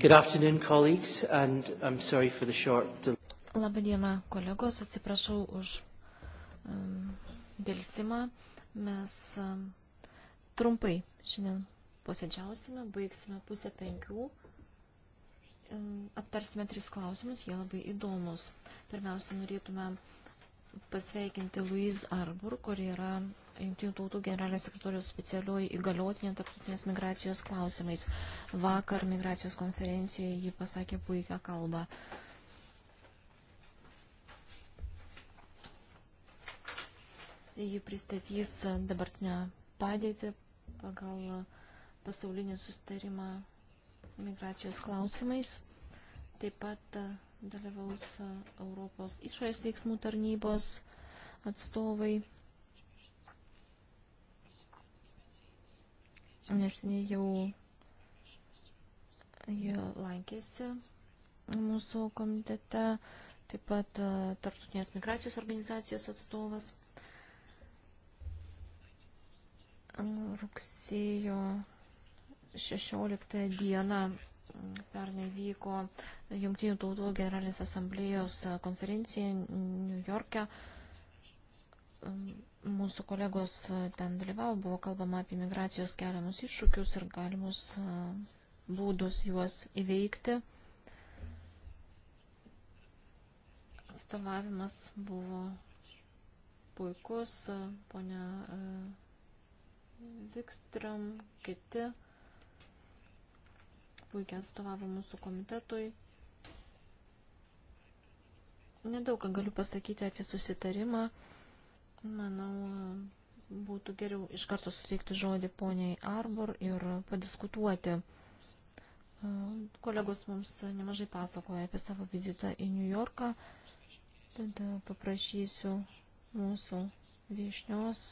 Good afternoon, colleagues, and I'm sorry for the short delay. Labadiena, kolegos, atsiprašau už um, dėlsimą. Mes um, trumpai šiandien posėdžiausime, baigsime pusę penkių. Um, aptarsime tris klausimus, jie labai įdomus. Pirmiausia, norėtume pasveikinti Louise Arbor, kuri yra Junktinių tautų generalinio sekretorijos specialioji įgaliotinė tarptautinės migracijos klausimais. Vakar migracijos konferencijoje ji pasakė puikią kalbą. Ji pristatys dabartinę padėtį pagal pasaulinį sustarimą migracijos klausimais. Taip pat dalyvaus e, Europos išorės veiksmų tarnybos atstovai. Nesiniai jau jie lankėsi mūsų komitete, taip pat e, Tartutinės migracijos organizacijos atstovas. Rugsėjo 16 dieną Pernai vyko Junktinių tautų generalinės asamblėjos e, konferencija New York'e. Mūsų kolegos e, ten dalyvavo, buvo kalbama apie migracijos keliamus iššūkius ir galimus e, būdus juos įveikti. Atstovavimas buvo puikus, ponia Vikstram, kiti puikiai atstovavo mūsų komitetui. Nedaug ką galiu pasakyti apie susitarimą. Manau, būtų geriau iš karto suteikti žodį poniai Arbor ir padiskutuoti. Kolegos mums nemažai pasakoja apie savo vizitą į New Yorką. Tada paprašysiu mūsų viešnios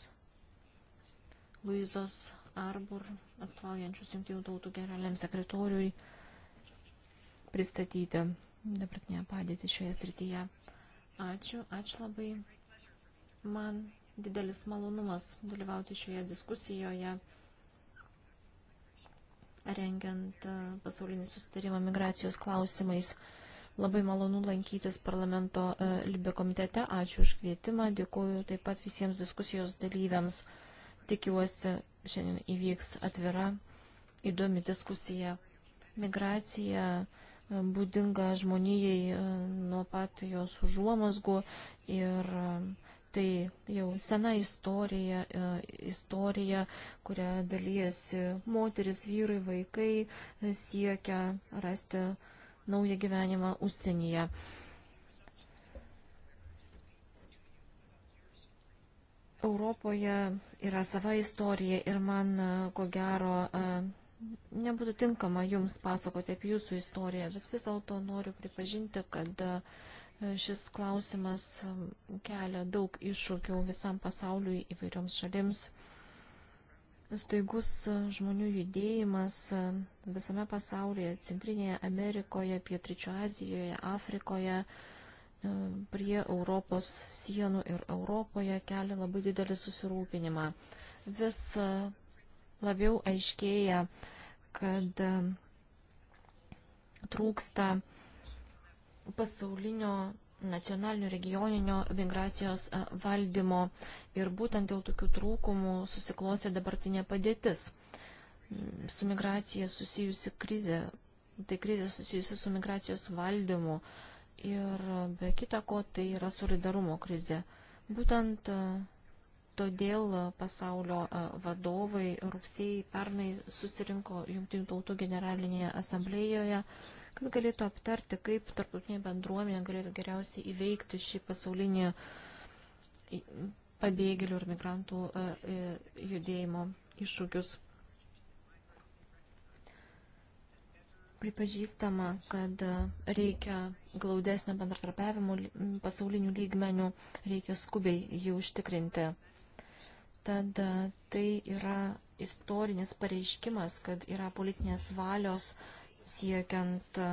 Luizos Arbor atstovaujančius Junktinių tautų generaliniam sekretoriui pristatyti dabartinę padėtį šioje srityje. Ačiū, ačiū labai. Man didelis malonumas dalyvauti šioje diskusijoje, rengiant e, pasaulinį susitarimą migracijos klausimais. Labai malonu lankytis parlamento e, Libė komitete. Ačiū už kvietimą. Dėkuoju taip pat visiems diskusijos dalyviams. Tikiuosi, Šiandien įvyks atvira, įdomi diskusija. Migracija e, būdinga žmonijai e, nuo pat jos užuomasgų ir e, tai jau sena istorija, istorija, kurią dalyjasi moteris, vyrai, vaikai siekia rasti naują gyvenimą užsienyje. Europoje yra sava istorija ir man, e, ko gero, e, nebūtų tinkama jums pasakoti apie jūsų istoriją, bet vis dėlto noriu pripažinti, kad e, šis klausimas kelia daug iššūkių visam pasauliui įvairioms šalims. Staigus žmonių judėjimas visame pasaulyje, Centrinėje Amerikoje, Pietričio Azijoje, Afrikoje, E, prie Europos sienų ir Europoje kelia labai didelį susirūpinimą. Vis e, labiau aiškėja, kad e, trūksta pasaulinio nacionalinio regioninio migracijos valdymo ir būtent dėl tokių trūkumų susiklosė dabartinė padėtis. Mm, su migracija susijusi krizė, tai krizė susijusi su migracijos valdymu, ir be kita ko tai yra solidarumo krize. Būtent e, todėl pasaulio e, vadovai rugsėjai pernai susirinko Junktinių tautų generalinėje asamblėjoje, kad galėtų aptarti, kaip tarptautinė bendruomenė galėtų geriausiai įveikti šį pasaulinį pabėgėlių ir migrantų e, judėjimo iššūkius. pripažįstama, kad reikia glaudesnio bendratarpiavimo pasaulinių lygmenių, reikia skubiai jį užtikrinti. Tad e, tai yra istorinis pareiškimas, kad yra politinės valios siekiant e,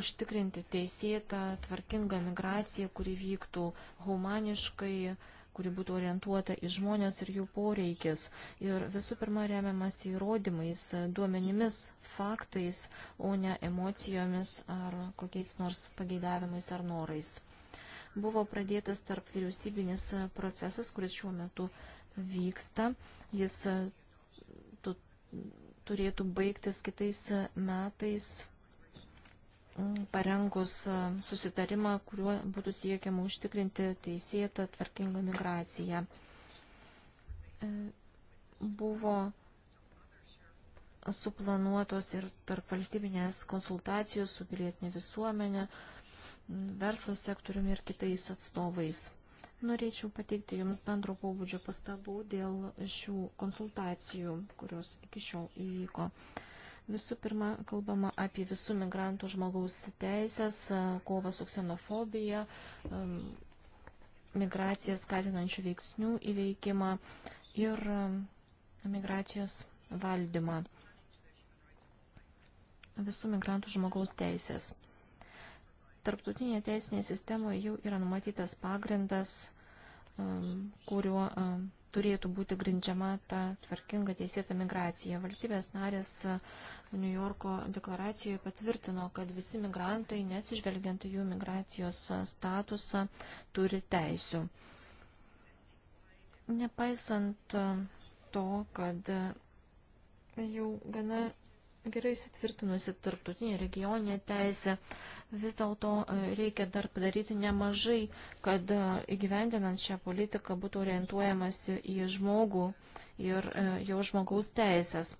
užtikrinti teisėtą, tvarkingą migraciją, kuri vyktų humaniškai, kuri būtų orientuota į žmonės ir jų poreikis. Ir visų pirma remiamas įrodymais, duomenimis, faktais, o ne emocijomis ar kokiais nors pageidavimais ar norais. Buvo pradėtas tarp vyriausybinis procesas, kuris šiuo metu vyksta. Jis tu, turėtų baigtis kitais metais parengus e, susitarimą, kuriuo būtų siekiama užtikrinti teisėtą tvarkingą migraciją. E, buvo suplanuotos ir tarp valstybinės konsultacijos su pilietinė visuomenė, verslo sektoriumi ir kitais atstovais. Norėčiau pateikti Jums bendro pobūdžio pastabų dėl šių konsultacijų, kurios iki šiol įvyko. Uh, Visų pirma, kalbama apie visų migrantų žmogaus teisės, kovą su ksenofobija, um, migraciją skatinančių veiksnių įveikimą ir um, migracijos valdymą. Visų migrantų žmogaus teisės. Tarptautinėje teisinėje sistemoje jau yra numatytas pagrindas, um, kuriuo turėtų būti grindžiama ta tvarkinga teisėta migracija. Valstybės narės New Yorko deklaracijoje patvirtino, kad visi migrantai, neatsižvelgiant jų migracijos statusą, turi teisių. Nepaisant to, kad jau gana gerai įsitvirtinusi tarptautinė regioninė teisė. Vis dėlto e, reikia dar padaryti nemažai, kad e, įgyvendinant šią politiką būtų orientuojamasi į žmogų ir e, jo žmogaus teisės.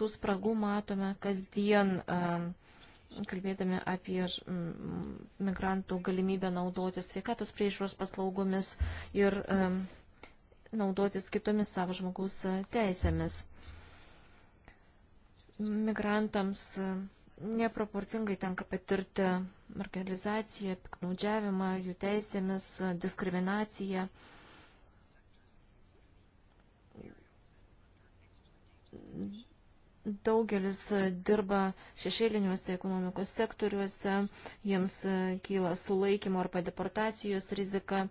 Tų spragų matome kasdien, kalbėdami apie mm, migrantų galimybę naudotis sveikatos priežiūros paslaugomis ir naudotis kitomis savo žmogaus teisėmis migrantams e, neproporcingai tenka patirti marginalizaciją, piknaudžiavimą jų teisėmis, e, diskriminaciją. Daugelis dirba šešėliniuose ekonomikos sektoriuose, jiems e, kyla sulaikymo arba deportacijos rizika.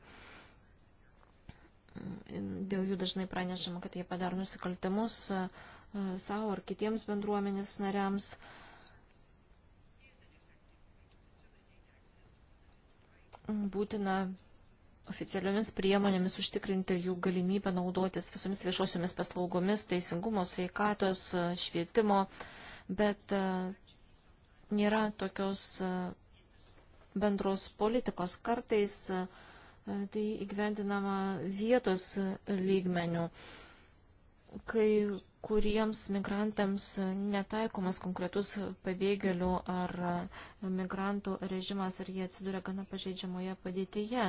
Dėl jų dažnai pranešama, kad jie padar nusikaltimus, E, savo ar kitiems bendruomenės nariams. Būtina oficialiomis priemonėmis užtikrinti jų galimybę naudotis visomis viešosiomis paslaugomis, teisingumo, sveikatos, e, švietimo, bet e, nėra tokios bendros politikos. Kartais tai įgyvendinama vietos lygmenių, kai kuriems migrantams netaikomas konkretus pabėgėlių ar migrantų režimas ir jie atsiduria gana pažeidžiamoje padėtyje.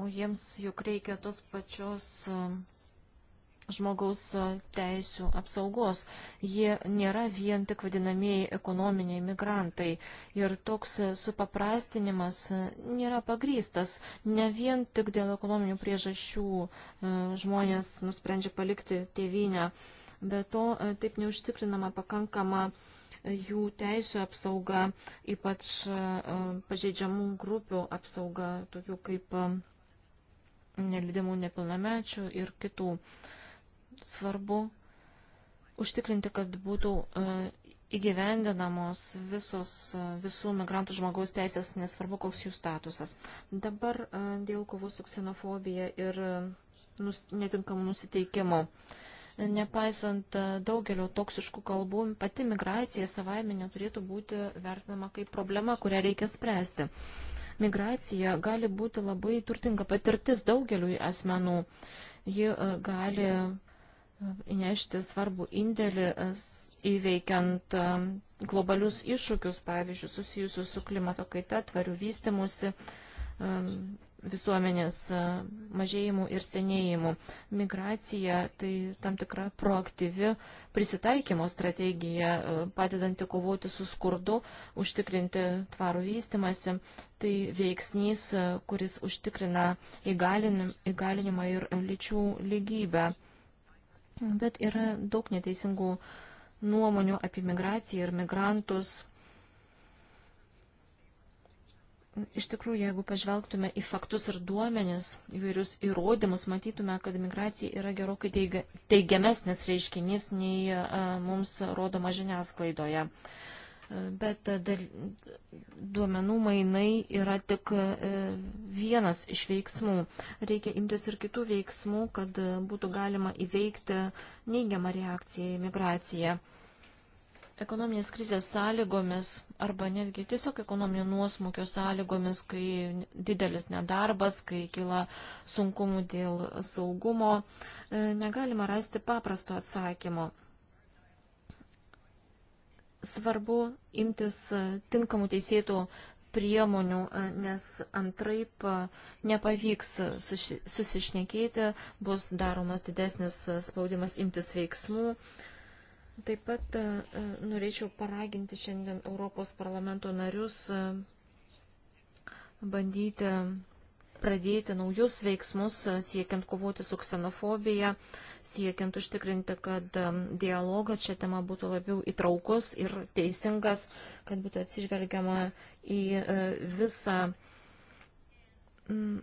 O jiems juk reikia tos pačios žmogaus e, teisų apsaugos. Jie nėra vien tik vadinamieji ekonominiai migrantai. Ir toks e, supaprastinimas e, nėra pagrystas. Ne vien tik dėl ekonominių priežasčių žmonės nusprendžia palikti tėvynę. Be to, taip neužtikrinama pakankama jų teisų apsauga, ypač pažeidžiamų grupių apsauga, tokių kaip nelidimų nepilnamečių ir kitų. Uh, svarbu užtikrinti, kad būtų e, įgyvendinamos visos, e, visų migrantų žmogaus teisės, nesvarbu, koks jų statusas. Dabar e, dėl kovos su ksenofobija ir nus, netinkamų nusiteikimų. Nepaisant daugelio toksiškų kalbų, pati migracija savaime neturėtų būti vertinama kaip problema, kurią reikia spręsti. Migracija gali būti labai turtinga patirtis daugeliui asmenų. Ji gali įnešti svarbų indėlį įveikiant um, globalius iššūkius, pavyzdžiui, susijusius su klimato kaita, tvarių vystimusi, um, visuomenės uh, mažėjimu ir senėjimu. Migracija tai tam tikra proaktyvi prisitaikymo strategija, uh, padedanti kovoti su skurdu, užtikrinti tvarų vystimasi. Tai veiksnys, uh, kuris užtikrina įgalinimą ir lyčių lygybę. Bet yra daug neteisingų nuomonių apie migraciją ir migrantus. Iš tikrųjų, jeigu pažvelgtume į faktus ir duomenis, įvairius įrodymus, matytume, kad migracija yra gerokai teigiamesnis reiškinys, nei mums rodoma žiniasklaidoje. Uh, bet dal, duomenų mainai yra tik e, vienas iš veiksmų. Reikia imtis ir kitų veiksmų, kad būtų galima įveikti neigiamą reakciją į migraciją. Ekonominės krizės sąlygomis arba netgi tiesiog ekonominio nuosmukio sąlygomis, kai didelis nedarbas, kai kyla sunkumų dėl saugumo, e, negalima rasti paprasto atsakymo. Svarbu imtis e, tinkamų teisėtų priemonių, e, nes antraip e, nepavyks susišnekėti, bus daromas didesnis spaudimas imtis veiksmų. Taip pat norėčiau paraginti šiandien Europos parlamento narius bandyti pradėti naujus veiksmus e, siekiant kovoti su ksenofobija, siekiant užtikrinti, kad e, dialogas šią temą būtų labiau įtraukus ir teisingas, kad būtų atsižvelgiama į e, visą mm,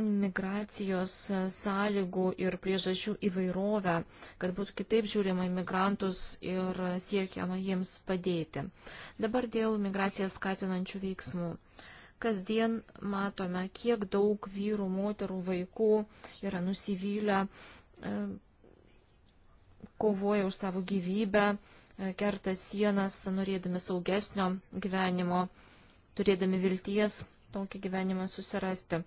migracijos sąlygų ir priežasčių įvairovę, kad būtų kitaip žiūrima į migrantus ir siekiama jiems padėti. Dabar dėl migraciją skatinančių veiksmų. Uh, Kasdien matome, kiek daug vyrų, moterų, vaikų yra nusivylę, e, kovoja už savo gyvybę, e, kerta sienas, norėdami saugesnio gyvenimo, turėdami vilties tokį gyvenimą susirasti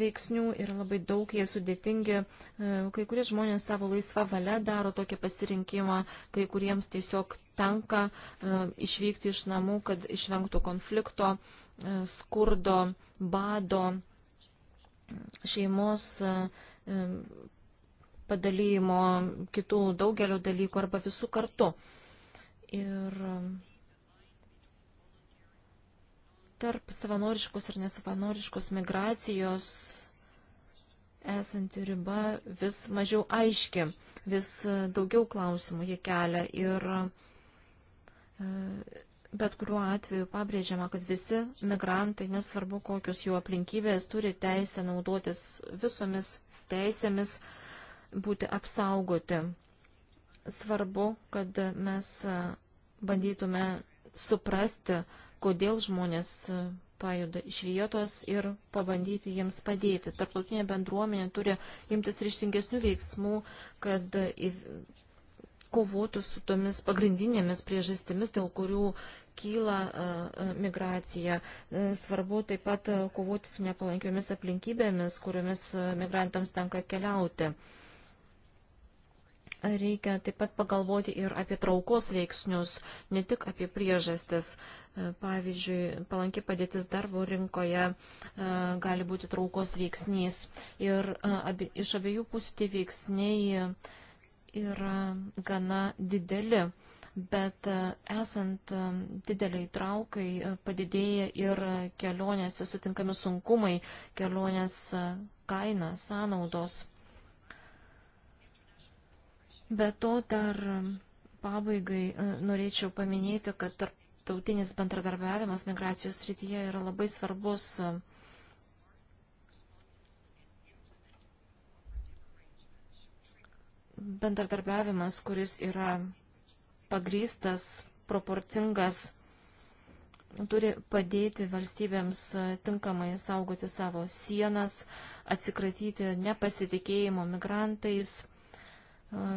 veiksnių ir labai daug jie sudėtingi. E, kai kurie žmonės savo laisvą valią daro tokį pasirinkimą, kai kuriems tiesiog tenka išvykti iš namų, kad išvengtų konflikto skurdo, bado, šeimos e, padalymo, kitų daugelio dalykų arba visų kartu. Ir e, tarp savanoriškos ir nesavanoriškos migracijos esanti riba vis mažiau aiški, vis daugiau klausimų jie kelia ir e, Bet kuriuo atveju pabrėžiama, kad visi migrantai, nesvarbu kokius jų aplinkybės, turi teisę naudotis visomis teisėmis būti apsaugoti. Svarbu, kad mes bandytume suprasti, kodėl žmonės pajuda iš vietos ir pabandyti jiems padėti. Tarptautinė bendruomenė turi imtis ryštingesnių veiksmų, kad kovotų su tomis pagrindinėmis priežastimis, dėl kurių kyla migracija. E, svarbu taip pat kovoti su nepalankiomis aplinkybėmis, kuriomis migrantams tenka keliauti. Reikia taip pat pagalvoti ir apie traukos veiksnius, ne tik apie priežastis. E, pavyzdžiui, palanki padėtis darbo rinkoje e, gali būti traukos veiksnys. Ir abie, iš abiejų pusių tie veiksniai yra gana dideli bet e, esant e, dideliai traukai e, padidėja ir kelionėse sutinkami sunkumai, kelionės kaina, sąnaudos. Be to dar pabaigai norėčiau paminėti, kad tarptautinis bendradarbiavimas migracijos srityje yra labai svarbus bendradarbiavimas, kuris yra pagrystas, proporcingas, turi padėti valstybėms e, tinkamai saugoti savo sienas, atsikratyti nepasitikėjimo migrantais. E,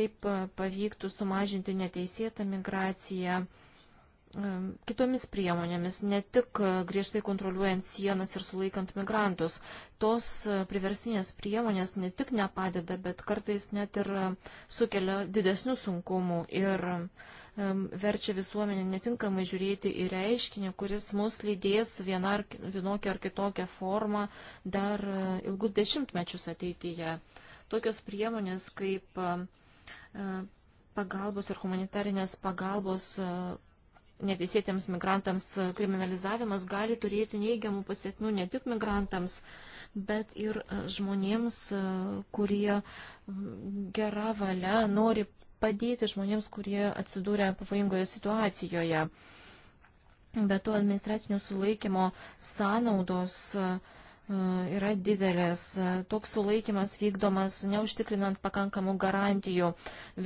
taip e, pavyktų sumažinti neteisėtą migraciją kitomis priemonėmis, ne tik e, griežtai kontroliuojant sienas ir sulaikant migrantus. Tos e, priverstinės priemonės ne tik nepadeda, bet kartais net ir e, sukelia didesnių sunkumų ir verčia visuomenę netinkamai žiūrėti į reiškinį, kuris mus lydės viena ar vienokia ar kitokia forma dar ilgus dešimtmečius ateityje. Tokios priemonės kaip pagalbos ir humanitarinės pagalbos neteisėtiems migrantams kriminalizavimas gali turėti neigiamų pasiekmių ne tik migrantams, bet ir e, žmonėms, e, kurie gera valia nori padėti žmonėms, kurie atsidūrė pavojingoje situacijoje. Bet to administracinio sulaikymo sąnaudos e, yra didelės. Toks sulaikimas vykdomas neužtikrinant pakankamų garantijų,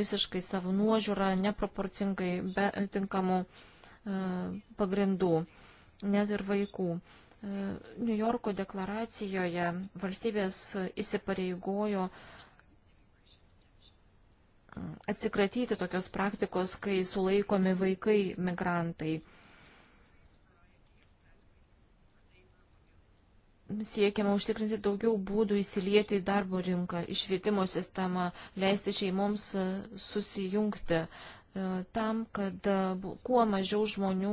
visiškai savo nuožiūrą, neproporcingai, be tinkamų uh, E, pagrindų, net ir vaikų. E, New Yorko deklaracijoje valstybės įsipareigojo e, atsikratyti tokios praktikos, kai sulaikomi vaikai migrantai. Siekiama užtikrinti daugiau būdų įsilieti į darbo rinką, į švietimo sistemą, leisti šeimoms susijungti, E, tam, kad e, kuo mažiau žmonių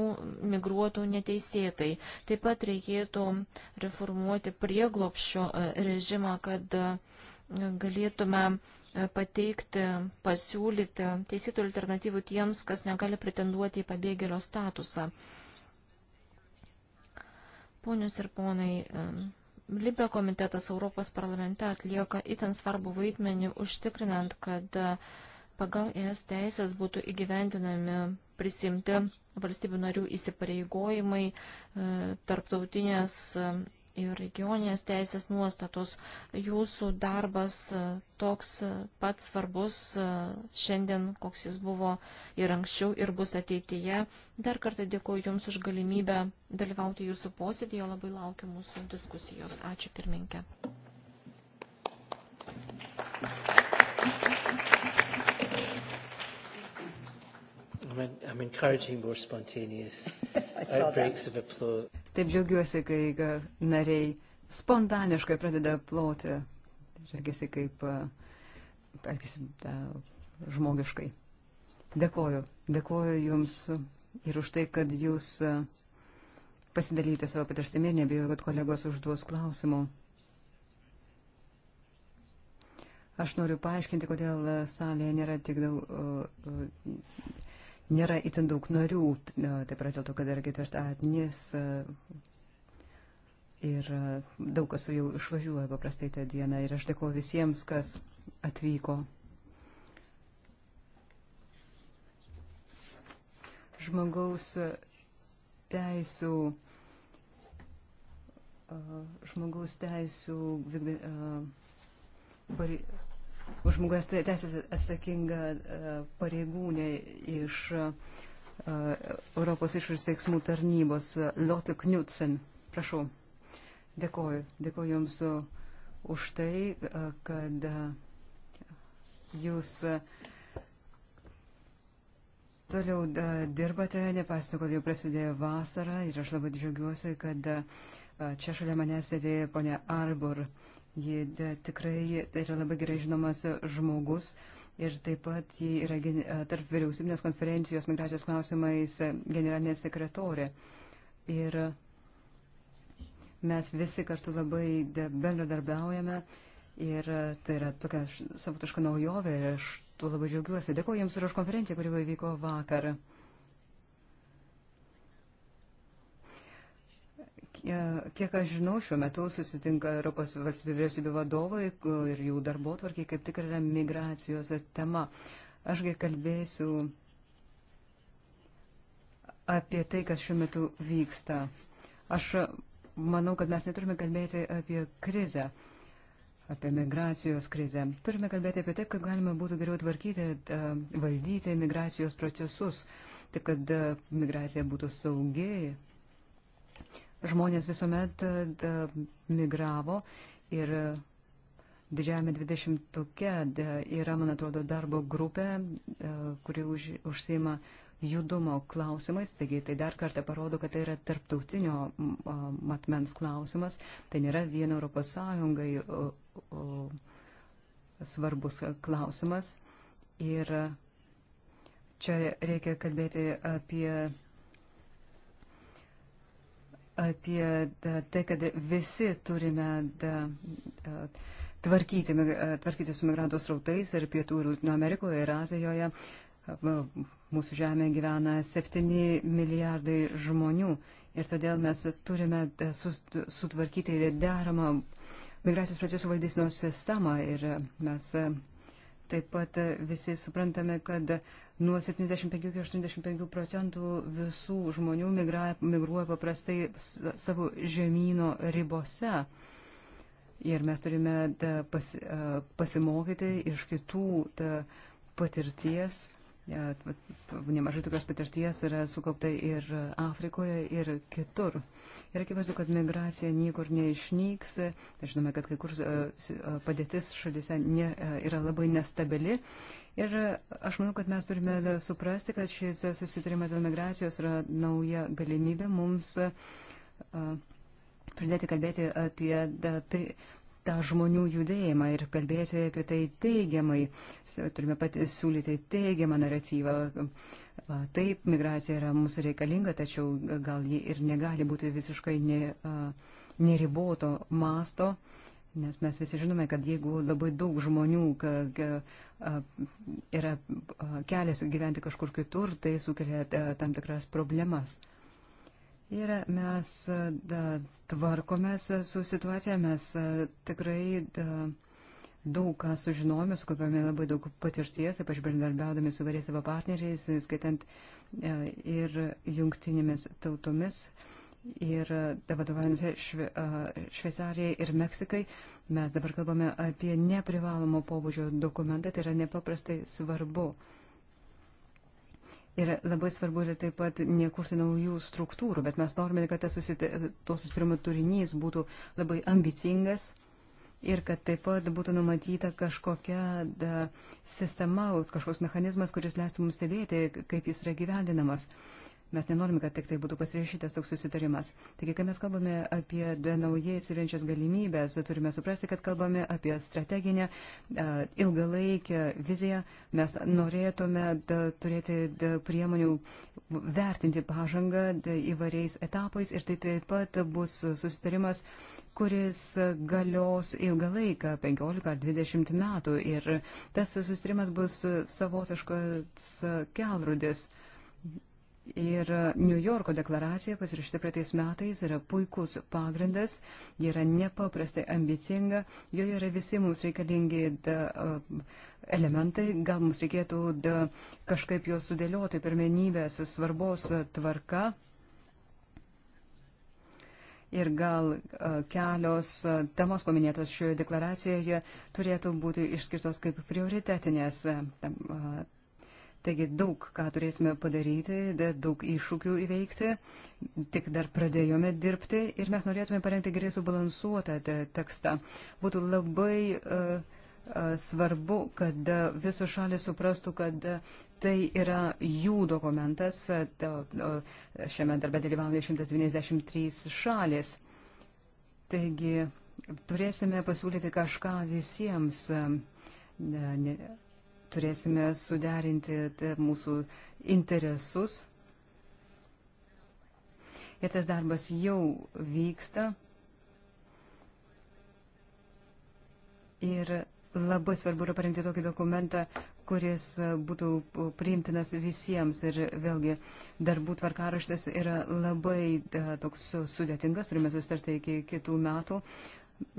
migruotų neteisėtai. Taip pat reikėtų reformuoti prieglopščio e, režimą, kad galėtume pateikti, pasiūlyti teisėtų alternatyvų tiems, kas negali pretenduoti į pabėgėlio statusą. Ponius ir ponai, Libė komitetas Europos parlamente atlieka itin svarbu vaidmenį užtikrinant, kad uh, pagal ES teisės būtų įgyvendinami prisimti valstybių narių įsipareigojimai, e, tarptautinės e, ir regioninės teisės nuostatos. Jūsų darbas e, toks pat svarbus šiandien, koks jis buvo ir anksčiau, ir bus ateityje. Dar kartą dėkuoju Jums už galimybę dalyvauti Jūsų posėdėje, labai laukiu mūsų diskusijos. Ačiū pirminkė. I'm, en I'm encouraging more spontaneous outbreaks that. of applause. Taip džiaugiuosi, kai nariai spontaniškai pradeda ploti. Žiūrėkisi, kaip e, elgesi e, žmogiškai. Dėkoju. Dėkoju Jums ir už tai, kad Jūs e, pasidalyjote savo patirtimi ir nebijoju, kad kolegos užduos klausimų. Aš noriu paaiškinti, kodėl salėje nėra tik daug. Uh, uh, nėra itin daug narių, taip pat dėl to, kad yra ketvirtadienis e, ir e, daug kas jau išvažiuoja paprastai tą dieną ir aš dėkuoju visiems, kas atvyko. Žmogaus teisų, e, žmogaus teisų vykdė, uh, už žmogas teisės atsakinga e, pareigūnė iš e, Europos išorės veiksmų tarnybos e, Lotte Knudsen. Prašau. Dėkoju. Dėkoju Jums už tai, kad Jūs toliau dirbate, nepasitiko, kad jau prasidėjo vasara ir aš labai džiaugiuosi, kad čia šalia manęs sėdėjo ponia Arbor. Uh, Ji da, e, tikrai yra labai gerai žinomas žmogus. Ir taip pat ji yra e, tarp vyriausybinės konferencijos migracijos klausimais e, generalinė sekretorė. Ir mes visi kartu labai bendradarbiaujame ir tai yra tokia savotiška naujovė ir aš tuo labai džiaugiuosi. Dėkuoju Jums ir už konferenciją, kuri vyko vakar. E, kiek aš žinau, šiuo metu susitinka Europos valstybių vyriausybių vadovai ir jų darbo tvarkiai kaip tik yra migracijos tema. Ašgi kalbėsiu apie tai, kas šiuo metu vyksta. Aš manau, kad mes neturime kalbėti apie krizę, apie migracijos krizę. Turime kalbėti apie taip, kaip galima būtų geriau tvarkyti, e, valdyti migracijos procesus, taip kad e, migracija būtų saugiai žmonės visuomet e, migravo ir didžiajame dvidešimtuke yra, man atrodo, darbo grupė, e, kuri už, užsima judumo klausimais, taigi tai dar kartą parodo, kad tai yra tarptautinio matmens klausimas, tai nėra vien Europos Sąjungai svarbus klausimas. Ir čia reikia kalbėti apie apie tai, kad visi turime da, tvarkyti, tvarkyti su migrantų srautais ir pietų ir Latino Amerikoje ir Azijoje. Mūsų žemė gyvena 7 milijardai žmonių ir todėl mes turime sutvarkyti deramą migracijos procesų valdysinos sistemą ir mes taip pat visi suprantame, kad uh, Nuo 75 iki 85 procentų visų žmonių migra, migruoja paprastai savo žemynų ribose. Ir mes turime da, pas, pasimokyti iš kitų da, patirties. Nemažai tokios patirties yra sukaupta ir Afrikoje, ir kitur. Ir akivaizdu, kad migracija niekur neišnyks. Žinome, kad kai kur padėtis šalyse ne, yra labai nestabili. Ir aš manau, kad mes turime suprasti, kad šis susitarimas dėl migracijos yra nauja galimybė mums pradėti kalbėti apie tai, tą žmonių judėjimą ir kalbėti apie tai teigiamai. Turime pasiūlyti teigiamą naratyvą. Taip, migracija yra mums reikalinga, tačiau gal ji ir negali būti visiškai ne, neriboto masto. Nes mes visi žinome, kad jeigu labai daug žmonių ka, ka, yra kelias gyventi kažkur kitur, tai sukelia tam tikras problemas. Ir mes da, tvarkomės su situacija, mes tikrai da, daug ką sužinojome, sukaupėme labai daug patirties, ypač bendarbiaudami su variais savo partneriais, skaitant e, ir jungtinėmis tautomis. Uh, ir e, vadovaujant šve, e, Šveicarijai ir Meksikai, mes dabar kalbame apie neprivalomo pobūdžio dokumentą, tai yra nepaprastai svarbu. Ir labai svarbu yra taip pat nekurti naujų struktūrų, bet mes norime, kad susite, to susitarimo turinys būtų labai ambicingas ir kad taip pat būtų numatyta kažkokia da, sistema, kažkoks mechanizmas, kuris leistų mums stebėti, kaip jis yra gyvendinamas. Uh, Mes nenorime, kad tik tai būtų pasirašytas toks susitarimas. Taigi, kai mes kalbame apie naujai atsirenčias galimybės, turime suprasti, kad kalbame apie strateginę, ilgalaikę viziją. Mes norėtume da, turėti da, priemonių vertinti pažangą da, įvairiais etapais ir tai taip pat bus susitarimas kuris galios ilgą laiką, 15 ar 20 metų. Ir tas sustrimas bus savotiškas kelrudis. Uh, Ir New Yorko deklaracija pasirašyta praeitais metais yra puikus pagrindas, ji yra nepaprastai ambicinga, joje yra visi mums reikalingi da, elementai, gal mums reikėtų da, kažkaip juos sudėlioti pirmenybės svarbos tvarka. Ir gal kelios temos paminėtos šioje deklaracijoje turėtų būti išskirtos kaip prioritetinės tam, Taigi daug ką turėsime padaryti, daug iššūkių įveikti, tik dar pradėjome dirbti ir mes norėtume parengti gerai subalansuotą tekstą. Būtų labai uh, svarbu, kad e, visos šalis suprastų, kad tai yra jų dokumentas. Šiame darbe dalyvauja 193 šalis. Taigi turėsime pasiūlyti kažką visiems. Ne, ne, turėsime suderinti tai, mūsų interesus. Ir tas darbas jau vyksta. Ir labai svarbu yra parengti tokį dokumentą, kuris būtų priimtinas visiems. Ir vėlgi, darbų tvarkaraštis yra labai e, toks sudėtingas, turime sustarti iki kitų metų.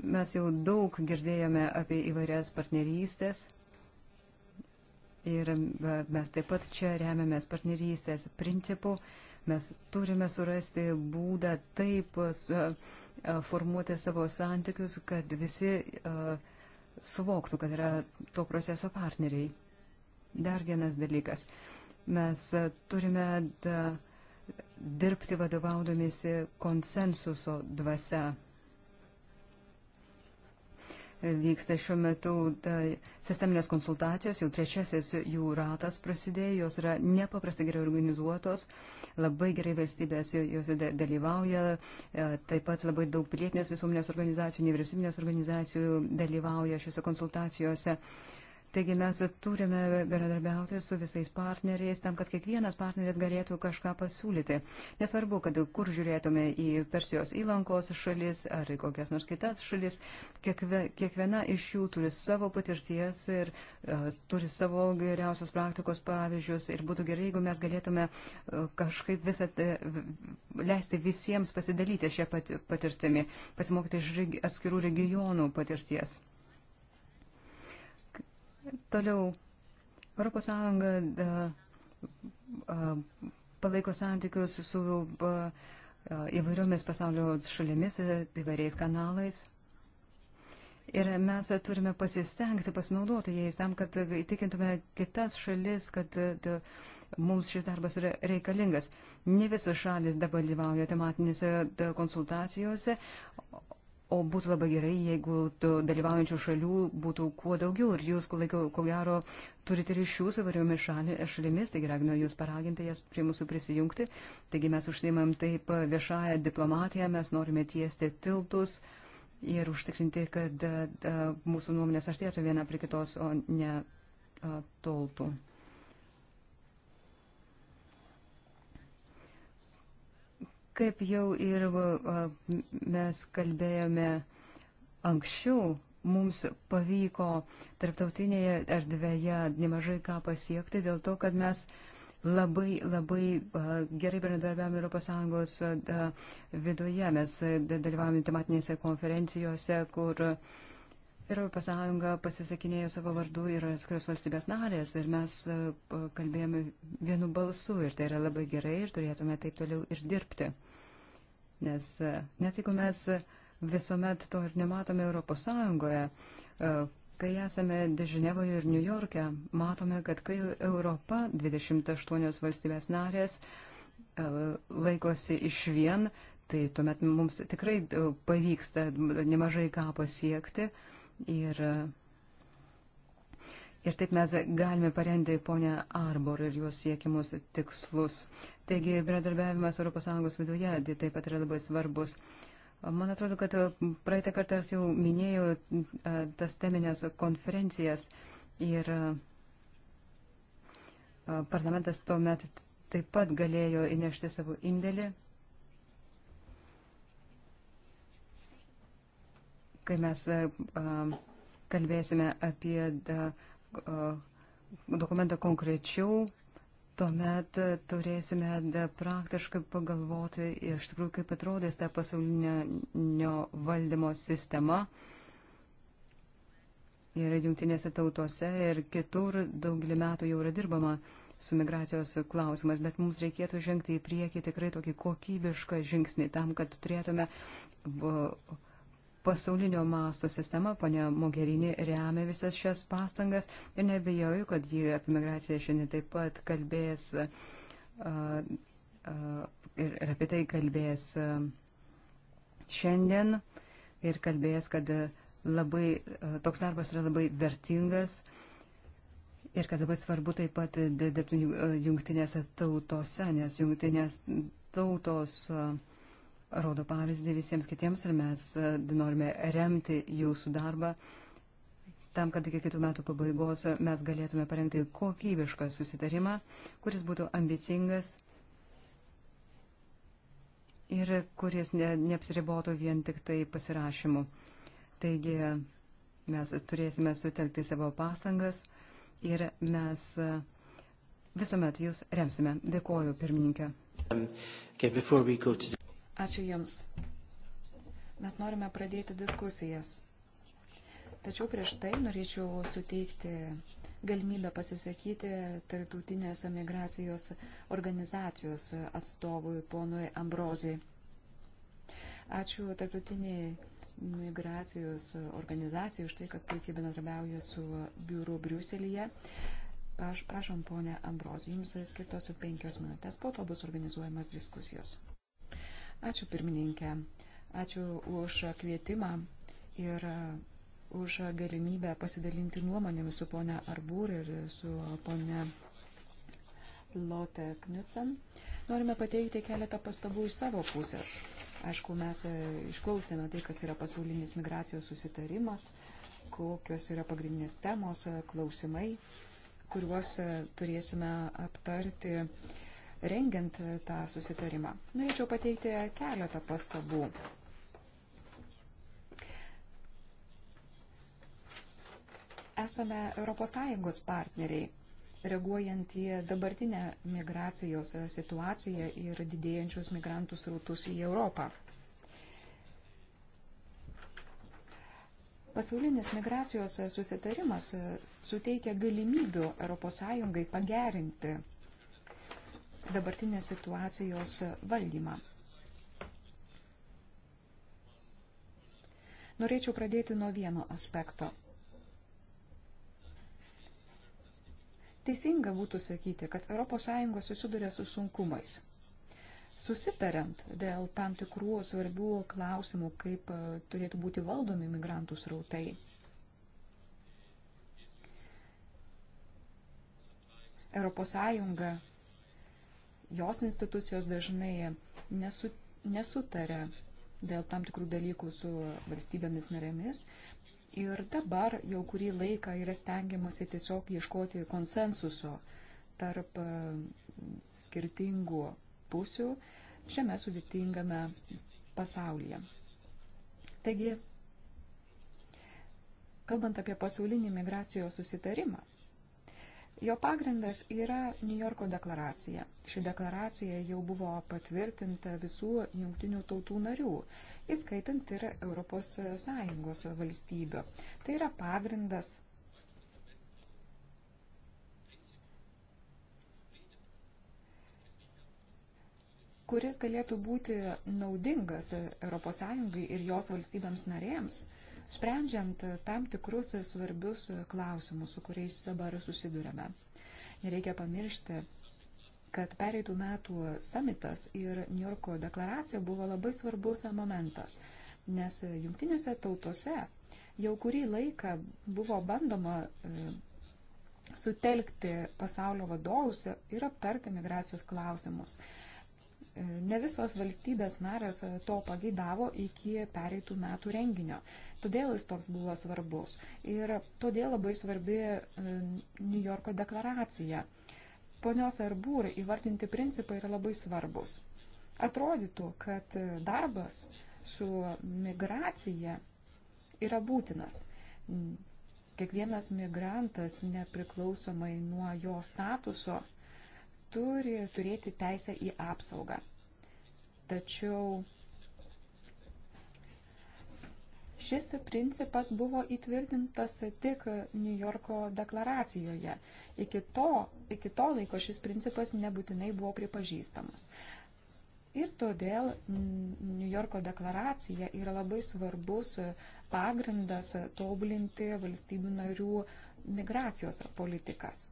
Mes jau daug girdėjome apie įvairias partnerystės. Ir mes taip pat čia remiamės partnerystės principu. Mes turime surasti būdą taip e, e, formuoti savo santykius, kad visi e, suvoktų, kad yra to proceso partneriai. Dar vienas dalykas. Mes turime dirbti vadovaudomėsi konsensuso dvasia vyksta šiuo metu sisteminės konsultacijos, jau trečiasis jų ratas prasidėjo, jos yra nepaprastai gerai organizuotos, labai gerai valstybės jos dalyvauja, e, taip pat labai daug pilietinės visuomenės organizacijų, nevyriausybinės organizacijų dalyvauja šiuose konsultacijose. Taigi mes turime bendradarbiauti su visais partneriais tam, kad kiekvienas partneris galėtų kažką pasiūlyti. Nesvarbu, kad kur žiūrėtume į Persijos įlankos šalis ar į kokias nors kitas šalis, kiekviena iš jų turi savo patirties ir uh, turi savo geriausios praktikos pavyzdžius ir būtų gerai, jeigu mes galėtume uh, kažkaip visą uh, leisti visiems pasidalyti šią pat, patirtimį, pasimokyti iš atskirų regionų patirties. Toliau, ES e, e, palaiko santykius su e, įvairiomis pasaulio šalimis, įvairiais kanalais. Ir mes turime pasistengti, pasinaudoti jais tam, kad įtikintume kitas šalis, kad mums šis darbas yra reikalingas. Ne visos šalis dabar dalyvauja tematinėse konsultacijose, O būtų labai gerai, jeigu dalyvaujančių šalių būtų kuo daugiau ir jūs, ko, laikau, ko gero, turite ryšių su variomis šalimis, taigi raginu jūs paraginti jas prie mūsų prisijungti. Taigi mes užsiimam taip viešąją diplomatiją, mes norime tiesti tiltus ir užtikrinti, kad a, mūsų nuomonės aštėtų viena prie kitos, o ne a, toltų. Kaip jau ir mes kalbėjome anksčiau, mums pavyko tarptautinėje erdvėje nemažai ką pasiekti dėl to, kad mes labai, labai gerai bendradarbiavame Europos Sąjungos viduje. Mes dalyvavome tematinėse konferencijose, kur Europos Sąjunga pasisakinėjo savo vardu ir atskiros valstybės narės. Ir mes kalbėjome vienu balsu ir tai yra labai gerai ir turėtume taip toliau ir dirbti. Nes e, net jeigu mes visuomet to ir nematome Europos Sąjungoje, e, kai esame Ženevoje ir New York'e, matome, kad kai Europa, 28 valstybės narės, e, laikosi iš vien, tai tuomet mums tikrai pavyksta nemažai ką pasiekti. Ir Ir taip mes galime parengti ponę Arbor ir jos siekimus tikslus. Taigi, bendradarbiavimas ES viduje taip pat yra labai svarbus. Man atrodo, kad e, praeitą kartą aš jau minėjau e, tas teminės konferencijas ir e, parlamentas tuomet taip pat galėjo įnešti savo indėlį. kai mes kalbėsime apie dokumentą konkrečiau tuomet e, turėsime e, praktiškai pagalvoti iš tikrųjų, kaip atrodys ta pasaulinio valdymo sistema. Ir jungtinėse tautose ir kitur daugelį metų jau yra dirbama su migracijos klausimas, bet mums reikėtų žengti į priekį tikrai tokį kokybišką žingsnį tam, kad turėtume. Uh, pasaulinio masto sistema, ponia Mogherini remia visas šias pastangas ir nebejoju, kad ji apie migraciją šiandien taip pat kalbės uh, uh, ir, ir apie tai kalbės uh, šiandien ir kalbės, kad labai, uh, toks darbas yra labai vertingas. Ir kad labai svarbu taip pat dirbti jungtinėse tautose, nes jungtinės tautos uh, rodo pavyzdį visiems kitiems ir mes e, norime remti jūsų darbą tam, kad iki kitų metų pabaigos mes galėtume parengti kokybišką susitarimą, kuris būtų ambicingas ir kuris ne, neapsiribotų vien tik tai pasirašymu. Taigi mes turėsime sutelkti savo pastangas ir mes e, visuomet jūs remsime. Dėkoju, pirmininkė. Um, okay, Ačiū Jums. Mes norime pradėti diskusijas. Tačiau prieš tai norėčiau suteikti galimybę pasisakyti tarptautinės migracijos organizacijos atstovui ponui Ambrozijai. Ačiū tarptautiniai migracijos organizacijai už tai, kad puikiai bendradarbiauja su biuru Briuselėje. Prašom, ponė Ambrozijai, jums skirtos penkios minutės, po to bus organizuojamas diskusijos. Ačiū pirmininkė. Ačiū už kvietimą ir už galimybę pasidalinti nuomonėmis su ponia Arbūr ir su ponia Lotte Knudsen. Norime pateikti keletą pastabų iš savo pusės. Aišku, mes išklausėme tai, kas yra pasaulinis migracijos susitarimas, kokios yra pagrindinės temos, klausimai, kuriuos turėsime aptarti rengiant tą susitarimą. Norėčiau pateikti keletą pastabų. Esame ES partneriai, reaguojant į dabartinę migracijos situaciją ir didėjančius migrantų srautus į Europą. Pasaulinis migracijos susitarimas suteikia galimybių ES pagerinti dabartinės situacijos valdymą. Norėčiau pradėti nuo vieno aspekto. Teisinga būtų sakyti, kad ES susiduria su sunkumais. Susitariant dėl tam tikrų svarbių klausimų, kaip e, turėtų būti valdomi migrantų srautai. ES jos institucijos dažnai nesu, nesutarė dėl tam tikrų dalykų su valstybėmis narėmis. Ir dabar jau kurį laiką yra stengiamasi tiesiog ieškoti konsensuso tarp e, skirtingų pusių šiame sudėtingame pasaulyje. Taigi, kalbant apie pasaulinį migracijos susitarimą, Jo pagrindas yra Niujorko deklaracija. Ši deklaracija jau buvo patvirtinta visų jungtinių tautų narių, įskaitant ir ES valstybių. Tai yra pagrindas kuris galėtų būti naudingas ES ir jos valstybėms narėms sprendžiant tam tikrus svarbius klausimus, su kuriais dabar susidurėme. Nereikia pamiršti, kad pereitų metų samitas ir New Yorko deklaracija buvo labai svarbus momentas, nes jungtinėse tautose jau kurį laiką buvo bandoma e, sutelkti pasaulio vadovus ir aptarti migracijos klausimus. Ne visos valstybės narės e, to pageidavo iki pereitų metų renginio. Todėl jis toks buvo svarbus. Ir todėl labai svarbi e, New Yorko deklaracija. Ponios Arbūrai įvartinti principai yra labai svarbus. Atrodytų, kad e, darbas su migracija yra būtinas. Kiekvienas migrantas, nepriklausomai nuo jo statuso, turi turėti teisę į apsaugą. Tačiau Šis principas buvo įtvirtintas tik New Yorko deklaracijoje. Iki to, iki to laiko šis principas nebūtinai buvo pripažįstamas. Ir todėl New Yorko deklaracija yra labai svarbus pagrindas tobulinti valstybių narių migracijos politikas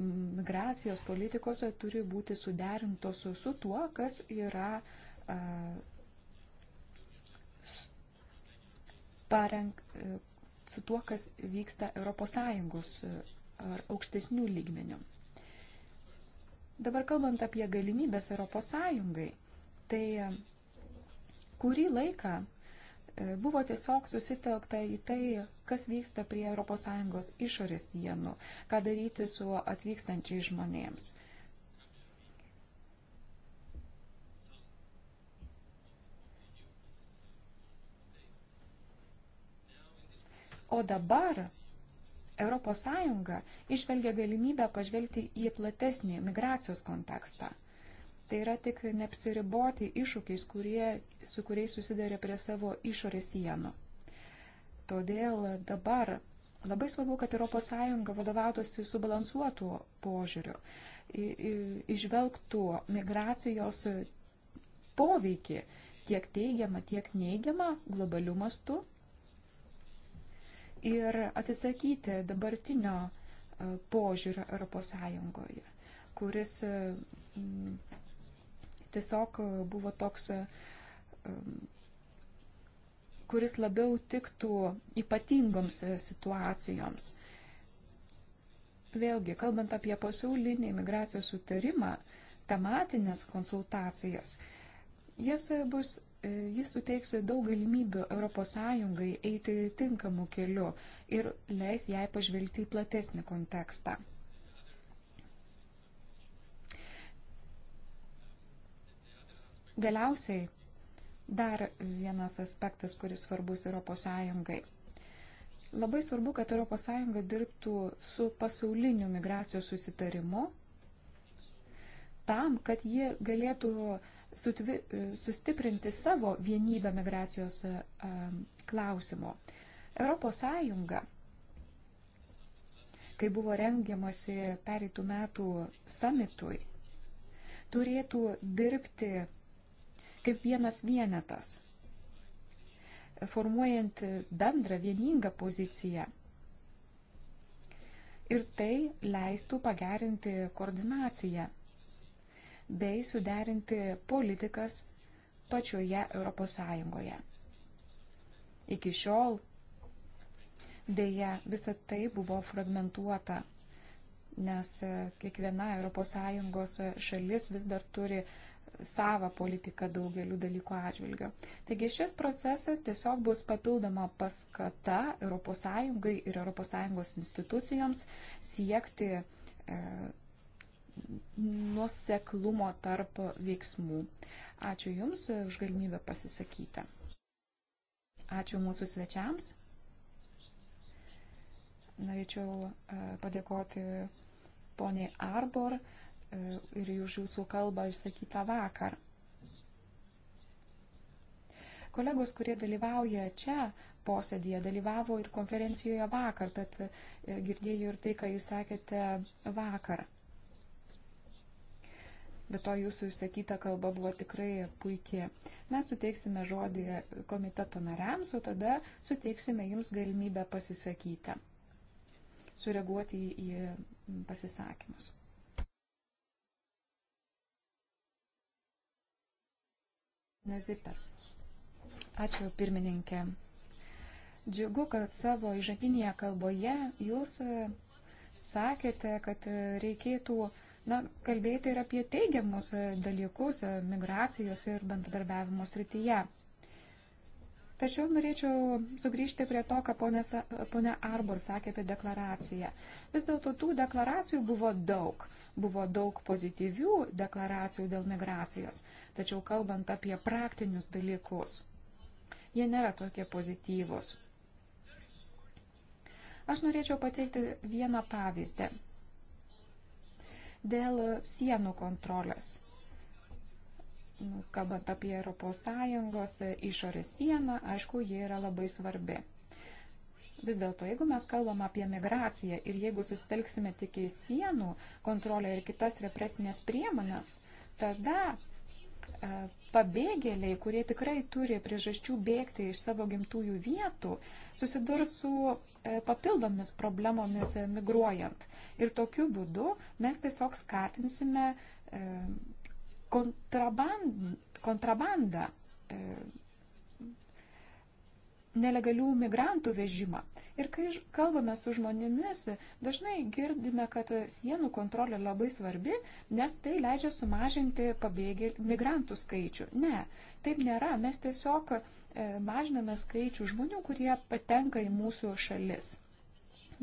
migracijos politikos turi būti suderintos su, su tuo, kas yra a, parenk, e, su tuo, kas vyksta ES e, ar aukštesnių lygmenių. Dabar kalbant apie galimybės ES, tai e, kurį laiką E, buvo tiesiog susitelkta į tai, kas vyksta prie ES išorės sienų, ką daryti su atvykstančiai žmonėms. O dabar ES išvelgia galimybę pažvelgti į platesnį migracijos kontekstą. Tai yra tik neapsiriboti iššūkiais, kurie, su kuriais susidarė prie savo išorės sienų. Todėl dabar labai svarbu, kad ES vadovautųsi subalansuotų požiūrių, išvelgtų migracijos poveikį tiek teigiamą, tiek neigiamą globalių mastų ir atsisakyti dabartinio e, požiūrio ES, kuris tiesiog e, buvo toks, e, kuris labiau tiktų ypatingoms e, situacijoms. Vėlgi, kalbant apie pasaulinį imigracijos sutarimą, tematinės konsultacijas, jis bus jis suteiks daug galimybių ES eiti tinkamu keliu ir leis jai pažvelgti į platesnį kontekstą. Galiausiai dar vienas aspektas, kuris svarbus ES. Labai svarbu, kad ES dirbtų su pasauliniu migracijos susitarimu tam, kad ji galėtų sutvi, sustiprinti savo vienybę migracijos klausimo. ES, kai buvo rengiamasi pereitų metų samitui, turėtų dirbti kaip vienas vienetas, formuojant bendrą vieningą poziciją. Ir tai leistų pagerinti koordinaciją bei suderinti politikas pačioje ES. Iki šiol dėja visa tai buvo fragmentuota, nes kiekviena ES šalis vis dar turi savą politiką daugeliu dalykų atžvilgiu. Taigi šis procesas tiesiog bus papildoma paskata ES ir ES institucijoms siekti e, nuoseklumo tarp veiksmų. Ačiū Jums už galimybę pasisakyti. Ačiū mūsų svečiams. Norėčiau e, padėkoti poniai Arbor ir už jūsų kalbą išsakytą vakar. Kolegos, kurie dalyvauja čia posėdėje, dalyvavo ir konferencijoje vakar, tad e, girdėjau ir tai, ką jūs sakėte vakar. Bet to jūsų išsakyta kalba buvo tikrai puikiai. Mes suteiksime žodį komiteto nariams, o tada suteiksime jums galimybę pasisakyti, sureaguoti į pasisakymus. Neziper. Ačiū pirmininkė. Džiugu, kad savo įžanginėje kalboje jūs e, sakėte, kad e, reikėtų na, kalbėti ir apie teigiamus e, dalykus migracijos ir bendradarbiavimo srityje. Tačiau norėčiau sugrįžti prie to, ką ponė Arbor sakė apie deklaraciją. Vis dėlto tų deklaracijų buvo daug. Buvo daug pozityvių deklaracijų dėl migracijos. Tačiau kalbant apie praktinius dalykus, jie nėra tokie pozityvūs. Aš norėčiau pateikti vieną pavyzdį dėl sienų kontrolės kalbant apie ES išorės sieną, aišku, jie yra labai svarbi. Vis dėlto, jeigu mes kalbam apie migraciją ir jeigu susitelksime tik į sienų kontrolę ir kitas represinės priemonės, tada e, pabėgėliai, kurie tikrai turi priežasčių bėgti iš savo gimtųjų vietų, susidurs su e, papildomis problemomis migruojant. Ir tokiu būdu mes tiesiog skatinsime e, kontraband, kontrabandą, e, nelegalių migrantų vežimą. Ir kai kalbame su žmonėmis, dažnai girdime, kad sienų kontrolė labai svarbi, nes tai leidžia sumažinti pabėgėlių migrantų skaičių. Ne, taip nėra. Mes tiesiog e, mažiname skaičių žmonių, kurie patenka į mūsų šalis.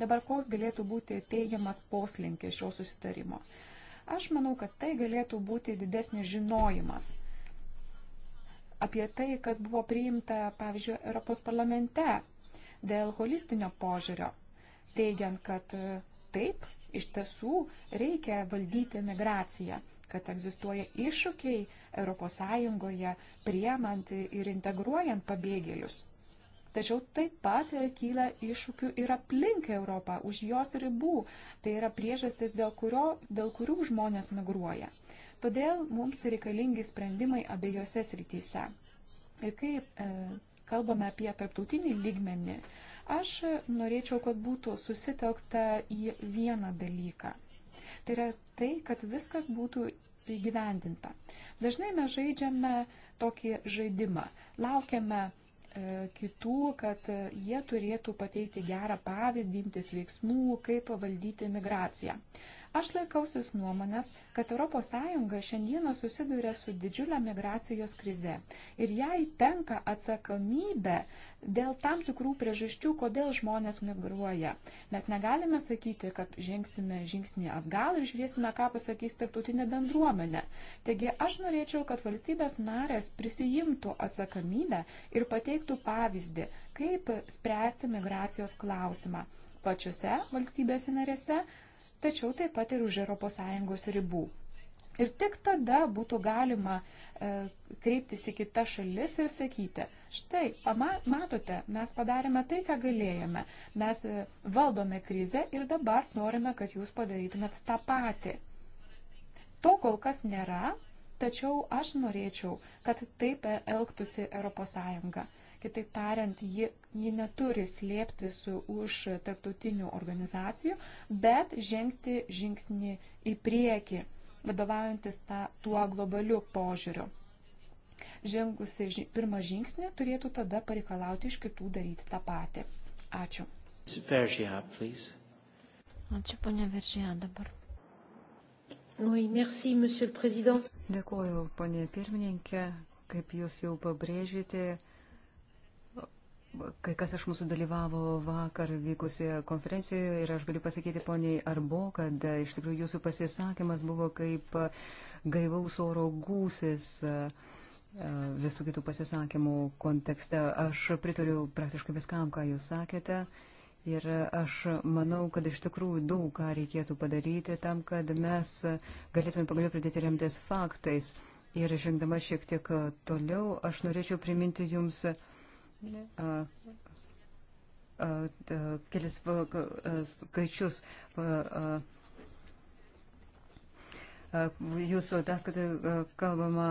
Dabar koks galėtų būti teigiamas poslinkis šio susitarimo? Aš manau, kad tai galėtų būti didesnis žinojimas apie tai, kas buvo priimta, pavyzdžiui, Europos parlamente dėl holistinio požiūrio, teigiant, kad e, taip, iš tiesų reikia valdyti migraciją, kad egzistuoja iššūkiai ES priemant ir integruojant pabėgėlius. Tačiau taip pat kyla iššūkių ir aplink Europą, už jos ribų. Tai yra priežastis, dėl, kurio, dėl kurių žmonės migruoja. Todėl mums reikalingi sprendimai abiejose srityse. Ir kai e, kalbame apie tarptautinį lygmenį, aš norėčiau, kad būtų susitelkta į vieną dalyką. Tai yra tai, kad viskas būtų įgyvendinta. Dažnai mes žaidžiame tokį žaidimą. Laukiame E, kitų, kad e, jie turėtų pateikti gerą pavyzdį, imtis veiksmų, kaip valdyti migraciją. Aš laikausius nuomonės, kad ES šiandieną susiduria su didžiulė migracijos krize ir jai tenka atsakomybė dėl tam tikrų priežasčių, kodėl žmonės migruoja. Mes negalime sakyti, kad žingsime žingsnį atgal ir žiūrėsime, ką pasakys tarptautinė bendruomenė. Taigi aš norėčiau, kad valstybės narės prisijimtų atsakomybę ir pateiktų pavyzdį, kaip spręsti migracijos klausimą pačiose valstybėse narėse, tačiau taip pat ir už ES ribų. Ir tik tada būtų galima e, kreiptis į kitas šalis ir sakyti, štai, pama, matote, mes padarėme tai, ką galėjome, mes e, valdome krizę ir dabar norime, kad jūs padarytumėt tą patį. To kol kas nėra, tačiau aš norėčiau, kad taip e, elgtųsi ES. Kitaip tariant, ji, ji neturi slėptis už tarptautinių organizacijų, bet žengti žingsnį į priekį, vadovaujantis tą, tuo globaliu požiūriu. Žengusi ži, pirmą žingsnį turėtų tada pareikalauti iš kitų daryti tą patį. Ačiū. Veržia, please. Ačiū, ponia Veržia, dabar. Oui, merci, Dėkuoju, ponė pirmininkė, kaip jūs jau pabrėžėte, Kai kas iš mūsų dalyvavo vakar vykusioje konferencijoje ir aš galiu pasakyti poniai Arbo, kad iš tikrųjų jūsų pasisakymas buvo kaip gaivaus oro gūsis visų kitų pasisakymų kontekste. Aš pritariu praktiškai viskam, ką jūs sakėte. Ir aš manau, kad iš tikrųjų daug ką reikėtų padaryti tam, kad mes galėtume pagaliau pradėti remtis faktais. Ir žengdama šiek tiek toliau, aš norėčiau priminti jums kelis skaičius. Jūsų ataskaitoje e, kalbama,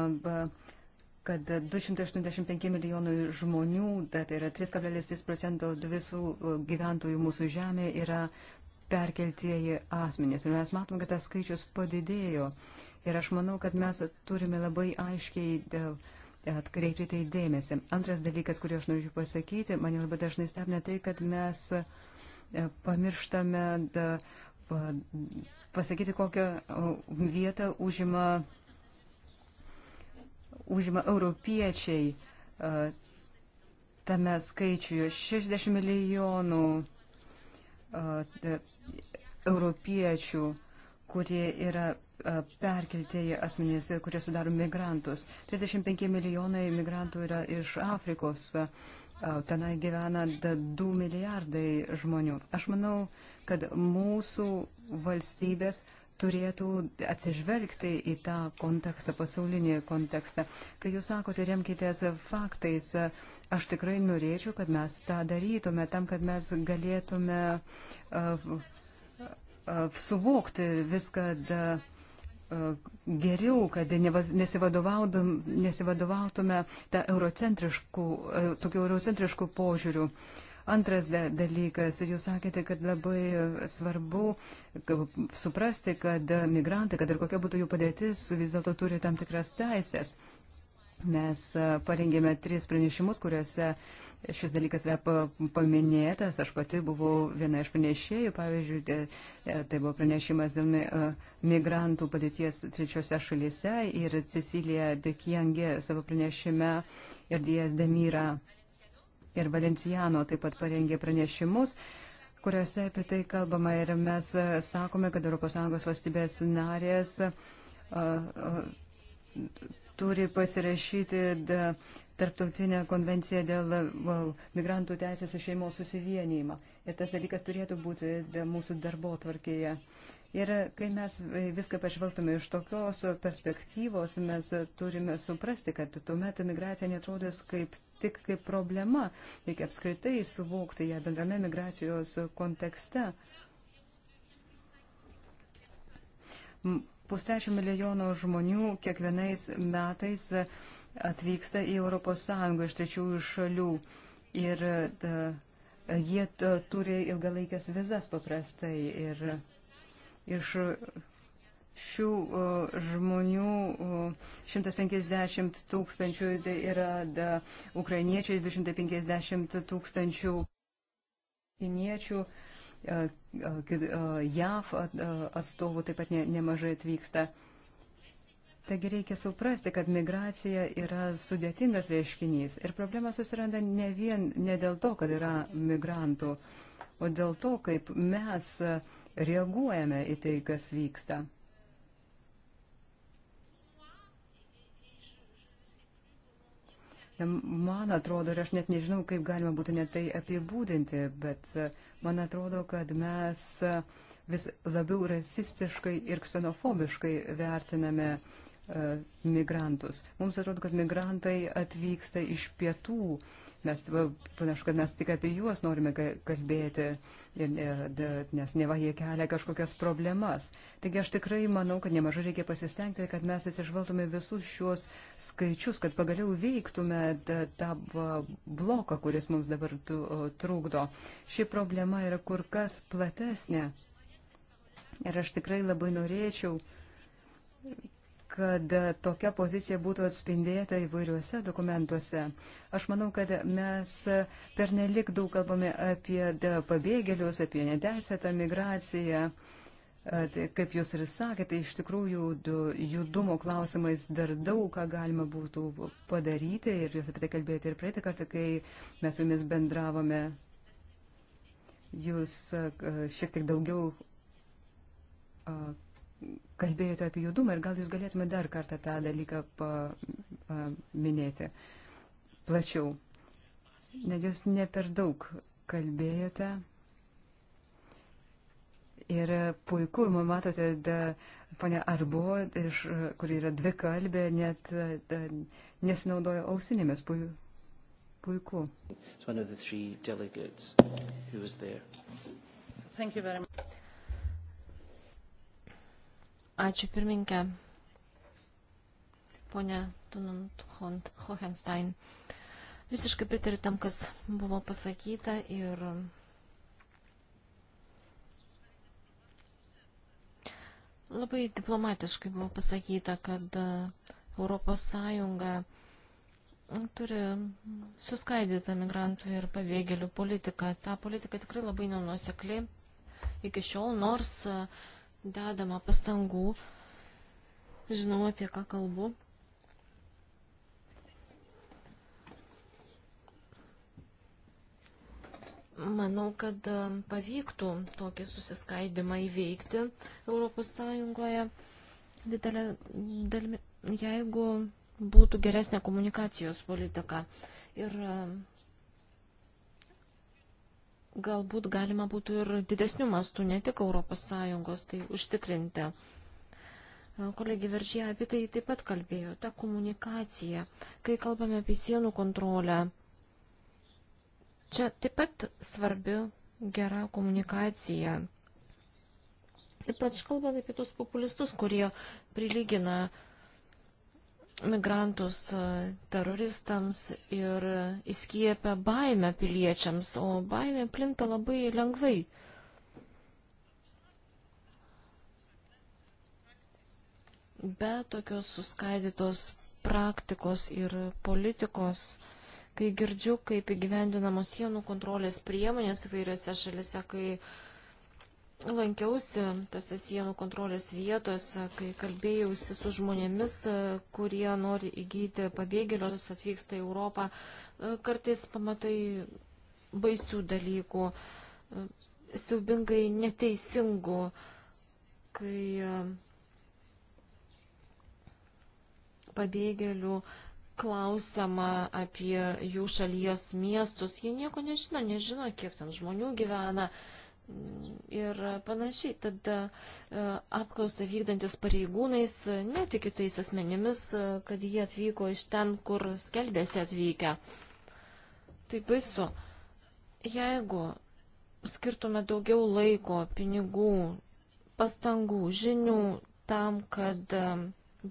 kad 285 milijonai žmonių, tai, tai yra 3,3 procento visų e, gyventojų mūsų žemė yra perkeltieji asmenys. Ir mes matome, kad tas skaičius padidėjo. Ir aš manau, kad mes turime labai aiškiai. Uh, atkreipti tai dėmesį. Antras dalykas, kurį aš noriu pasakyti, mane labai dažnai stebina tai, kad mes e, pamirštame da, pa, pasakyti, kokią vietą užima, užima europiečiai e, tame skaičiuje 60 milijonų e, europiečių, kurie yra perkeltieji asmenys, kurie sudaro migrantus. 35 milijonai migrantų yra iš Afrikos. Tenai gyvena 2 milijardai žmonių. Aš manau, kad mūsų valstybės turėtų atsižvelgti į tą kontekstą, pasaulinį kontekstą. Kai jūs sakote, remkitės faktais, aš tikrai norėčiau, kad mes tą darytume, tam, kad mes galėtume uh, uh, suvokti viską. Uh, E, geriau, kad nesivadovautume tą eurocentriškų, e, tokių eurocentriškų požiūrių. Antras dalykas, jūs sakėte, kad labai svarbu suprasti, kad migrantai, kad ir kokia būtų jų padėtis, vis dėlto turi tam tikras teisės. Mes e, parengėme tris pranešimus, kuriuose uh, Šis dalykas yra paminėtas, aš pati buvau viena iš pranešėjų, pavyzdžiui, e, tai buvo pranešimas dėl e, migrantų padėties trečiose šalyse ir Cecilija Dekijangė savo pranešime ir Dijas Demyra ir Valenciano taip pat parengė pranešimus kuriuose apie tai kalbama ir mes e, sakome, kad ES valstybės narės a, a, turi pasirašyti da, tarptautinę konvenciją dėl e, migrantų teisės ir šeimos susivienijimą. Ir tas dalykas turėtų būti e, mūsų darbo tvarkėje. Ir kai mes e, viską pažvelgtume iš tokios perspektyvos, mes turime suprasti, kad tuomet migracija netrodės kaip tik kaip problema, reikia apskritai suvokti ją bendrame migracijos kontekste. Pustrečio milijono žmonių kiekvienais metais uh, atvyksta į ES iš trečiųjų šalių ir ta, e, jie ta, e, turi ilgalaikės vizas paprastai ir iš šių uh, žmonių uh, 150 tūkstančių tai yra da, ukrainiečiai, 250 tūkstančių kiniečių, uh, JAV atstovų taip pat ne, nemažai atvyksta. Uh, Taigi reikia suprasti, kad migracija yra sudėtingas reiškinys ir problema susiranda ne vien ne dėl to, kad yra migrantų, o dėl to, kaip mes reaguojame į tai, kas vyksta. Man atrodo, ir aš net nežinau, kaip galima būtų net tai apibūdinti, bet e, man atrodo, kad mes e, vis labiau rasistiškai ir ksenofobiškai vertiname uh, E, migrantus. Mums atrodo, kad migrantai atvyksta iš pietų. Mes panašu, kad mes tik apie juos norime kalbėti, e, nes neva jie kelia kažkokias problemas. Taigi aš tikrai manau, kad nemažai reikia pasistengti, kad mes atsižvelgtume visus šios skaičius, kad pagaliau veiktume tą bloką, kuris mums dabar trūkdo. Ši problema yra kur kas platesnė. Ir aš tikrai labai norėčiau kad tokia pozicija būtų atspindėta įvairiuose dokumentuose. Aš manau, kad mes pernelik daug kalbame apie pabėgėlius, apie neteisėtą migraciją. Tai kaip jūs ir sakėte, tai iš tikrųjų judumo klausimais dar daug ką galima būtų padaryti ir jūs apie tai kalbėjote ir praeitą kartą, kai mes su jumis bendravome. Jūs šiek tiek daugiau kalbėjote apie judumą ir gal jūs galėtume dar kartą tą dalyką paminėti plačiau. Net jūs ne per daug kalbėjote. Ir puiku, man matote, da, ponia Arbo, iš, kuri yra dvi kalbė, net da, nesinaudoja ausinėmis. Puiku. puiku. Thank you very much. Ačiū pirminkė. Pone Tunant Hohenstein. Visiškai pritariu tam, kas buvo pasakyta ir labai diplomatiškai buvo pasakyta, kad e, Europos Sąjunga turi suskaidytą migrantų ir pabėgėlių politiką. Ta politika tikrai labai nenuosekli iki šiol, nors uh, dedama pastangų, žinau apie ką kalbu. Manau, kad e, pavyktų tokį susiskaidimą įveikti Europos Sąjungoje didelė dalimi, jeigu būtų geresnė komunikacijos politika ir e, galbūt galima būtų ir didesnių mastų, ne tik ES, tai užtikrinti. Kolegė Veržė apie tai taip pat kalbėjo, ta komunikacija, kai kalbame apie sienų kontrolę. Čia taip pat svarbi gera komunikacija. Ypač kalbant apie tos populistus, kurie prilygina uh, migrantus e, teroristams ir įskiepia baimę piliečiams, o baimė plinta labai lengvai. Be tokios suskaidytos praktikos ir politikos, kai girdžiu, kaip įgyvendinamos sienų kontrolės priemonės vairiose šalise, kai uh, lankiausi tose sienų kontrolės vietose, kai kalbėjausi su žmonėmis, kurie nori įgyti pabėgėlius, atvyksta į Europą. Kartais pamatai baisių dalykų, siubingai neteisingų, kai pabėgėlių klausiama apie jų šalies miestus. Jie nieko nežino, nežino, kiek ten žmonių gyvena. Uh, ir panašiai. Tad e, apklausą vykdantis pareigūnais e, netiki tais asmenimis, e, kad jie atvyko iš ten, kur skelbėsi atvykę. Tai baisu. Jeigu skirtume daugiau laiko, pinigų, pastangų, žinių tam, kad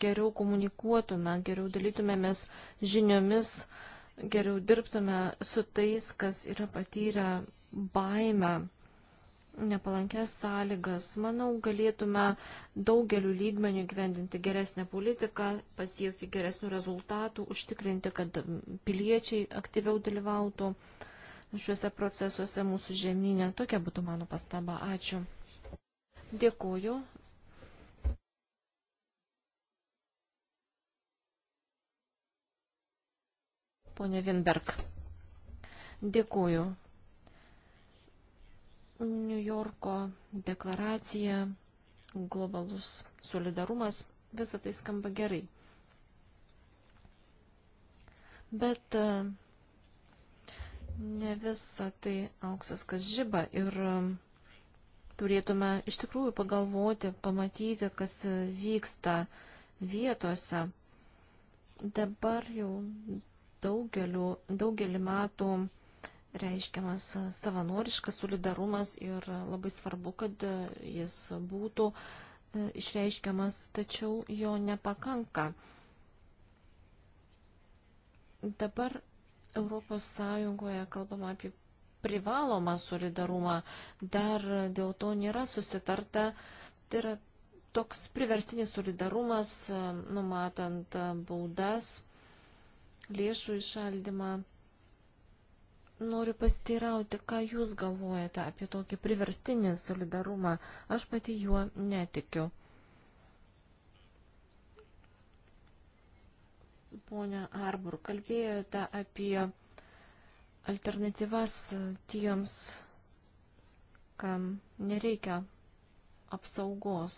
geriau komunikuotume, geriau dalytumėmės žiniomis, geriau dirbtume su tais, kas yra patyrę baimę nepalankės sąlygas. Manau, galėtume daugeliu lygmenių gyvendinti geresnę politiką, pasiekti geresnių rezultatų, užtikrinti, kad piliečiai aktyviau dalyvautų šiuose procesuose mūsų žemynė. Tokia būtų mano pastaba. Ačiū. Dėkuoju. Pone Vinberg. Dėkuoju. New Yorko deklaracija, globalus solidarumas, visą tai skamba gerai. Bet e, ne visą tai auksas, kas žyba ir e, turėtume iš tikrųjų pagalvoti, pamatyti, kas vyksta vietose. Dabar jau daugeliu, daugelį metų reiškiamas savanoriškas solidarumas ir labai svarbu, kad jis būtų e, išreiškiamas, tačiau jo nepakanka. Dabar Europos Sąjungoje kalbama apie privalomą solidarumą, dar dėl to nėra susitarta. Tai yra toks priverstinis solidarumas, e, numatant baudas, lėšų išaldymą Noriu pasiteirauti, ką Jūs galvojate apie tokį priverstinį solidarumą. Aš pati juo netikiu. Pone Arbur, kalbėjote apie alternatyvas tiems, kam nereikia apsaugos.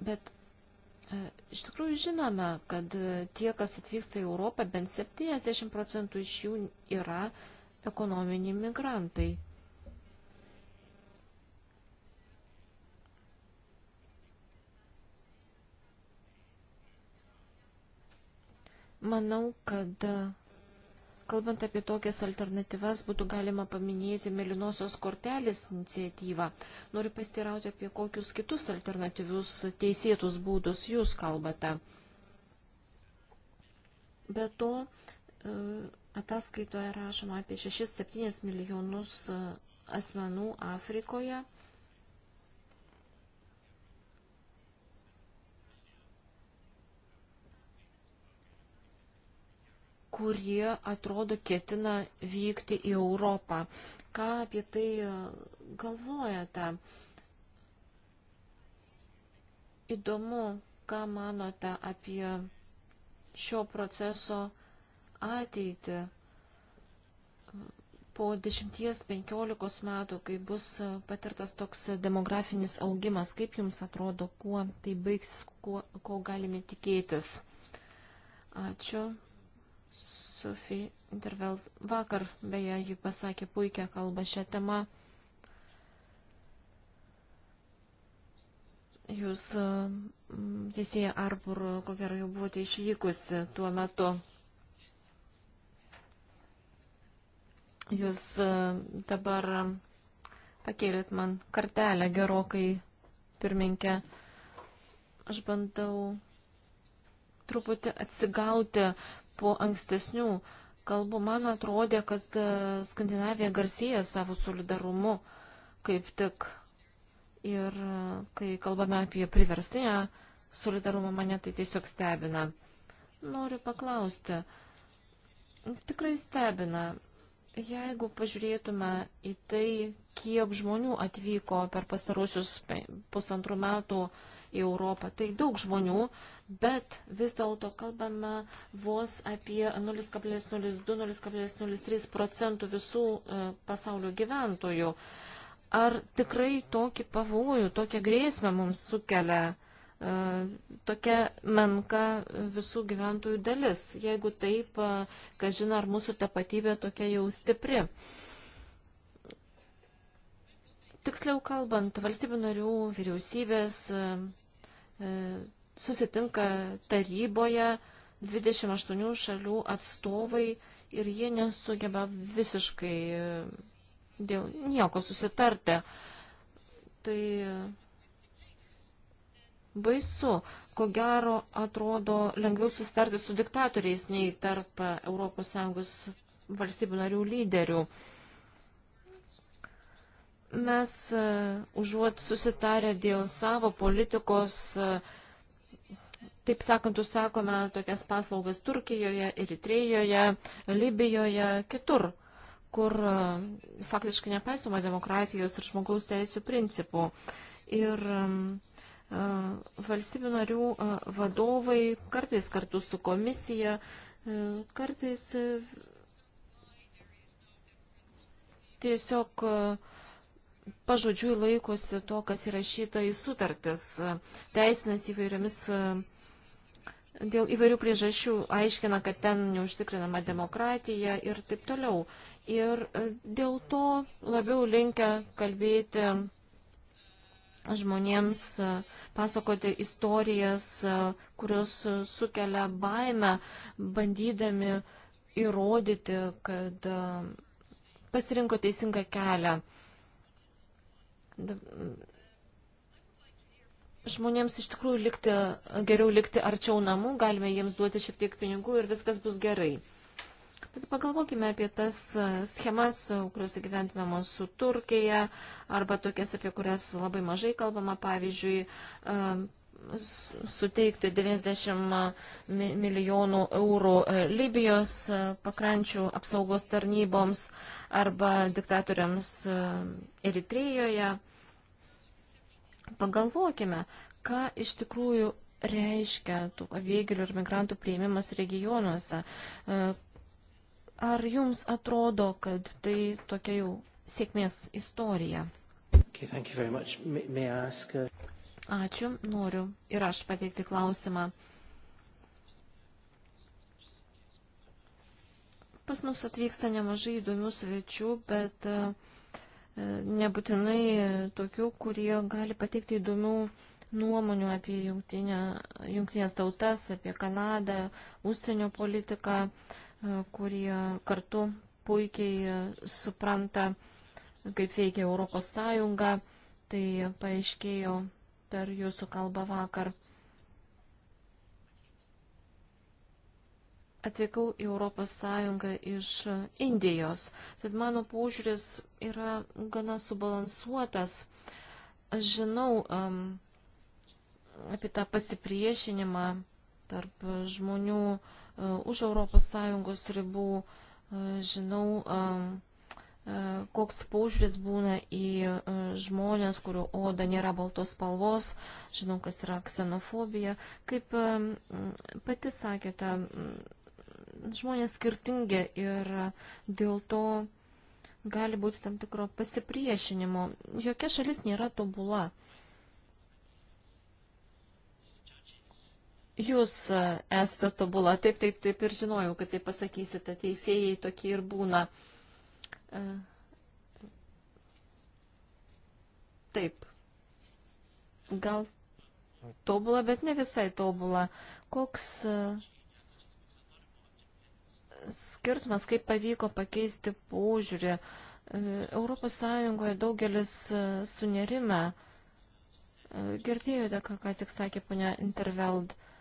Bet e, Iš tikrųjų žinome, kad tie, kas atvyksta į Europą, bent 70 procentų iš jų yra ekonominiai migrantai. Manau, kad e, kalbant apie tokias alternatyvas, būtų galima paminėti Melinosios kortelės iniciatyvą. Noriu pastirauti, apie kokius kitus alternatyvius teisėtus būdus jūs kalbate. Be to, e, Ataskaitoje rašoma apie 6-7 milijonus e, asmenų Afrikoje. kurie atrodo ketina vykti į Europą. Ką apie tai e, galvojate? Įdomu, ką manote apie šio proceso ateitį po 10-15 metų, kai bus patirtas toks demografinis augimas, kaip Jums atrodo, kuo tai baigsis, kuo, ko galime tikėtis? Ačiū. Sofie Intervelt. Vakar, beje, ji pasakė puikią kalbą šią temą. Jūs teisėje Arbur, ko gero, jau buvote išvykusi tuo metu. Jūs e, dabar pakėlėt man kartelę gerokai, pirminkė. Aš bandau truputį atsigauti po ankstesnių kalbų. Man atrodė, kad e, Skandinavija garsėja savo solidarumu kaip tik. Ir e, kai kalbame apie priverstinę solidarumą, mane tai tiesiog stebina. Noriu paklausti. Tikrai stebina. Jeigu pažiūrėtume į tai, kiek žmonių atvyko per pastarusius pusantrų metų į Europą, tai daug žmonių, bet vis dėlto kalbame vos apie 0,02-0,03 procentų visų e, pasaulio gyventojų. Ar tikrai tokį pavojų, tokią grėsmę mums sukelia E, tokia menka visų gyventojų dalis. Jeigu taip, e, kas žino, ar mūsų tapatybė tokia jau stipri. Tiksliau kalbant, valstybių narių vyriausybės e, susitinka taryboje 28 šalių atstovai ir jie nesugeba visiškai dėl nieko susitarti. Tai baisu. Ko gero atrodo lengviau susitarti su diktatoriais nei tarp ES valstybių narių lyderių. Mes e, užuot susitarę dėl savo politikos, e, taip sakant, užsakome tokias paslaugas Turkijoje, Eritrėjoje, Libijoje, kitur kur e, faktiškai nepaisoma demokratijos ir žmogaus teisų principų. Ir Valstybių narių vadovai kartais kartu su komisija, kartais tiesiog pažodžiui laikosi to, kas įrašyta į sutartis, teisinės įvairiomis dėl įvairių priežasčių aiškina, kad ten neužtikrinama demokratija ir taip toliau. Ir dėl to labiau linkia kalbėti žmonėms e, pasakoti istorijas, e, kurios e, sukelia baimę, bandydami įrodyti, kad pasirinko teisingą kelią. Žmonėms iš tikrųjų likti, geriau likti arčiau namų, galime jiems duoti šiek tiek pinigų ir viskas bus gerai. Bet pagalvokime apie tas e, schemas, e, kurios įgyventinamos su Turkija arba tokias, apie kurias labai mažai kalbama, pavyzdžiui, e, suteikti 90 milijonų eurų Libijos pakrančių apsaugos tarnyboms arba diktatoriams Eritrijoje. Pagalvokime, ką iš tikrųjų reiškia tų pabėgėlių ir migrantų prieimimas regionuose, Ar jums atrodo, kad tai tokia jau sėkmės istorija? Okay, May, ask, uh... Ačiū, noriu ir aš pateikti klausimą. Pas mus atvyksta nemažai įdomių svečių, bet e, nebūtinai tokių, kurie gali pateikti įdomių nuomonių apie jungtinę, jungtinės tautas, apie Kanadą, užsienio politiką. Uh, E, kurie kartu puikiai supranta, kaip veikia Europos Sąjunga. Tai paaiškėjo per jūsų kalbą vakar. Atvykau į Europos Sąjungą iš Indijos, tad mano požiūris yra gana subalansuotas. Aš žinau um, apie tą pasipriešinimą tarp žmonių uh, E, už ES ribų. E, žinau, e, koks paužvis būna į žmonės, kurių oda nėra baltos spalvos, žinau, kas yra ksenofobija. Kaip pati sakėte, žmonės skirtingi ir dėl to gali būti tam tikro pasipriešinimo. Jokia šalis nėra tobula. Jūs e, esate tobula, taip, taip, taip ir žinojau, kad tai pasakysite, teisėjai tokie ir būna. E, taip, gal tobula, bet ne visai tobula. Koks e, skirtumas, kaip pavyko pakeisti požiūrį? Europos Sąjungoje daugelis sunerime. Girdėjote, ką, ką tik sakė ponia Interveld. Uh,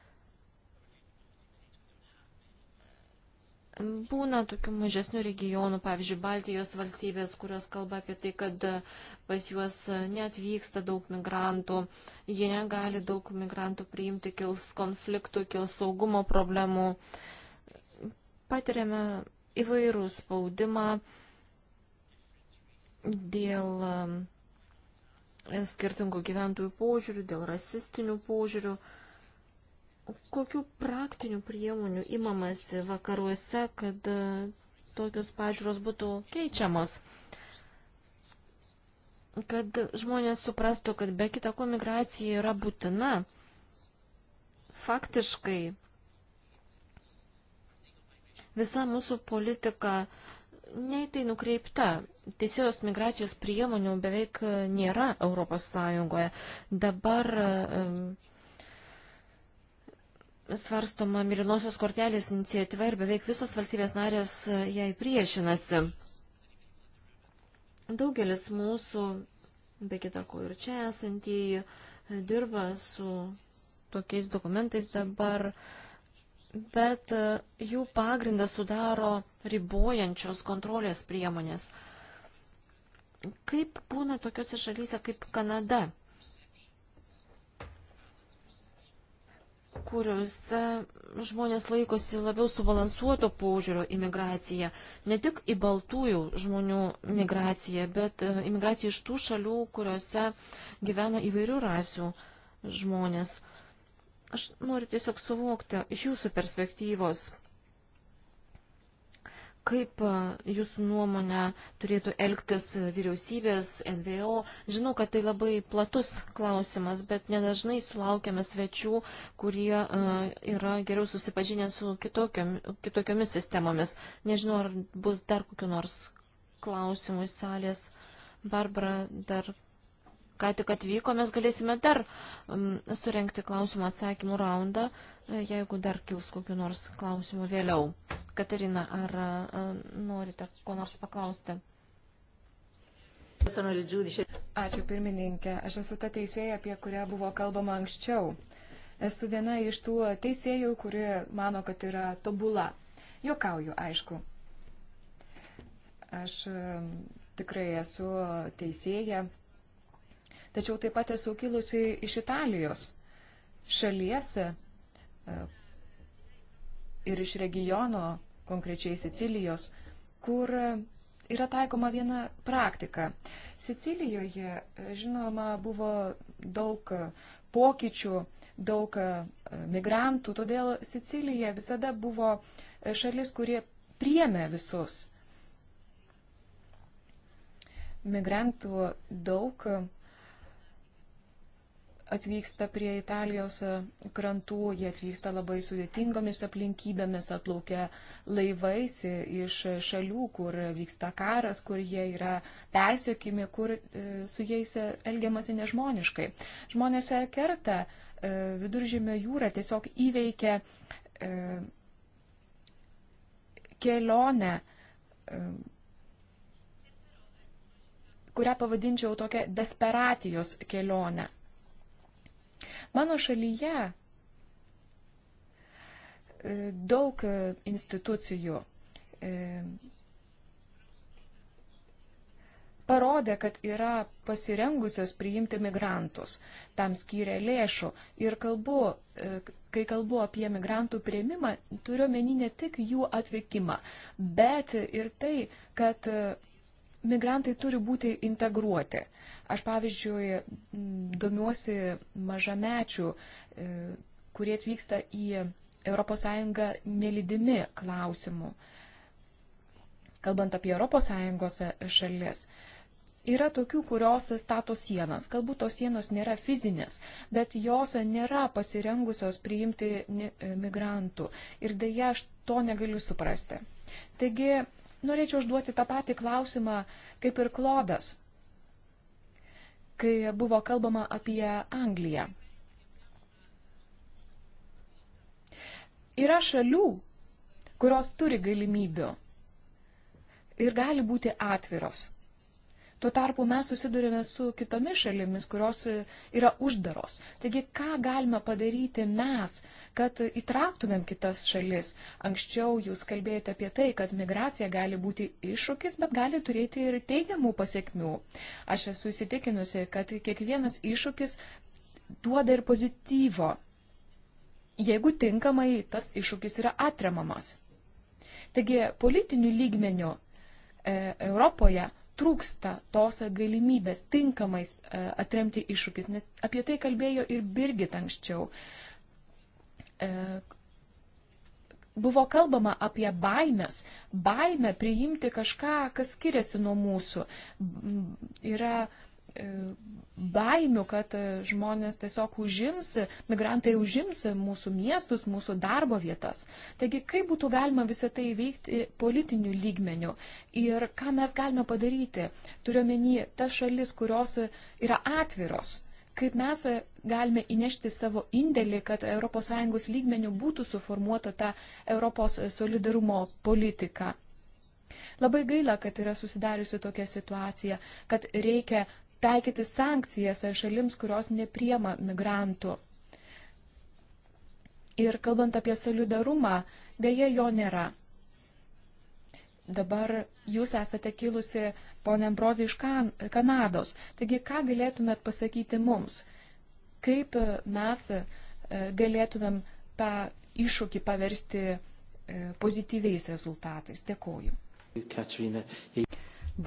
Būna tokių mažesnių regionų, pavyzdžiui, Baltijos valstybės, kurios kalba apie tai, kad pas juos neatvyksta daug migrantų, jie negali daug migrantų priimti, kils konfliktų, kils saugumo problemų. Patiriame įvairų spaudimą dėl e, skirtingų gyventojų požiūrių, dėl rasistinių požiūrių. Kokių praktinių priemonių imamasi vakaruose, kad e, tokios pažiūros būtų keičiamos? Kad žmonės suprastų, kad be kita ko migracija yra būtina. Faktiškai visa mūsų politika nei tai nukreipta. Teisėjos migracijos priemonių beveik nėra Europos Sąjungoje. Dabar um, svarstoma Mirinosios kortelės iniciatyva ir beveik visos valstybės narės e, jai priešinasi. Daugelis mūsų, be kitako ir čia esantieji, e, dirba su tokiais dokumentais dabar, bet e, jų pagrindą sudaro ribojančios kontrolės priemonės. Kaip būna tokiuose šalyse kaip Kanada? kuriuose žmonės laikosi labiau subalansuoto požiūrio į migraciją. Ne tik į baltųjų žmonių migraciją, bet e, imigraciją iš tų šalių, kuriuose gyvena įvairių rasių žmonės. Aš noriu tiesiog suvokti iš jūsų perspektyvos, Kaip e, jūsų nuomonė turėtų elgtis e, vyriausybės, NVO? Žinau, kad tai labai platus klausimas, bet nedažnai sulaukiame svečių, kurie e, yra geriau susipažinę su kitokiomis sistemomis. Nežinau, ar bus dar kokiu nors klausimu iš salės. Barbara dar ką tik atvyko, mes galėsime dar um, surenkti klausimų atsakymų raundą, e, jeigu dar kils kokiu nors klausimu vėliau. Katarina, ar uh, norite ko nors paklausti? Ačiū pirmininkė. Aš esu ta teisėja, apie kurią buvo kalbama anksčiau. Esu viena iš tų teisėjų, kuri mano, kad yra tobula. Jokauju, aišku. Aš e, tikrai esu teisėja, Tačiau taip pat esu kilusi iš Italijos šalies e, ir iš regiono, konkrečiai Sicilijos, kur yra taikoma viena praktika. Sicilijoje, žinoma, buvo daug pokyčių, daug e, migrantų, todėl Sicilija visada buvo e, šalis, kurie priemė visus. Migrantų daug atvyksta prie Italijos krantų, jie atvyksta labai sudėtingomis aplinkybėmis, atplaukia laivais iš šalių, kur vyksta karas, kur jie yra persiekimi, kur e, su jais elgiamasi nežmoniškai. Žmonės e, kerta e, viduržėmio jūrą, tiesiog įveikia kelionę kurią pavadinčiau tokia desperatijos kelionę. Mano šalyje e, daug institucijų e, parodė, kad yra pasirengusios priimti migrantus, tam skyrė lėšų. Ir kalbu, e, kai kalbu apie migrantų prieimimą, turiu meni ne tik jų atvykimą, bet ir tai, kad migrantai turi būti integruoti. Aš, pavyzdžiui, mm, domiuosi mažamečių, e, kurie atvyksta į ES nelidimi klausimų. Kalbant apie ES šalis, yra tokių, kurios stato sienas. Galbūt tos sienos nėra fizinės, bet jos nėra pasirengusios priimti e, migrantų. Ir dėja, aš to negaliu suprasti. Taigi, Norėčiau užduoti tą patį klausimą, kaip ir Klodas, kai buvo kalbama apie Angliją. Yra šalių, kurios turi galimybių ir gali būti atviros. Tuo tarpu mes susidurime su kitomis šalimis, kurios yra uždaros. Taigi, ką galime padaryti mes, kad įtrauktumėm kitas šalis? Anksčiau jūs kalbėjote apie tai, kad migracija gali būti iššūkis, bet gali turėti ir teigiamų pasiekmių. Aš esu įsitikinusi, kad kiekvienas iššūkis duoda ir pozityvo, jeigu tinkamai tas iššūkis yra atremamas. Taigi politinių lygmenių e, Europoje trūksta tos galimybės tinkamai e, atremti iššūkis, nes apie tai kalbėjo ir Birgit anksčiau. E, buvo kalbama apie baimės, baimę priimti kažką, kas skiriasi nuo mūsų. Yra uh, baimių, kad žmonės tiesiog užims, migrantai užims mūsų miestus, mūsų darbo vietas. Taigi, kaip būtų galima visą tai veikti politiniu lygmeniu ir ką mes galime padaryti, turiuomenį tas šalis, kurios yra atviros. Kaip mes galime įnešti savo indėlį, kad ES lygmenių būtų suformuota ta Europos solidarumo politika. Labai gaila, kad yra susidariusi tokia situacija, kad reikia taikyti sankcijas šalims, kurios nepriema migrantų. Ir kalbant apie solidarumą, dėje jo nėra. Dabar jūs esate kilusi, ponė Ambrozė, iš kan Kanados. Taigi, ką galėtumėt pasakyti mums? Kaip mes e, galėtumėm tą iššūkį paversti e, pozityviais rezultatais? Dėkoju. Katerina.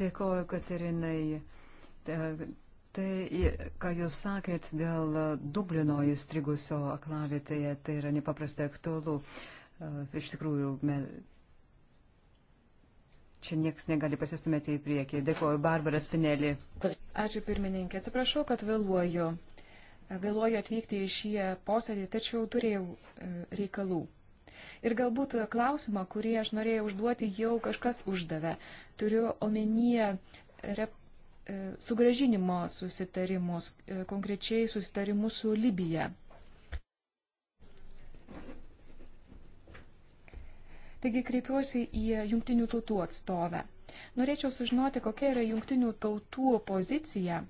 Dėkoju, Katerinai. E, tai, ką Jūs sakėt dėl Dublino įstrigusio aklavitėje, tai yra nepaprastai aktualu. E, iš tikrųjų, mes... čia niekas negali pasistumėti į priekį. Dėkuoju, Barbara Spinelį. Ačiū pirmininkė, atsiprašau, kad vėluoju. Vėluoju atvykti į šį posėdį, tačiau turėjau e, reikalų. Ir galbūt klausimą, kurį aš norėjau užduoti, jau kažkas uždavė. Turiu omenyje rep E, sugražinimo susitarimus, e, konkrečiai susitarimus su Libija. Taigi kreipiuosi į jungtinių tautų atstovę. Norėčiau sužinoti, kokia yra jungtinių tautų pozicija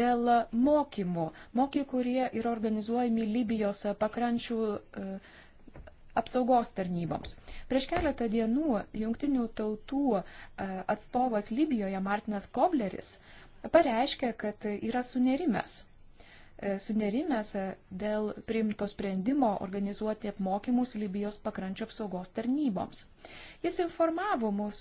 dėl mokymų, mokymų, kurie yra organizuojami Libijos pakrančių e, apsaugos tarnyboms. Prieš keletą dienų jungtinių tautų e, atstovas Libijoje Martinas Kobleris pareiškė, kad yra sunerimęs E, sunerimęs e, dėl priimto sprendimo organizuoti apmokymus Libijos pakrančio apsaugos tarnyboms. Jis informavo mus,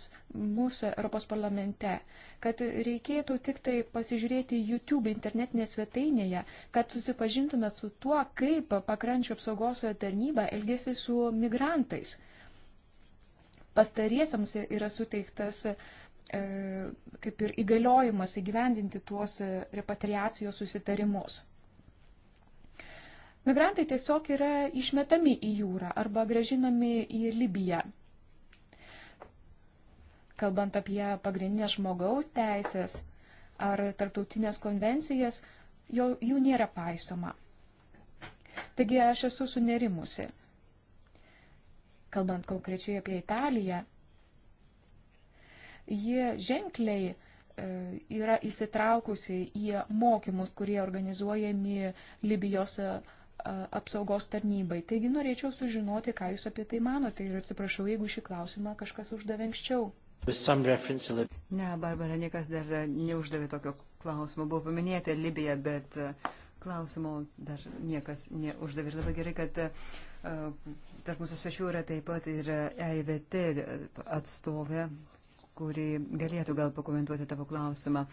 mūsų Europos parlamente, kad reikėtų tik tai pasižiūrėti YouTube internetinėje svetainėje, kad susipažintumėt su tuo, kaip pakrančio apsaugos tarnyba elgėsi su migrantais. Pastariesiams yra suteiktas e, kaip ir įgaliojimas įgyvendinti tuos repatriacijos susitarimus. Migrantai tiesiog yra išmetami į jūrą arba gražinami į Libiją. Kalbant apie pagrindinės žmogaus teisės ar tarptautinės konvencijas, jo, jų nėra paisoma. Taigi aš esu sunerimusi. Kalbant konkrečiai apie Italiją, jie ženkliai e, yra įsitraukusi į mokymus, kurie organizuojami Libijos e, apsaugos tarnybai. Taigi norėčiau sužinoti, ką Jūs apie tai manote ir atsiprašau, jeigu šį klausimą kažkas uždavė anksčiau. Ne, Barbara, niekas dar neuždavė tokio klausimo. Buvo paminėta Libija, bet klausimo dar niekas neuždavė. Ir labai gerai, kad tarp mūsų svečių yra taip pat ir EIVT atstovė, kuri galėtų gal pakomentuoti tavo klausimą,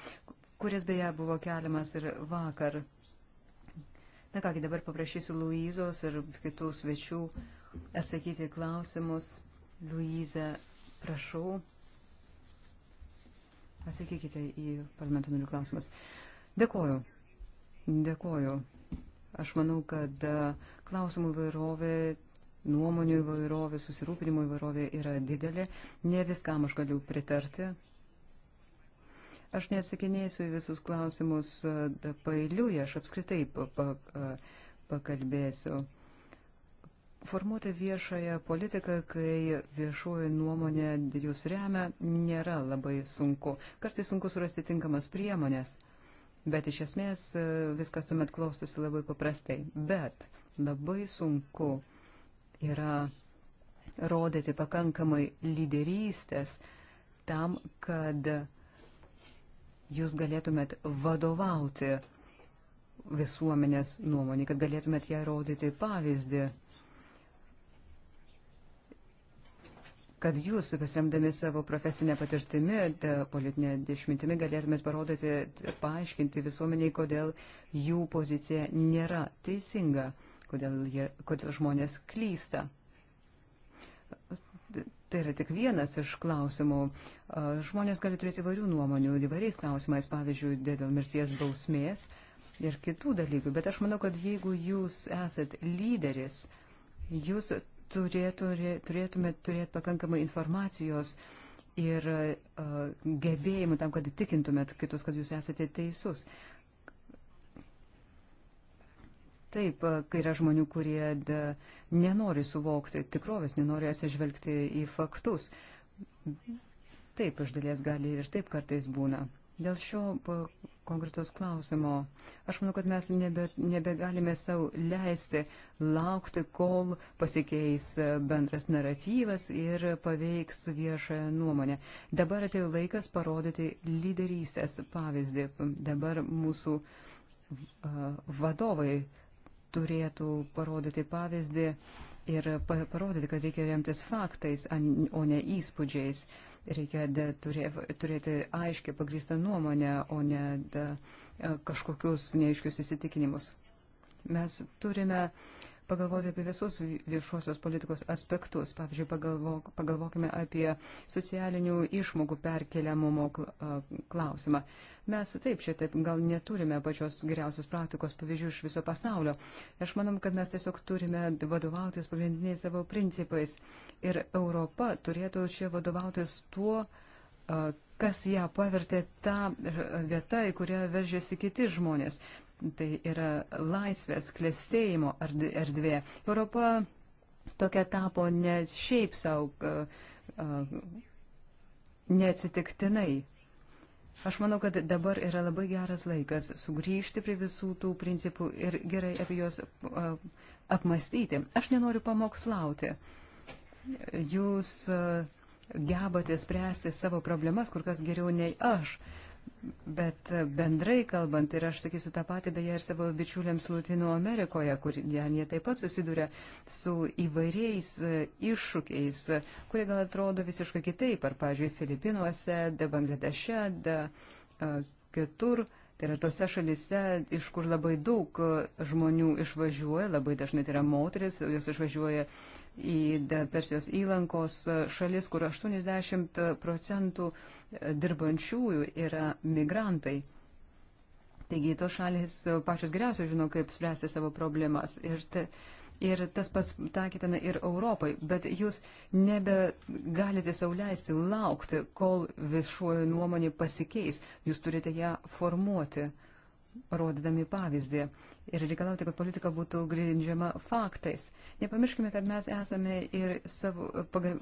kuris beje buvo keliamas ir vakar. Na kągi, dabar paprašysiu Luizos ir kitų svečių atsakyti klausimus. Luiza, prašau. Atsakykite į parlamento narių klausimus. Dėkoju. Dėkoju. Aš manau, kad klausimų vairovė, nuomonių įvairovė, susirūpinimų įvairovė yra didelė. Ne viskam aš galiu pritarti, Aš neatsakinėsiu į visus klausimus e, pailiui, aš apskritai pakalbėsiu. Formuoti viešąją politiką, kai viešoji nuomonė jūs remia, nėra labai sunku. Kartais sunku surasti tinkamas priemonės, bet iš esmės e, viskas tuomet klostosi labai paprastai. Bet labai sunku yra rodyti pakankamai lyderystės tam, kad uh, jūs galėtumėt vadovauti visuomenės nuomonį, kad galėtumėt ją rodyti pavyzdį, kad jūs, pasiremdami savo profesinę patirtimį, politinę išmintimi, galėtumėt parodyti, paaiškinti visuomeniai, kodėl jų pozicija nėra teisinga, kodėl, jie, kodėl žmonės klysta. Tai yra tik vienas iš klausimų. Žmonės gali turėti įvairių nuomonių įvairiais klausimais, pavyzdžiui, dėl mirties bausmės ir kitų dalykų. Bet aš manau, kad jeigu jūs esat lyderis, jūs turėtų, turėtumėt turėti pakankamai informacijos ir uh, gebėjimų tam, kad įtikintumėt kitus, kad jūs esate teisus. Uh, Taip, kai yra žmonių, kurie nenori suvokti tikrovės, nenori atsižvelgti į faktus. Taip, iš dalies gali ir taip kartais būna. Dėl šio konkretos klausimo. Aš manau, kad mes nebe, nebegalime savo leisti laukti, kol pasikeis bendras naratyvas ir paveiks viešąją nuomonę. Dabar atėjo laikas parodyti lyderystės pavyzdį. Dabar mūsų uh, vadovai uh, turėtų parodyti pavyzdį ir parodyti, kad reikia remtis faktais, o ne įspūdžiais. Reikia turėti aiškiai pagrįstą nuomonę, o ne kažkokius neaiškius įsitikinimus. Mes turime uh, pagalvoti apie visus viešuosios politikos aspektus. Pavyzdžiui, pagalvok, pagalvokime apie socialinių išmogų perkeliamumo klausimą. Mes taip šiek tiek gal neturime pačios geriausios praktikos pavyzdžių iš viso pasaulio. Aš manom, kad mes tiesiog turime vadovautis pagrindiniais savo principais. Ir Europa turėtų čia vadovautis tuo, kas ją pavertė tą vietą, į kurią veržiasi kiti žmonės tai yra laisvės, klėstėjimo erdvė. Europa tokia tapo ne šiaip savo, neatsitiktinai. Aš manau, kad dabar yra labai geras laikas sugrįžti prie visų tų principų ir gerai apie juos apmastyti. Aš nenoriu pamokslauti. Jūs gebate spręsti savo problemas kur kas geriau nei aš. Bet bendrai kalbant, ir aš sakysiu tą patį beje ir savo bičiuliams Latino Amerikoje, kur jie taip pat susiduria su įvairiais e, iššūkiais, kurie gal atrodo visiškai kitaip, ar, pavyzdžiui, Filipinuose, de Bangladeše, de e, kitur. Tai yra tose šalise, iš kur labai daug e, žmonių išvažiuoja, labai dažnai tai yra moteris, jos išvažiuoja uh, į Persijos įlankos šalis, kur 80 procentų e, dirbančiųjų yra migrantai. Taigi tos šalis pačios geriausiai žino, kaip spręsti savo problemas. Ir, te, ir tas pats taikytina ir Europai. Bet jūs nebegalite sauliaisti laukti, kol viešuoju nuomonė pasikeis. Jūs turite ją formuoti, rodydami pavyzdį ir reikalauti, kad politika būtų grindžiama faktais. Nepamirškime, kad mes esame ir savo, paga,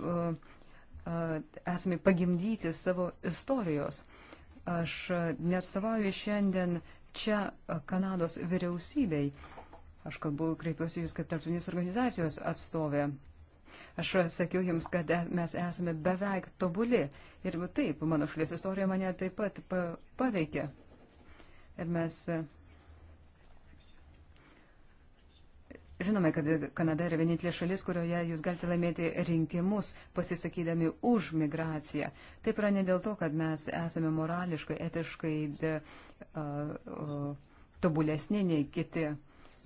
esame pagimdyti savo istorijos. Aš neatstovauju šiandien čia Kanados vyriausybei. Aš kalbu, kreipiuosi jūs kaip tarptautinės organizacijos atstovė. Aš sakiau jums, kad e, mes esame beveik tobuli. Ir taip, mano šalies istorija mane taip pat paveikė. Ir mes Žinome, kad Kanada yra vienintelė šalis, kurioje jūs galite laimėti rinkimus pasisakydami už migraciją. Taip yra ne dėl to, kad mes esame morališkai, etiškai de, uh, uh, tobulesni nei kiti.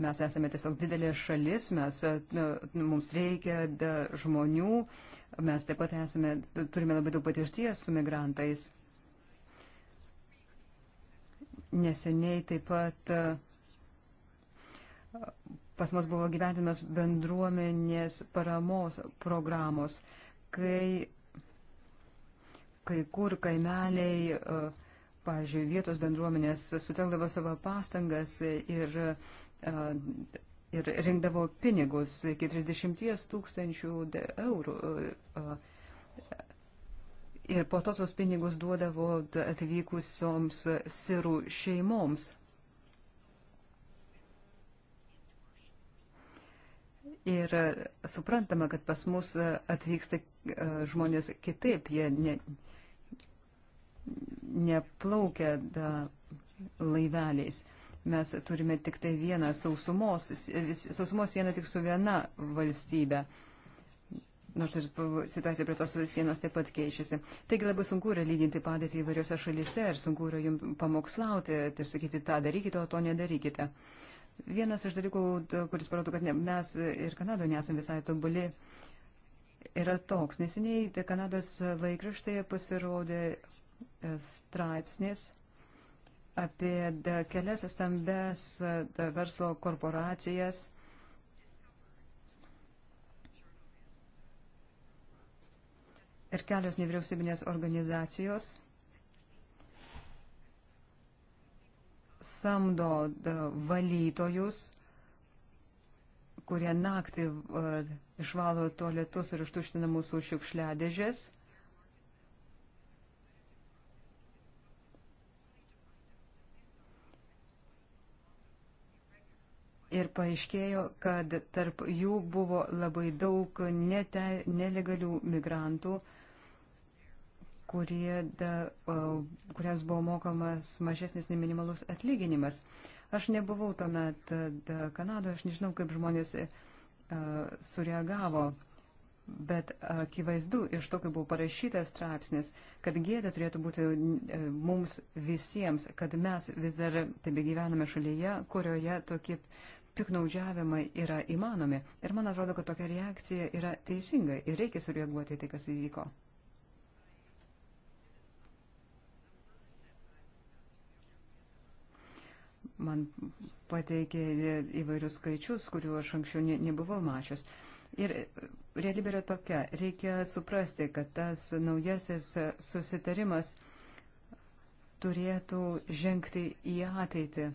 Mes esame tiesiog didelė šalis, mes, uh, mums reikia de, žmonių, mes taip pat esame, turime labai daug patirties su migrantais. Neseniai taip pat. Uh, pas mus buvo gyventimas bendruomenės paramos programos, kai kai kur kaimeliai, e, pavyzdžiui, vietos bendruomenės suteldavo savo pastangas ir, e, ir rinkdavo pinigus iki 30 tūkstančių eurų. E, ir po to tos pinigus duodavo atvykusioms sirų šeimoms. Ir e, suprantama, kad pas mus e, atvyksta e, žmonės kitaip, jie ne, neplaukia da, laiveliais. Mes turime tik tai vieną sausumos, sausumos sieną tik su viena valstybė. Nors ir situacija prie tos sienos taip pat keičiasi. Taigi labai sunku yra lyginti padėtį įvairiose šalise ir sunku yra jums pamokslauti ir tai sakyti, tą darykite, o to nedarykite. Uh, Vienas iš dalykų, kuris parodo, kad ne, mes ir Kanadoje nesame visai tobuli, yra toks. Neseniai tai Kanados laikraštėje pasirodė e, straipsnis apie kelias stambes verslo korporacijas ir kelios nevyriausybinės organizacijos samdo valytojus, kurie naktį išvalo tualetus ir ištuština mūsų šiukšliadežės. ir paaiškėjo, kad tarp jų buvo labai daug nete, nelegalių migrantų, kurie da, kurias buvo mokamas mažesnis nei minimalus atlyginimas. Aš nebuvau tuomet Kanadoje, aš nežinau, kaip žmonės e, a, sureagavo, bet akivaizdu iš to, kaip buvo parašytas straipsnis, kad gėda turėtų būti e, mums visiems, kad mes vis dar tebe gyvename šalyje, kurioje tokie piknaudžiavimai yra įmanomi. Ir man atrodo, kad tokia reakcija yra teisinga ir reikia sureaguoti į tai, kas įvyko. man pateikė įvairius skaičius, kurių aš anksčiau ne, nebuvau mačius. Ir realybė yra tokia, reikia suprasti, kad tas naujasis susitarimas turėtų žengti į ateitį.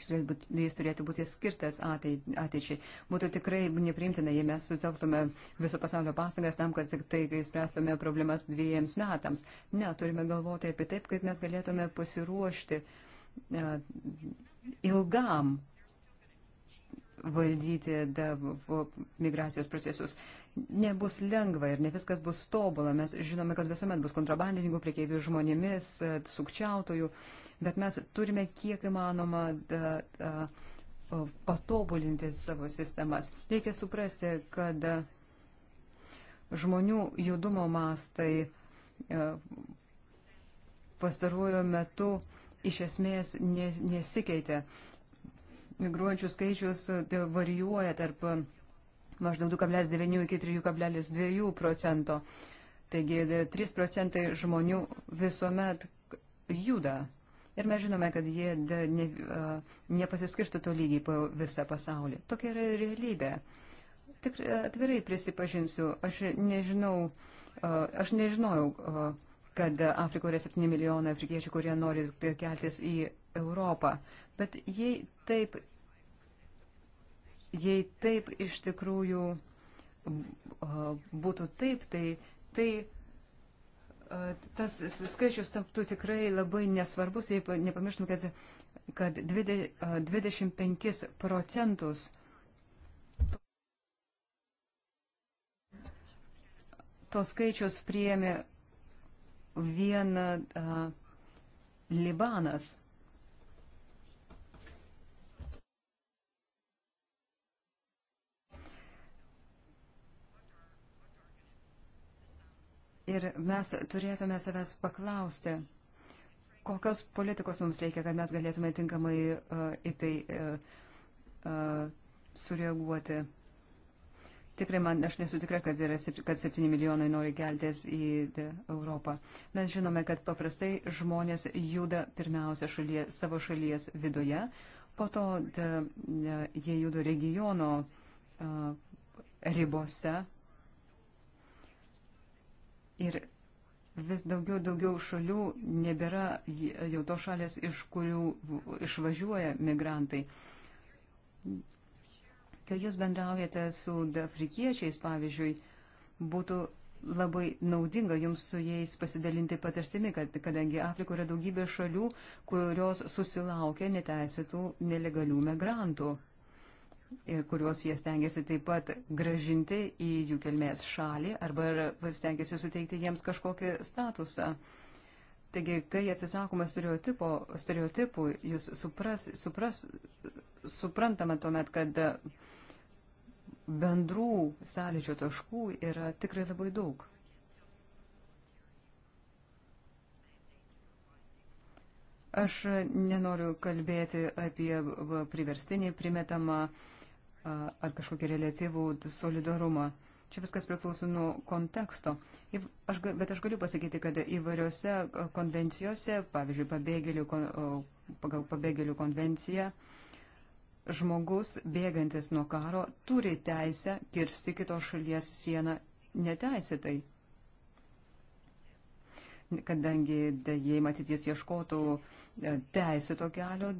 Jis turėtų būti skirtas ateičiai. Būtų tikrai nepriimtina, jei mes sutelktume viso pasaulio pastangas tam, kad tik tai spręstume problemas dviejiems metams. Ne, turime galvoti apie taip, kaip mes galėtume pasiruošti uh, E, ilgam valdyti migracijos procesus. Nebus lengva ir ne viskas bus tobula. Mes žinome, kad visuomet bus kontrabandininkų, priekeivių žmonėmis, e, sukčiautojų, bet mes turime kiek įmanoma da, da, patobulinti savo sistemas. Reikia suprasti, kad žmonių judumo mastai e, pastaruoju metu uh, iš esmės nesikeitė. Migruojančių skaičius e, tai varijuoja tarp e, maždaug 2,9 iki 3,2 procento. Taigi 3 e, procentai žmonių visuomet juda. Ir mes žinome, kad jie de, ne, nepasiskirsto to lygiai po visą pasaulį. Tokia yra realybė. Tik atvirai prisipažinsiu, aš nežinau, aš nežinojau kad Afrikoje yra 7 milijonai afrikiečių, kurie nori keltis į Europą. Bet jei taip, jei taip iš tikrųjų būtų taip, tai, tai tas skaičius taptų tikrai labai nesvarbus, jei nepamirštum, kad, kad 25 procentus tos skaičius priėmė vien uh, Libanas. Ir mes turėtume savęs paklausti, kokios politikos mums reikia, kad mes galėtume tinkamai uh, į tai uh, uh, sureaguoti. Tikrai man, aš nesu tikra, kad, yra, kad 7 milijonai nori keltis į Europą. Mes žinome, kad paprastai žmonės juda pirmiausia šalie, savo šalies viduje, po to da, jie juda regiono a, ribose. Ir vis daugiau daugiau šalių nebėra jau to šalės, iš kurių išvažiuoja migrantai. Kai jūs bendraujate su afrikiečiais, pavyzdžiui, būtų labai naudinga jums su jais pasidalinti patirtimi, kad, kadangi Afrikoje yra daugybė šalių, kurios susilaukia neteisėtų nelegalių migrantų ir kuriuos jie stengiasi taip pat gražinti į jų kilmės šalį arba stengiasi suteikti jiems kažkokį statusą. Taigi, kai atsisakoma stereotipų, jūs supras, supras, suprantama tuomet, kad uh, bendrų sąlyčio taškų yra tikrai labai daug. Aš nenoriu kalbėti apie priverstinį primetamą ar kažkokį relatyvų solidarumą. Čia viskas priklauso nuo konteksto. Aš, bet aš galiu pasakyti, kad įvairiose konvencijose, pavyzdžiui, pabėgėlių, pagal pabėgėlių konvenciją, žmogus bėgantis nuo karo turi teisę kirsti kitos šalies sieną neteisėtai. Kadangi jei matyt jis ieškotų e, teisėto kelio,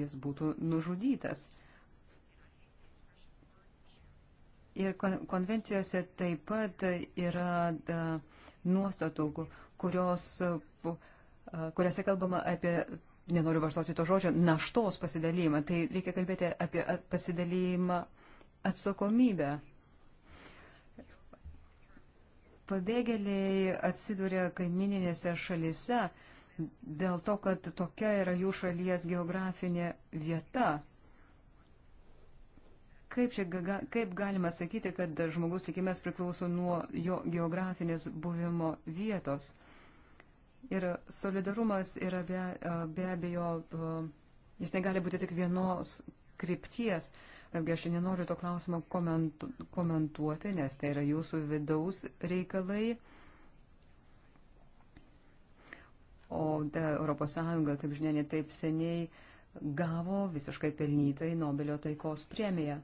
jis būtų nužudytas. Ir konvencijose taip pat yra nuostatų, kurios, kuriuose kalbama apie nenoriu vartoti to žodžio, naštos pasidalymą, tai reikia kalbėti apie pasidalymą atsakomybę. Pabėgėliai atsiduria kaimininėse šalise dėl to, kad tokia yra jų šalies geografinė vieta. Kaip, čia, kaip galima sakyti, kad žmogus likimas priklauso nuo jo geografinės buvimo vietos? Ir solidarumas yra be, be abejo, jis negali būti tik vienos krypties. Vėlgi aš nenoriu to klausimo komentu, komentuoti, nes tai yra jūsų vidaus reikalai. O ES, kaip žinia, netaip seniai gavo visiškai pelnytai Nobelio taikos premiją.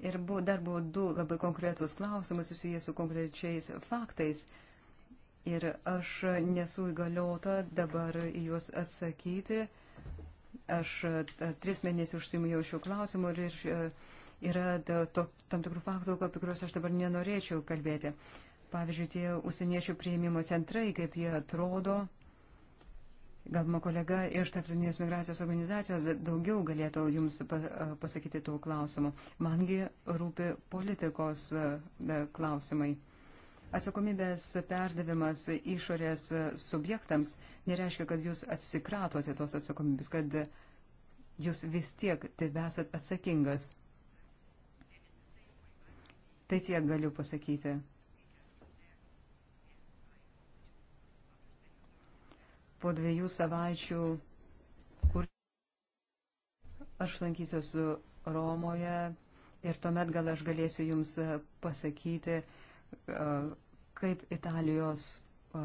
Ir buvo, dar buvo du labai konkretūs klausimai susijęs su konkrečiais faktais. Ir aš nesu įgaliota dabar į juos atsakyti. Aš e, tris mėnesius užsimėjau šiuo klausimu ir e, yra to, tam tikrų faktų, apie kuriuos aš dabar nenorėčiau kalbėti. Pavyzdžiui, tie užsieniečių prieimimo centrai, kaip jie atrodo, Gal mano kolega iš Tarptautinės migracijos organizacijos daugiau galėtų jums pasakyti tų klausimų. Mangi rūpi politikos klausimai. Atsakomybės perdavimas išorės subjektams nereiškia, kad jūs atsikratote tos atsakomybės, kad jūs vis tiek tebesat atsakingas. Tai tiek galiu pasakyti. po dviejų savaičių, kur aš lankysiuosi Romoje ir tuomet gal aš galėsiu Jums e, pasakyti, e, kaip Italijos e,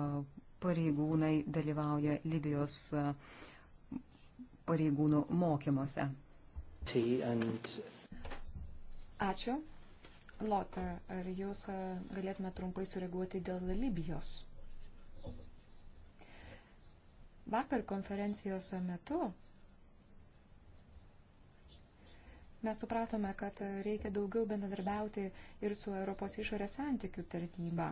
pareigūnai dalyvauja Libijos pareigūnų mokymuose. Ačiū. Lotar, ar jūs galėtume trumpai sureaguoti dėl Libijos? Vakar konferencijos metu mes supratome, kad reikia daugiau bendradarbiauti ir su Europos išorės santykių tarnyba.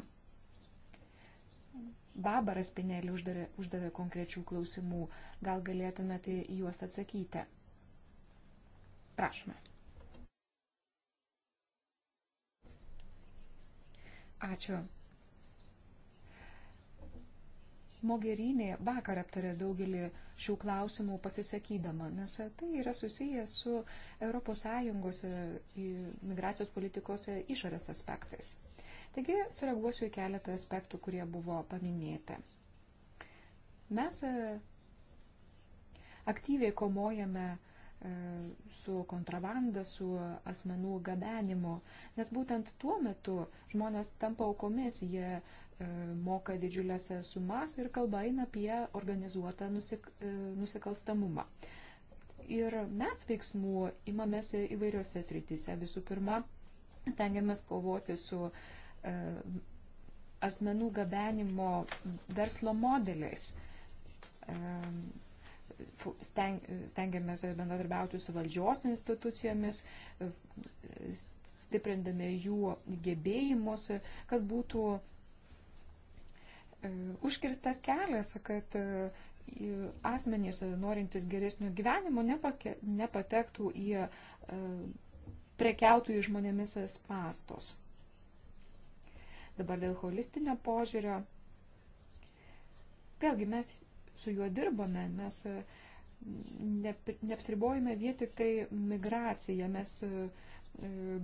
Babaras Pinelį uždavė, uždavė konkrečių klausimų. Gal galėtumėte tai juos atsakyti? Prašome. Ačiū. Mogerinė vakar aptarė daugelį šių klausimų pasisakydama, nes tai yra susijęs su ES e, migracijos politikos e, išorės aspektais. Taigi sureaguosiu į keletą aspektų, kurie buvo paminėti. Mes e, aktyviai komojame su kontrabanda, su asmenų gabenimu, nes būtent tuo metu žmonės tampa aukomis, jie E, moka didžiulės e, sumas ir kalba eina apie organizuotą nusik, e, nusikalstamumą. Ir mes veiksmų imamės įvairiose srityse. Visų pirma, stengiamės kovoti su asmenų gabenimo verslo modeliais. Stengiamės bendradarbiauti su valdžios institucijomis, stiprindami jų gebėjimus, kad būtų E, užkirstas kelias, kad e, asmenys norintys geresnio gyvenimo nepake, nepatektų į e, prekiautojų žmonėmis spastos. Dabar dėl holistinio požiūrio. Vėlgi mes su juo dirbame, mes neapsiribojame vien tik tai migraciją, mes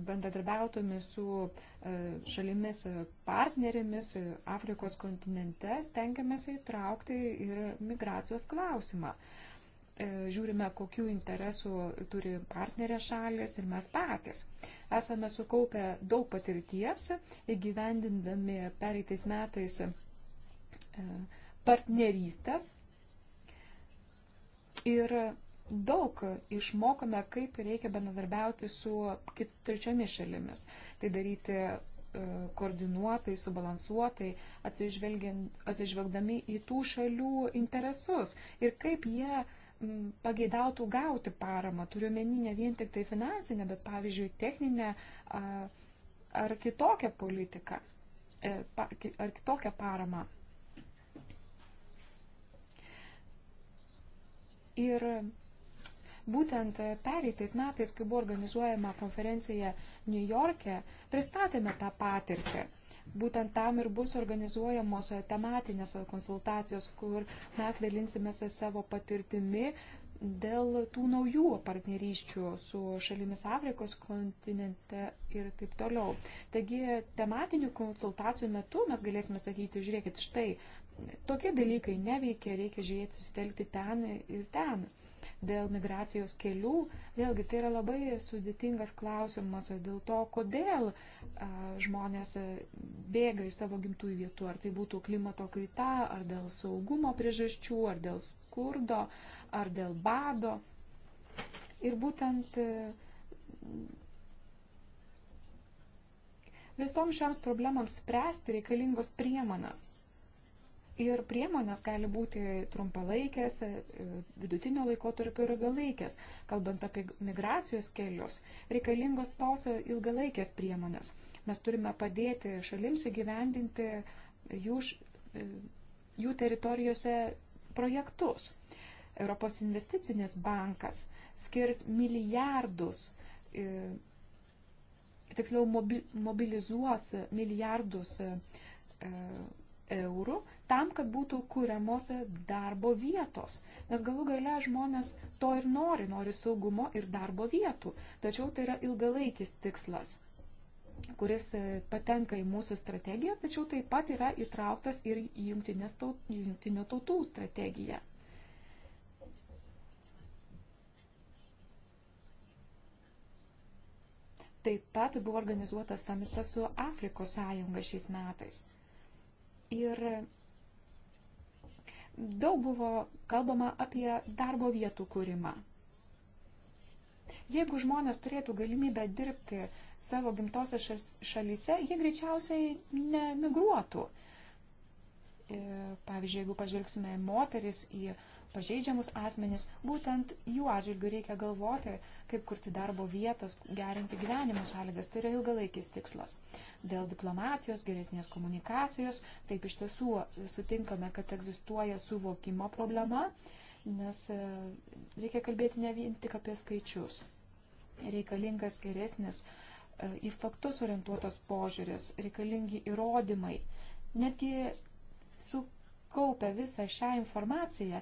bendradarbiautume su e, šalimis partnerėmis Afrikos kontinente, stengiamės įtraukti ir migracijos klausimą. E, žiūrime, kokių interesų turi partnerė šalis ir mes patys. Esame sukaupę daug patirties, įgyvendindami pereitais metais e, partnerystės ir daug išmokome, kaip reikia bendradarbiauti su trečiomis šalimis. Tai daryti e, koordinuotai, subalansuotai, atsižvelgdami į tų šalių interesus ir kaip jie pageidautų gauti paramą, turiu meni ne vien tik tai finansinę, bet pavyzdžiui techninę ar kitokią politiką, e, ar kitokią paramą. Ir Būtent pereitais metais, kai buvo organizuojama konferencija New York'e, pristatėme tą patirtį. Būtent tam ir bus organizuojamos tematinės konsultacijos, kur mes dalinsimės savo patirtimi dėl tų naujų partnerysčių su šalimis Afrikos kontinente ir taip toliau. Taigi tematinių konsultacijų metu mes galėsime sakyti, žiūrėkit, štai tokie dalykai neveikia, reikia žiūrėti susitelkti ten ir ten dėl migracijos kelių, vėlgi tai yra labai sudėtingas klausimas dėl to, kodėl žmonės bėga iš savo gimtųjų vietų, ar tai būtų klimato kaita, ar dėl saugumo priežasčių, ar dėl skurdo, ar dėl bado. Ir būtent visoms šioms problemams spręsti reikalingos priemonės Ir priemonės gali būti trumpalaikės, e, vidutinio laiko tarp ir ilgalaikės. Kalbant apie migracijos kelius, reikalingos tos ilgalaikės priemonės. Mes turime padėti šalims įgyvendinti jų, e, jų teritorijose projektus. Europos investicinis bankas skirs milijardus, e, tiksliau mobilizuos milijardus eurų tam, kad būtų kuriamos darbo vietos. Nes galų gale žmonės to ir nori, nori saugumo ir darbo vietų. Tačiau tai yra ilgalaikis tikslas kuris e, patenka į mūsų strategiją, tačiau taip pat yra įtrauktas ir į jungtinių tautų strategiją. Taip pat buvo organizuotas samitas su Afrikos sąjunga šiais metais. Ir daug buvo kalbama apie darbo vietų kūrimą. Jeigu žmonės turėtų galimybę dirbti savo gimtose šalyse, jie greičiausiai nemigruotų. E, pavyzdžiui, jeigu pažvelgsime moteris į moteris, pažeidžiamus asmenis, būtent jų atžvilgių reikia galvoti, kaip kurti darbo vietas, gerinti gyvenimo sąlygas, tai yra ilgalaikis tikslas. Dėl diplomatijos, geresnės komunikacijos, taip iš tiesų sutinkame, kad egzistuoja suvokimo problema, nes e, reikia kalbėti ne vien tik apie skaičius. Reikalingas geresnis e, į faktus orientuotas požiūris, reikalingi įrodymai. Netgi sukaupę visą šią informaciją,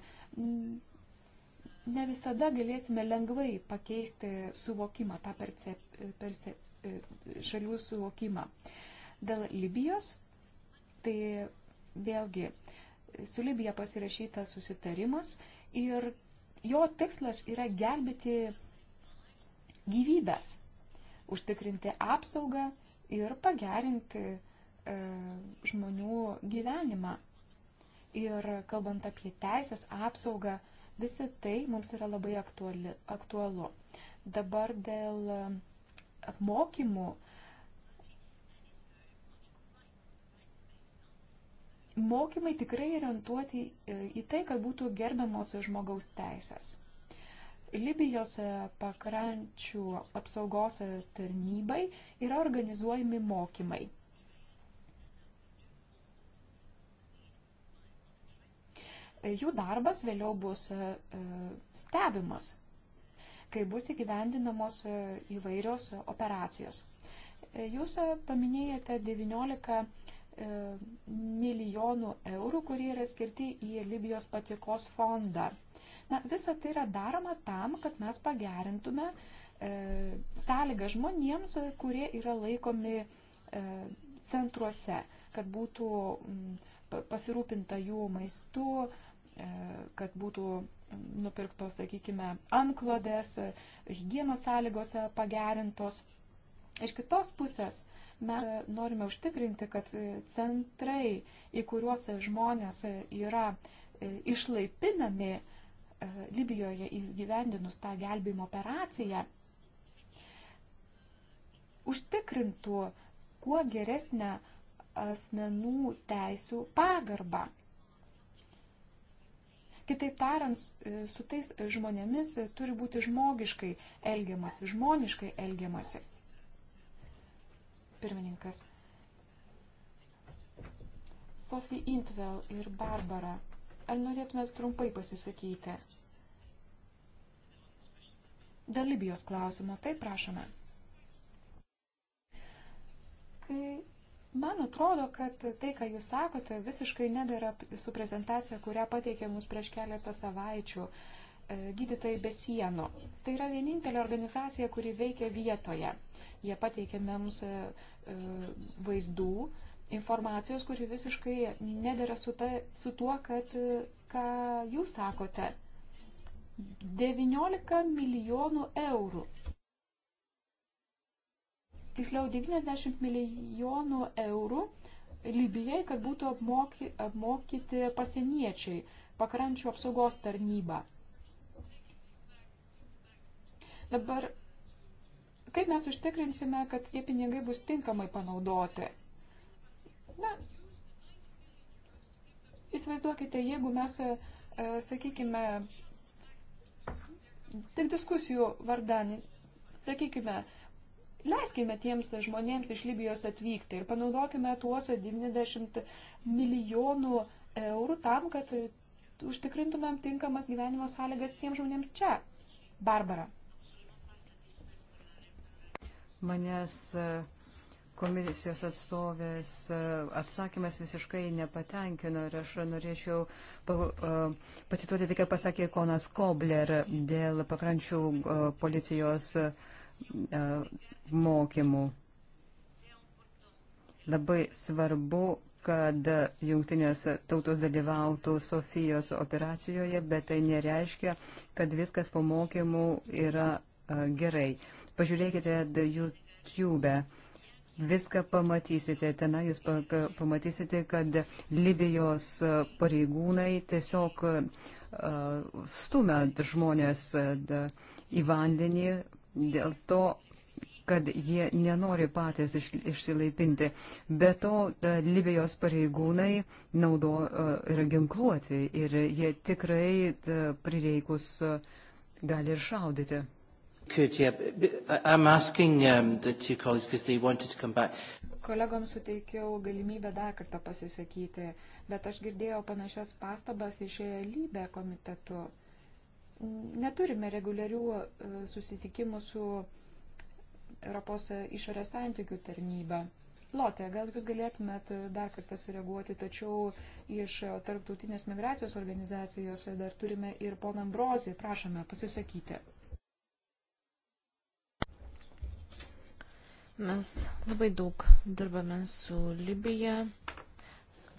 ne visada galėsime lengvai pakeisti suvokimą, tą percep, percep, šalių suvokimą. Dėl Libijos, tai vėlgi su Libija pasirašytas susitarimas ir jo tikslas yra gelbėti gyvybės, užtikrinti apsaugą ir pagerinti e, žmonių gyvenimą ir kalbant apie teisės apsaugą, visi tai mums yra labai aktuali, aktualu. Dabar dėl apmokymų. Mokymai tikrai orientuoti į tai, kad būtų gerbiamos žmogaus teisės. Libijos pakrančių apsaugos tarnybai yra organizuojami mokymai. jų darbas vėliau bus e, e, stebimas, kai bus įgyvendinamos e, įvairios operacijos. Jūs paminėjate 19 milijonų eurų, kurie yra skirti į Libijos patikos fondą. Na, visa tai yra daroma tam, kad mes pagerintume e, sąlygą žmonėms, kurie yra laikomi e, centruose, kad būtų m, pasirūpinta jų maistu, E, kad būtų nupirktos, sakykime, anklodės, hygienos sąlygos pagerintos. Iš kitos pusės mes norime užtikrinti, kad centrai, į kuriuos žmonės yra e, išlaipinami e, Libijoje įgyvendinus tą gelbėjimo operaciją, užtikrintų kuo geresnę asmenų teisų pagarbą. Kitaip tariant, e, su tais žmonėmis e, turi būti žmogiškai elgiamasi, žmoniškai elgiamasi. Pirmininkas. Sofija Intvel ir Barbara, ar norėtumėt trumpai pasisakyti? Dėl Libijos klausimo, taip prašome. Kai Man atrodo, kad tai, ką jūs sakote, visiškai nedara su prezentacija, kurią pateikė mus prieš keletą savaičių e, gydytojai be sienų. Tai yra vienintelė organizacija, kuri veikia vietoje. Jie pateikė mums e, e, vaizdų, informacijos, kuri visiškai nedara su, ta, su tuo, kad, ką jūs sakote. 19 milijonų eurų tiksliau 90 milijonų eurų Libijai, kad būtų apmoky, apmokyti pasieniečiai, pakrančių apsaugos tarnyba. Dabar, kaip mes užtikrinsime, kad tie pinigai bus tinkamai panaudoti? Na, įsivaizduokite, jeigu mes, e, sakykime, tik diskusijų vardan, sakykime, Leiskime tiems žmonėms iš Libijos atvykti ir panaudokime tuos 90 milijonų eurų tam, kad užtikrintumėm tinkamas gyvenimo sąlygas tiems žmonėms čia. Barbara. Manęs e, komisijos atstovės e, atsakymas visiškai nepatenkino ir aš norėčiau e, pacituoti tai, ką pasakė Konas Kobler dėl pakrančių policijos E, mokymų. Labai svarbu, kad jungtinės tautos dalyvautų Sofijos operacijoje, bet tai nereiškia, kad viskas po mokymų yra e, gerai. Pažiūrėkite YouTube. Viską pamatysite, tenai jūs pamatysite, kad Libijos e, pareigūnai tiesiog stumia žmonės į vandenį, dėl to, kad jie nenori patys iš, išsilaipinti. Be to, Libijos pareigūnai naudo, e, yra ginkluoti ir jie tikrai e, prireikus e, gali ir šaudyti. Could, yeah, I'm asking um, the two colleagues because they wanted to come back. Kolegoms suteikiau galimybę dar kartą pasisakyti, bet aš girdėjau panašias pastabas iš lybę komitetų uh, neturime reguliarių e, susitikimų su Europos išorės santykių tarnyba. Lotė, gal jūs galėtumėt e, dar kartą sureaguoti, tačiau iš tarptautinės migracijos organizacijos dar turime ir poną Ambrozį, prašome pasisakyti. Mes labai daug dirbame su Libija,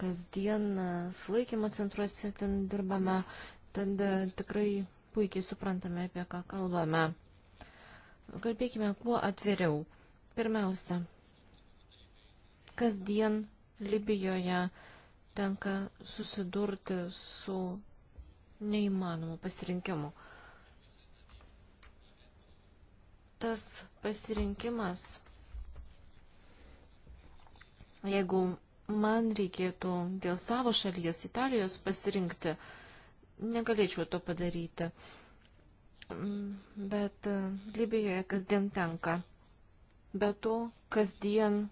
kasdien e, sulaikymo centruose ten dirbame, tad tikrai puikiai suprantame, apie ką kalbame. Kalbėkime kuo atviriau. Pirmiausia, kasdien Libijoje tenka susidurti su neįmanomu pasirinkimu. Tas pasirinkimas, jeigu man reikėtų dėl savo šalies Italijos pasirinkti, negalėčiau to padaryti. Bet e, Libijoje kasdien tenka. Be to, kasdien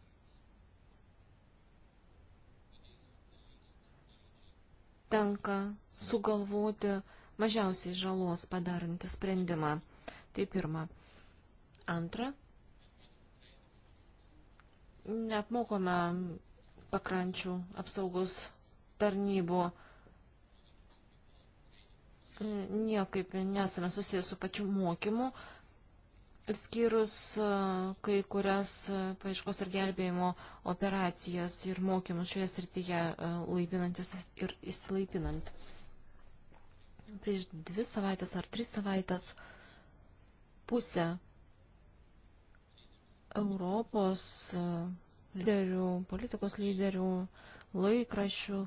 tenka sugalvoti mažiausiai žalos padarantį sprendimą. Tai pirma. Antra, neapmokome pakrančių apsaugos tarnybų niekaip nesame susijęs su pačiu mokymu, skyrus e, kai kurias e, paaiškos ir gelbėjimo operacijas ir mokymus šioje srityje e, laipinantis ir įsilaipinant. Prieš dvi savaitės ar tris savaitės pusę Europos lyderių, politikos lyderių, laikrašių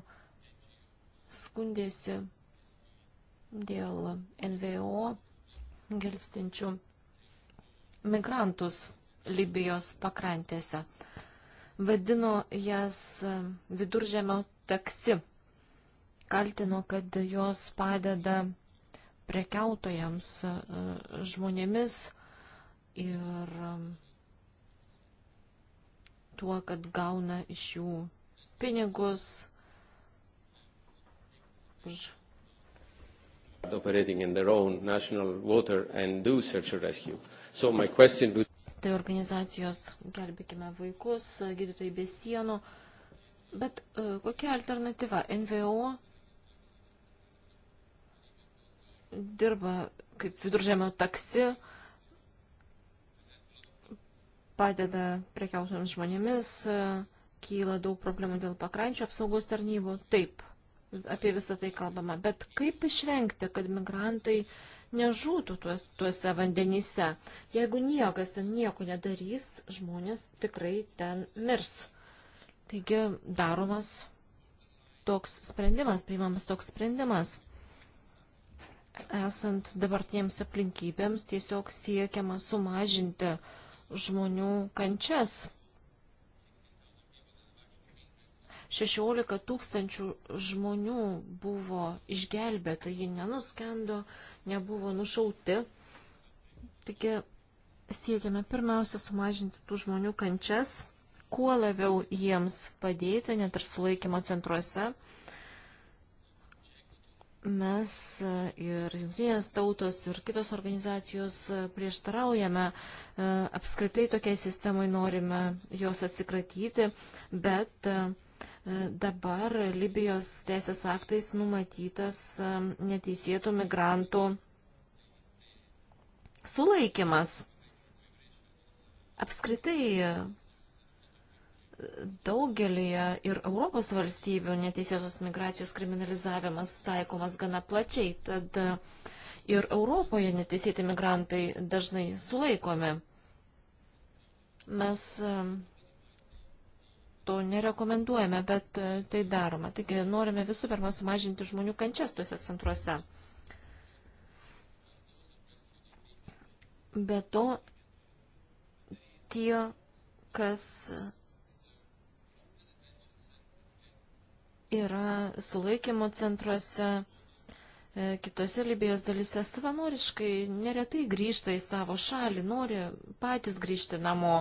skundėsi dėl NVO gelbstinčių migrantus Libijos pakrantėse. Vadino jas viduržėmio taksi. Kaltino, kad jos padeda prekiautojams e, žmonėmis ir e, tuo, kad gauna iš jų pinigus už operating in their own national water and do search and rescue. So my question would... Tai organizacijos gelbėkime vaikus, gydytojai be sienų. Bet uh, kokia alternatyva? NVO dirba kaip viduržėmio taksi, padeda prekiausiams žmonėmis, e, kyla daug problemų dėl pakrančio apsaugos tarnybų. Taip, uh, apie visą tai kalbama. Bet kaip išvengti, kad migrantai nežūtų tuos, tuose vandenyse? Jeigu niekas ten nieko nedarys, žmonės tikrai ten mirs. Taigi daromas toks sprendimas, priimamas toks sprendimas. Esant dabartiniams aplinkybėms, tiesiog siekiama sumažinti žmonių kančias 16 tūkstančių žmonių buvo išgelbėta, ji nenuskendo, nebuvo nušauti. Taigi siekiame pirmiausia sumažinti tų žmonių kančias, kuo labiau jiems padėti, net ir sulaikymo centruose. Mes ir jungtinės tautos, ir kitos organizacijos prieštaraujame e, apskritai tokiai sistemai, norime jos atsikratyti, bet uh, E, dabar Libijos teisės aktais numatytas e, neteisėtų migrantų sulaikimas. Apskritai daugelį ir Europos valstybių neteisėtos migracijos kriminalizavimas taikomas gana plačiai, tad ir Europoje neteisėti migrantai dažnai sulaikomi. Mes nerekomenduojame, bet e, tai daroma. Taigi norime visų pirma sumažinti žmonių kančias tuose centruose. Be to, tie, kas yra sulaikymo centruose, e, kitose Libijos dalise savanoriškai neretai grįžta į savo šalį, nori patys grįžti namo.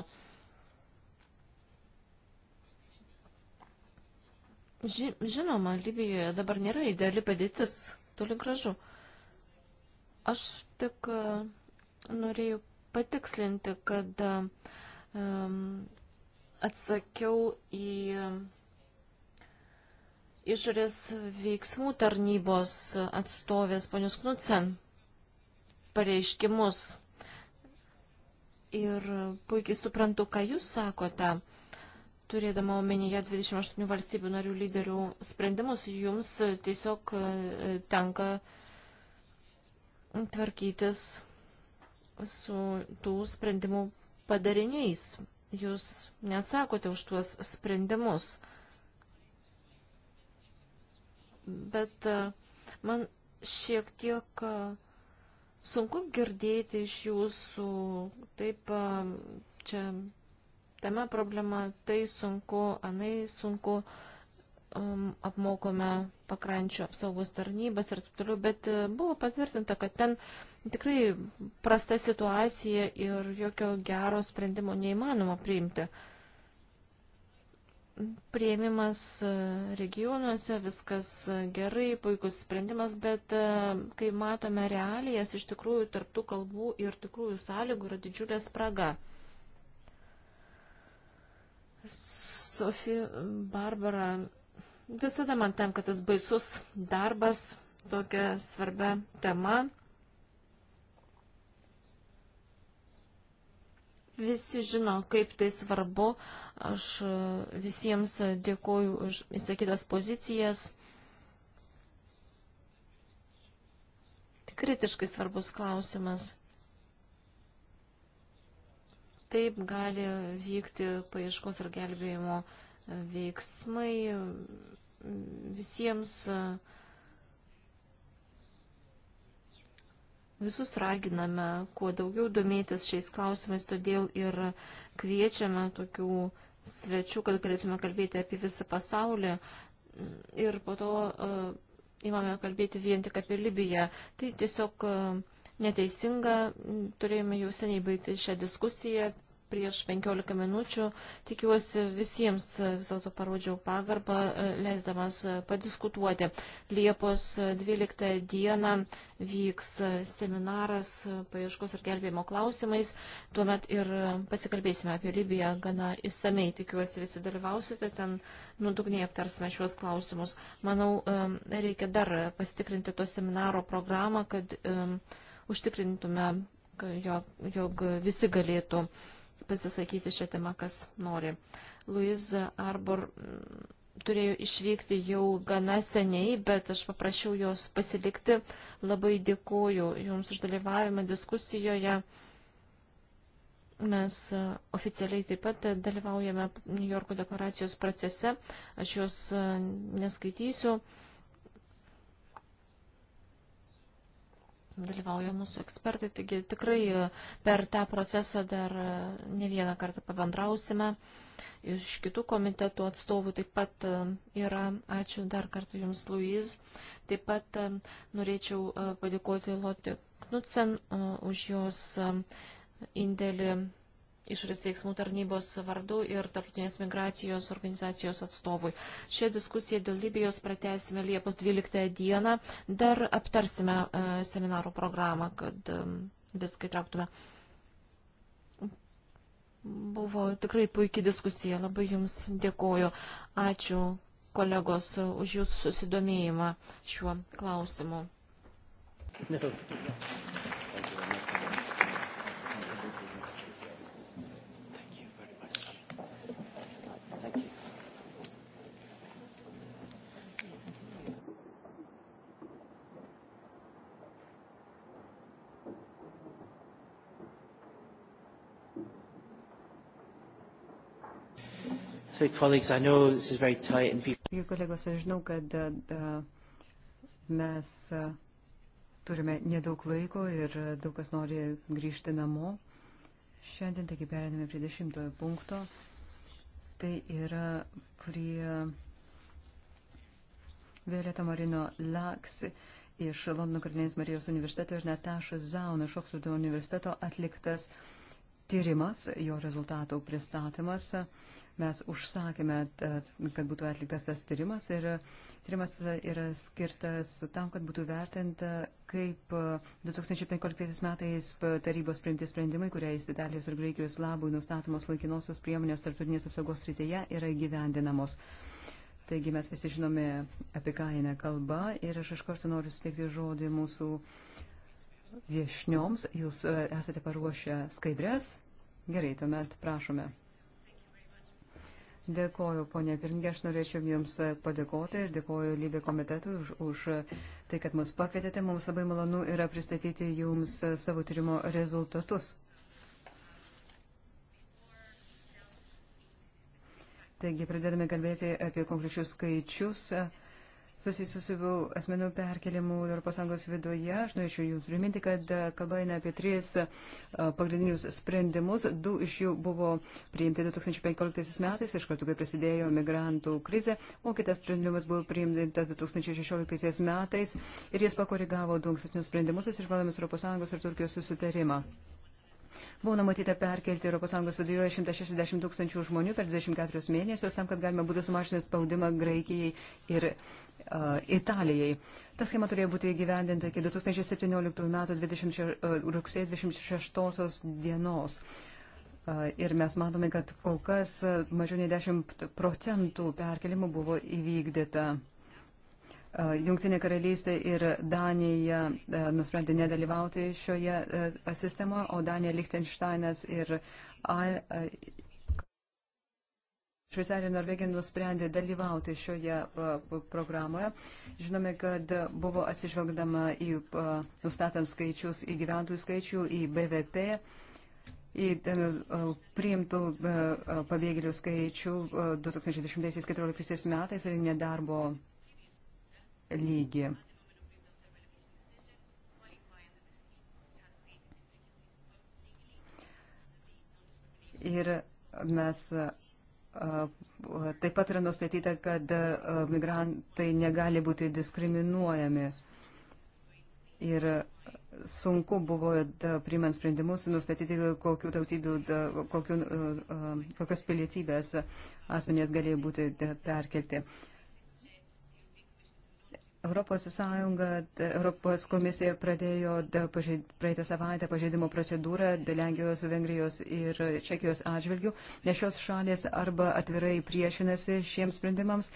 Ži žinoma, Libijoje dabar nėra ideali padėtis, toli gražu. Aš tik e, norėjau patikslinti, kad um, atsakiau į e, išorės veiksmų tarnybos atstovės ponius Knucen pareiškimus. Ir puikiai suprantu, ką jūs sakote turėdama omenyje 28 valstybių narių lyderių sprendimus, jums tiesiog e, tenka tvarkytis su tų sprendimų padariniais. Jūs neatsakote už tuos sprendimus. Bet e, man šiek tiek e, sunku girdėti iš jūsų taip čia tame problema, tai sunku, anai sunku, um, apmokome pakrančio apsaugos tarnybas ir taip toliau, bet e, buvo patvirtinta, kad ten tikrai prasta situacija ir jokio gero sprendimo neįmanoma priimti. Prieimimas e, regionuose, viskas e, gerai, puikus sprendimas, bet kai matome realijas, iš tikrųjų tarptų kalbų ir tikrųjų sąlygų yra didžiulė spraga. Sofi, Barbara, visada man tenka tas baisus darbas tokia svarbia tema. visi žino, kaip tai svarbu. Aš e, visiems dėkoju už įsakytas pozicijas. Tai kritiškai svarbus klausimas. Taip gali vykti paieškos ir gelbėjimo veiksmai visiems. Visus raginame kuo daugiau domėtis šiais klausimais, todėl ir kviečiame tokių svečių, kad galėtume kalbėti apie visą pasaulį. Ir po to uh, imame kalbėti vien tik apie Libiją. Tai tiesiog uh, neteisinga. Turėjome jau seniai baigti šią diskusiją prieš 15 minučių. Tikiuosi visiems vis dėlto parodžiau pagarbą, leisdamas padiskutuoti. Liepos 12 dieną vyks seminaras paieškos ir gelbėjimo klausimais. Tuomet ir pasikalbėsime apie Libiją gana įsamei. Tikiuosi visi dalyvausite, ten nuodugniai aptarsime šiuos klausimus. Manau, reikia dar pasitikrinti to seminaro programą, kad um, užtikrintume, jog, jog visi galėtų pasisakyti šią temą, kas nori. Luiza Arbor mm, turėjo išvykti jau gana seniai, bet aš paprašiau jos pasilikti. Labai dėkoju Jums už dalyvavimą diskusijoje. Mes e, oficialiai taip pat dalyvaujame New Yorko deklaracijos procese. Aš jos e, neskaitysiu. dalyvauja mūsų ekspertai, taigi tikrai e, per tą procesą dar e, ne vieną kartą pabendrausime. Iš kitų komitetų atstovų taip pat e, yra. Ačiū dar kartą Jums, Luiz. Taip pat norėčiau padėkoti Loti Knudsen už jos indėlį išorės veiksmų tarnybos vardu ir tarptautinės migracijos organizacijos atstovui. Šią diskusiją dėl Libijos pratesime Liepos 12 dieną. Dar aptarsime e, seminarų programą, kad e, viską įtrauktume. Buvo tikrai puikiai diskusija. Labai Jums dėkoju. Ačiū kolegos už Jūsų susidomėjimą šiuo klausimu. No. So, colleagues, I know this is very tight and people... Jų kolegos, aš žinau, kad uh, mes uh, turime nedaug laiko ir uh, daug kas nori grįžti namo. Šiandien taigi perėmėme prie dešimtojo punkto. Tai yra prie Violeta Marino Laks iš Londono Karalienės Marijos universiteto ir Natašas Zauna iš Oksfordo universiteto atliktas uh, tyrimas, jo rezultatų pristatymas. Mes užsakėme, e, kad būtų atliktas tas tyrimas ir tyrimas yra skirtas tam, kad būtų vertinta, kaip 2015 e, metais tarybos priimti sprendimai, kuriais Italijos ir Graikijos labui nustatomos laikinosios priemonės tarptautinės apsaugos srityje yra gyvendinamos. Taigi mes visi žinome, apie ką eina kalba ir aš iš karto noriu suteikti žodį mūsų uh, viešnioms. Jūs e, esate paruošę skaidrės. Gerai, tuomet prašome. Dėkoju, ponė Pirmingė, aš norėčiau Jums e, padėkoti ir dėkoju Lybė komitetui už, už e, tai, kad mus pakvietėte. Mums labai malonu yra pristatyti Jums savo tyrimo rezultatus. Taigi, pradedame kalbėti apie konkrečius skaičius. Uh, susijusių su asmenų perkelimu ES viduje. Aš norėčiau Jums priminti, kad e, kalba eina apie tris e, pagrindinius sprendimus. Du iš jų buvo priimti 2015 metais, iš karto, kai prasidėjo migrantų krizė, o kitas sprendimas buvo priimtas 2016 metais ir jis pakorigavo du ankstesnius sprendimus, atsižvelgdamas ES ir Turkijos susitarimą. Buvo numatyta perkelti ES viduje 160 tūkstančių žmonių per 24 mėnesius tam, kad galima būtų sumažinti spaudimą Graikijai ir uh, Italijai. Ta schema turėjo būti įgyvendinta iki 2017 m. 26, uh, rugsėjo 26 dienos. Uh, ir mes matome, kad kol kas uh, mažiau nei 10 procentų perkelimų buvo įvykdyta. Uh, Jungtinė karalystė ir Danija uh, nusprendė nedalyvauti šioje sistemoje, o Danija, Lichtensteinas ir, Šveicarija ir Norvegija nusprendė dalyvauti šioje programoje. Žinome, kad buvo atsižvelgdama į nustatant skaičius, į gyventojų skaičių, į BVP, į priimtų pabėgėlių skaičių 2010-2014 metais ir nedarbo lygį. Ir mes Taip pat yra nustatyta, kad e, migrantai negali būti diskriminuojami. Ir sunku buvo priimant sprendimus nustatyti, kokiu tautybių, kokiu, e, e, kokios pilietybės asmenės galėjo būti perkelti. Europos Sąjunga, Europos komisija pradėjo praeitą savaitę pažeidimo procedūrą Lenkijos, Vengrijos ir Čekijos atžvilgių, nes šios šalės arba atvirai priešinasi šiems sprendimams,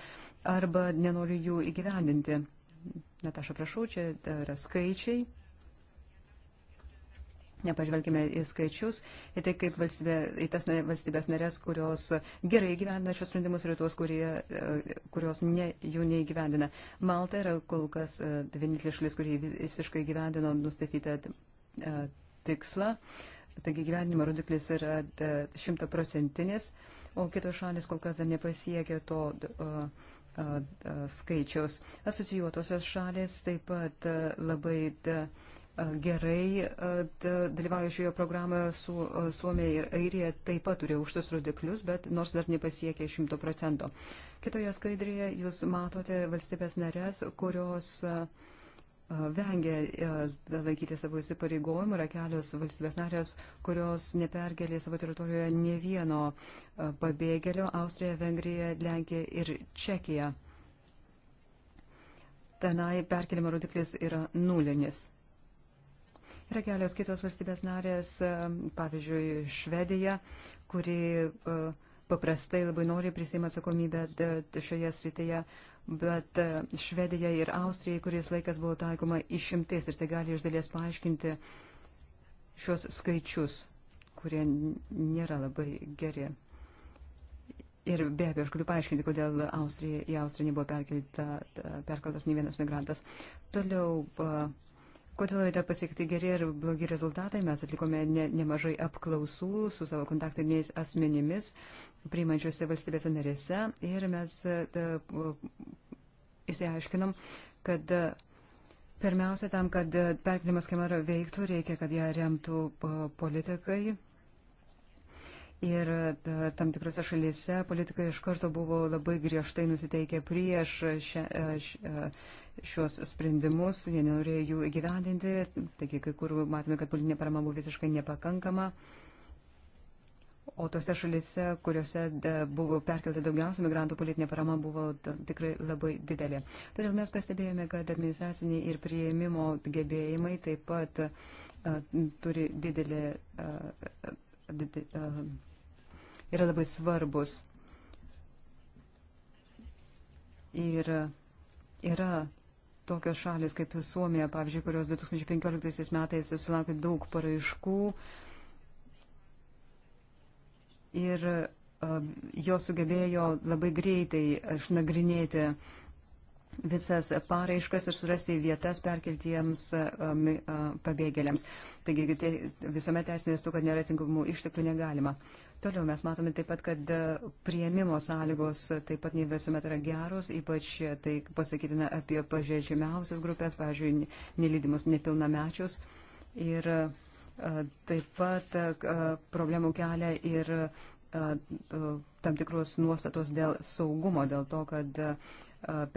arba nenori jų įgyvendinti. Nataša, prašau, čia yra skaičiai. Nepažvelgime į skaičius, į tai kaip valstybė, į tas valstybės narės, kurios gerai gyvendina šios sprendimus ir tuos, kurie, e, kurios ne, jų neįgyvendina. Malta yra kol kas e, vienintelė šalis, kurie visiškai gyvendino nustatytą e, tikslą. Taigi gyvenimo rodiklis yra šimtaprocentinis, o kitos šalis kol kas dar nepasiekė to. Uh, skaičiaus. Asocijuotosios šalės taip pat labai da, uh, gerai dalyvauja šioje programoje su Suomija ir Airija, taip pat turi aukštus rodiklius, bet nors dar nepasiekė 100 procentų. Kitoje skaidrėje jūs matote valstybės narės, kurios vengia laikyti savo įsipareigojimų, yra kelios valstybės narės, kurios neperkelė savo teritorijoje ne vieno pabėgėlio - Austrija, Vengrija, Lenkija ir Čekija tenai perkelimo rodiklis yra nulinis. Yra kelios kitos valstybės narės, e, pavyzdžiui, Švedija, kuri e, paprastai labai nori prisima atsakomybę šioje srityje, bet e, Švedija ir Austrija kuris laikas buvo taikoma išimtis ir tai gali iš dalies paaiškinti šios skaičius, kurie nėra labai geri. Ir be abejo, aš galiu paaiškinti, kodėl Austrija, į Austriją nebuvo perkeltas nei vienas migrantas. Toliau. Uh, Kodėl yra pasiekti geri ir blogi rezultatai? Mes atlikome ne, nemažai apklausų su savo kontaktiniais asmenimis, priimančiuose valstybėse narėse ir mes e, da, įsiaiškinom, kad e, Pirmiausia, tam, kad e, perkelimas kamera veiktų, reikia, kad ją remtų politikai. Ir tam tikrose šalyse politikai iš karto buvo labai griežtai nusiteikę prieš šią, šią, šios sprendimus, jie nenorėjo jų įgyvendinti, taigi kai kur matome, kad politinė parama buvo visiškai nepakankama. O tose šalise, kuriuose e, buvo perkelta daugiausia migrantų, politinė parama buvo tikrai labai didelė. Todėl mes pastebėjome, kad administraciniai ir prieimimo gebėjimai taip pat a, e, turi didelį, a, e, didi, a, yra labai svarbus. Ir yra tokios šalis kaip Suomija, pavyzdžiui, kurios 2015 metais sulaukė daug paraiškų ir jos sugebėjo labai greitai išnagrinėti visas paraiškas ir surasti vietas perkeltiems pabėgėliams. Taigi visame teisinės tų, kad nėra tinkamų išteklių negalima. Toliau mes matome taip pat, kad prieimimo sąlygos taip pat ne visuomet yra geros, ypač tai pasakytina apie pažeidžiamiausias grupės, pavyzdžiui, nelydimus nepilnamečius. Ir taip pat problemų kelia ir tam tikros nuostatos dėl saugumo, dėl to, kad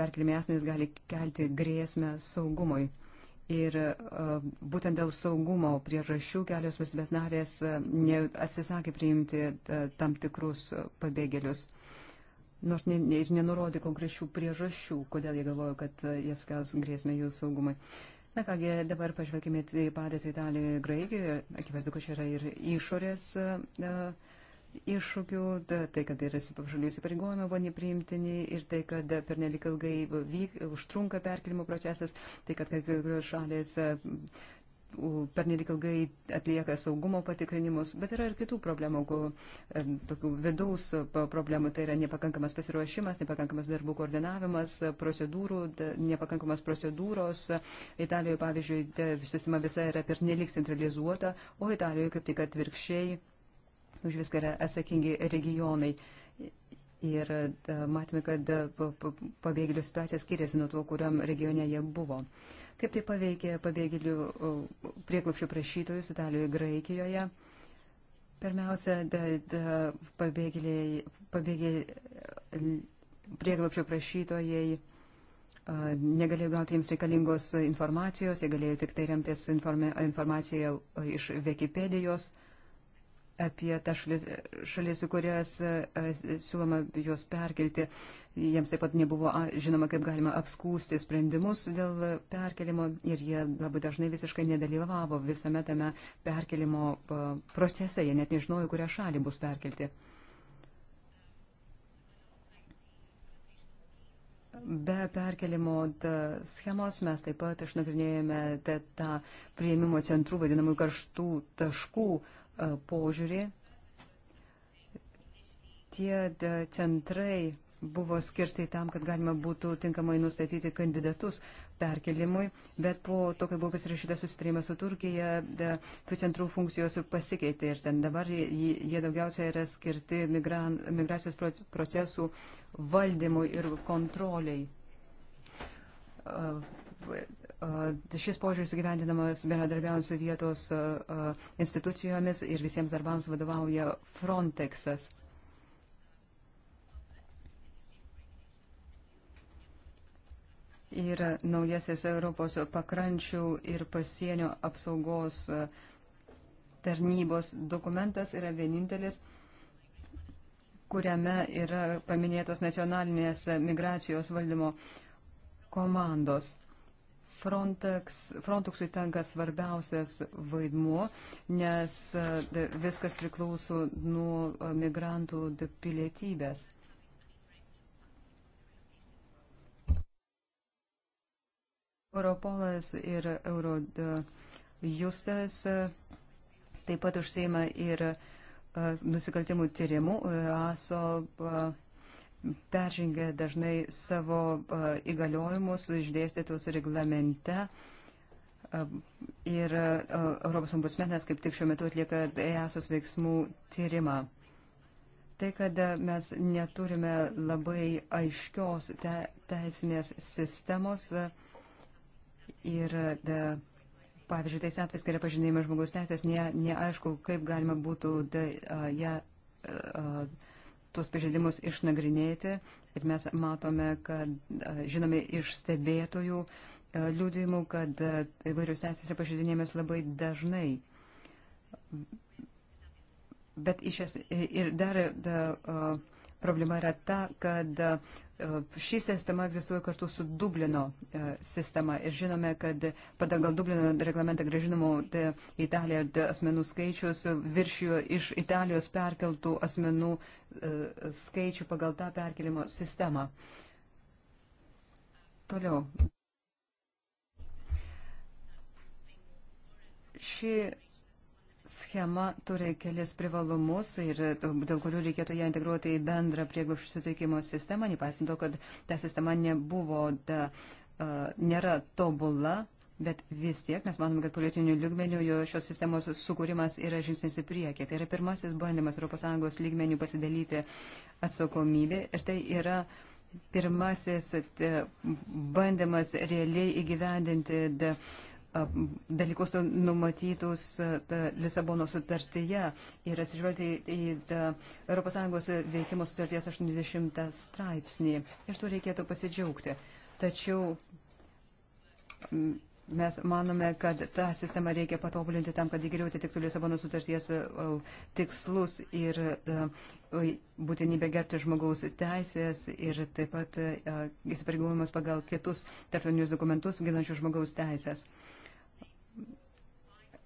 perkelimės mes gali kelti grėsmę saugumui. Ir e, būtent dėl saugumo priežasčių kelios valstybės narės e, atsisakė priimti e, tam tikrus pabėgėlius. Nors ne, ir nenurodė konkrečių priežasčių, kodėl jie galvojo, kad jie sukels grėsmę jų saugumui. Na kągi, dabar pažvelkime į padėtį Italijoje, Graikijoje. Akivaizdu, kad čia yra ir išorės. Uh, iššūkių, tai, kad yra šalių įsipareigojimai buvo nepriimtini ir tai, kad per nelik ilgai vyk, užtrunka perkelimo procesas, tai, kad kai kurios šalės per nelik ilgai atlieka saugumo patikrinimus, bet yra ir kitų problemų, tokių vidaus problemų, tai yra nepakankamas pasiruošimas, nepakankamas darbų koordinavimas, procedūrų, nepakankamas procedūros. Italijoje, pavyzdžiui, sistema visa yra per nelik centralizuota, o Italijoje kaip tik atvirkščiai už viską yra atsakingi regionai. Ir e, matome, kad e, pabėgėlių situacija skiriasi nuo to, kuriam regione jie buvo. Kaip tai paveikė pabėgėlių prieklapšių prašytojus Italijoje, Graikijoje? Pirmiausia, da, da, pabėgėliai, pabėgėliai prieglapšio prašytojai negalėjo gauti jiems reikalingos informacijos, jie galėjo tik tai remtis informi, informaciją iš Wikipedijos apie tą šalis, šalis kurias e, e, siūloma juos perkelti. Jiems taip pat nebuvo žinoma, kaip galima apskūsti sprendimus dėl perkelimo ir jie labai dažnai visiškai nedalyvavo visame tame perkelimo e, procese. Jie net nežinojo, kurią šalį bus perkelti. Be perkelimo schemos mes taip pat išnagrinėjome tą prieimimo centrų vadinamų karštų taškų E, požiūrį. Tie e, centrai buvo skirti tam, kad galima būtų tinkamai nustatyti kandidatus perkelimui, bet po to, kai buvo pasirašytas susitarimas su Turkija, da, e, tų centrų funkcijos pasikeitė ir ten dabar jie daugiausia yra skirti migran, migracijos procesų valdymui ir kontroliai. Šis požiūris gyvendinamas bendradarbiaujant su vietos institucijomis ir visiems darbams vadovauja Frontexas. Ir naujasis Europos pakrančių ir pasienio apsaugos tarnybos dokumentas yra vienintelis, kuriame yra paminėtos nacionalinės migracijos valdymo komandos. Frontex, Frontexui tenka svarbiausias vaidmuo, nes e, viskas priklauso nuo e, migrantų pilietybės. Europolas ir Eurojustas e, taip pat užsieima ir nusikaltimų tyrimų, ASO peržengia dažnai savo įgaliojimus išdėstytus reglamente. Ir Europos ombudsmenas kaip tik šiuo metu atlieka EASOS veiksmų tyrimą. Tai, kad mes neturime labai aiškios te, teisinės sistemos ir, de, pavyzdžiui, tais atvejais, kai yra pažinėjama žmogaus teisės, ne, neaišku, kaip galima būtų de, a, ją. Ja, a, tuos pažeidimus išnagrinėti ir mes matome, kad žinome iš stebėtojų liūdimų, kad įvairius teisės yra pažeidinėjimas labai dažnai. Bet iš es, ir dar da, uh, Problema yra ta, kad e, ši sistema egzistuoja kartu su Dublino e, sistema ir žinome, kad padangal Dublino reglamentą gražinamų į e, Italiją asmenų skaičius viršijo iš Italijos perkeltų asmenų skaičių pagal tą perkelimo sistemą. Toliau. Ši schema turi kelias privalumus ir dėl kurių reikėtų ją integruoti į bendrą prieglobščių suteikimo sistemą, nepaisant to, kad ta sistema nebuvo, da, nėra tobula, bet vis tiek mes manome, kad politinių lygmenių šios sistemos sukūrimas yra žingsnis į priekį. Tai yra pirmasis bandymas ES lygmenių pasidalyti atsakomybę ir tai yra pirmasis bandymas realiai įgyvendinti. Da, dalykus numatytus Lisabono sutartyje ir atsižvelgti į ES veikimo sutarties 80 straipsnį. Iš to reikėtų pasidžiaugti. Tačiau mes manome, kad tą sistemą reikia patobulinti tam, kad geriau atitiktų Lisabono sutarties tikslus ir būtinybę gerbti žmogaus teisės ir taip pat įsipareigojimus pagal kitus tarptautinius dokumentus ginančių žmogaus teisės.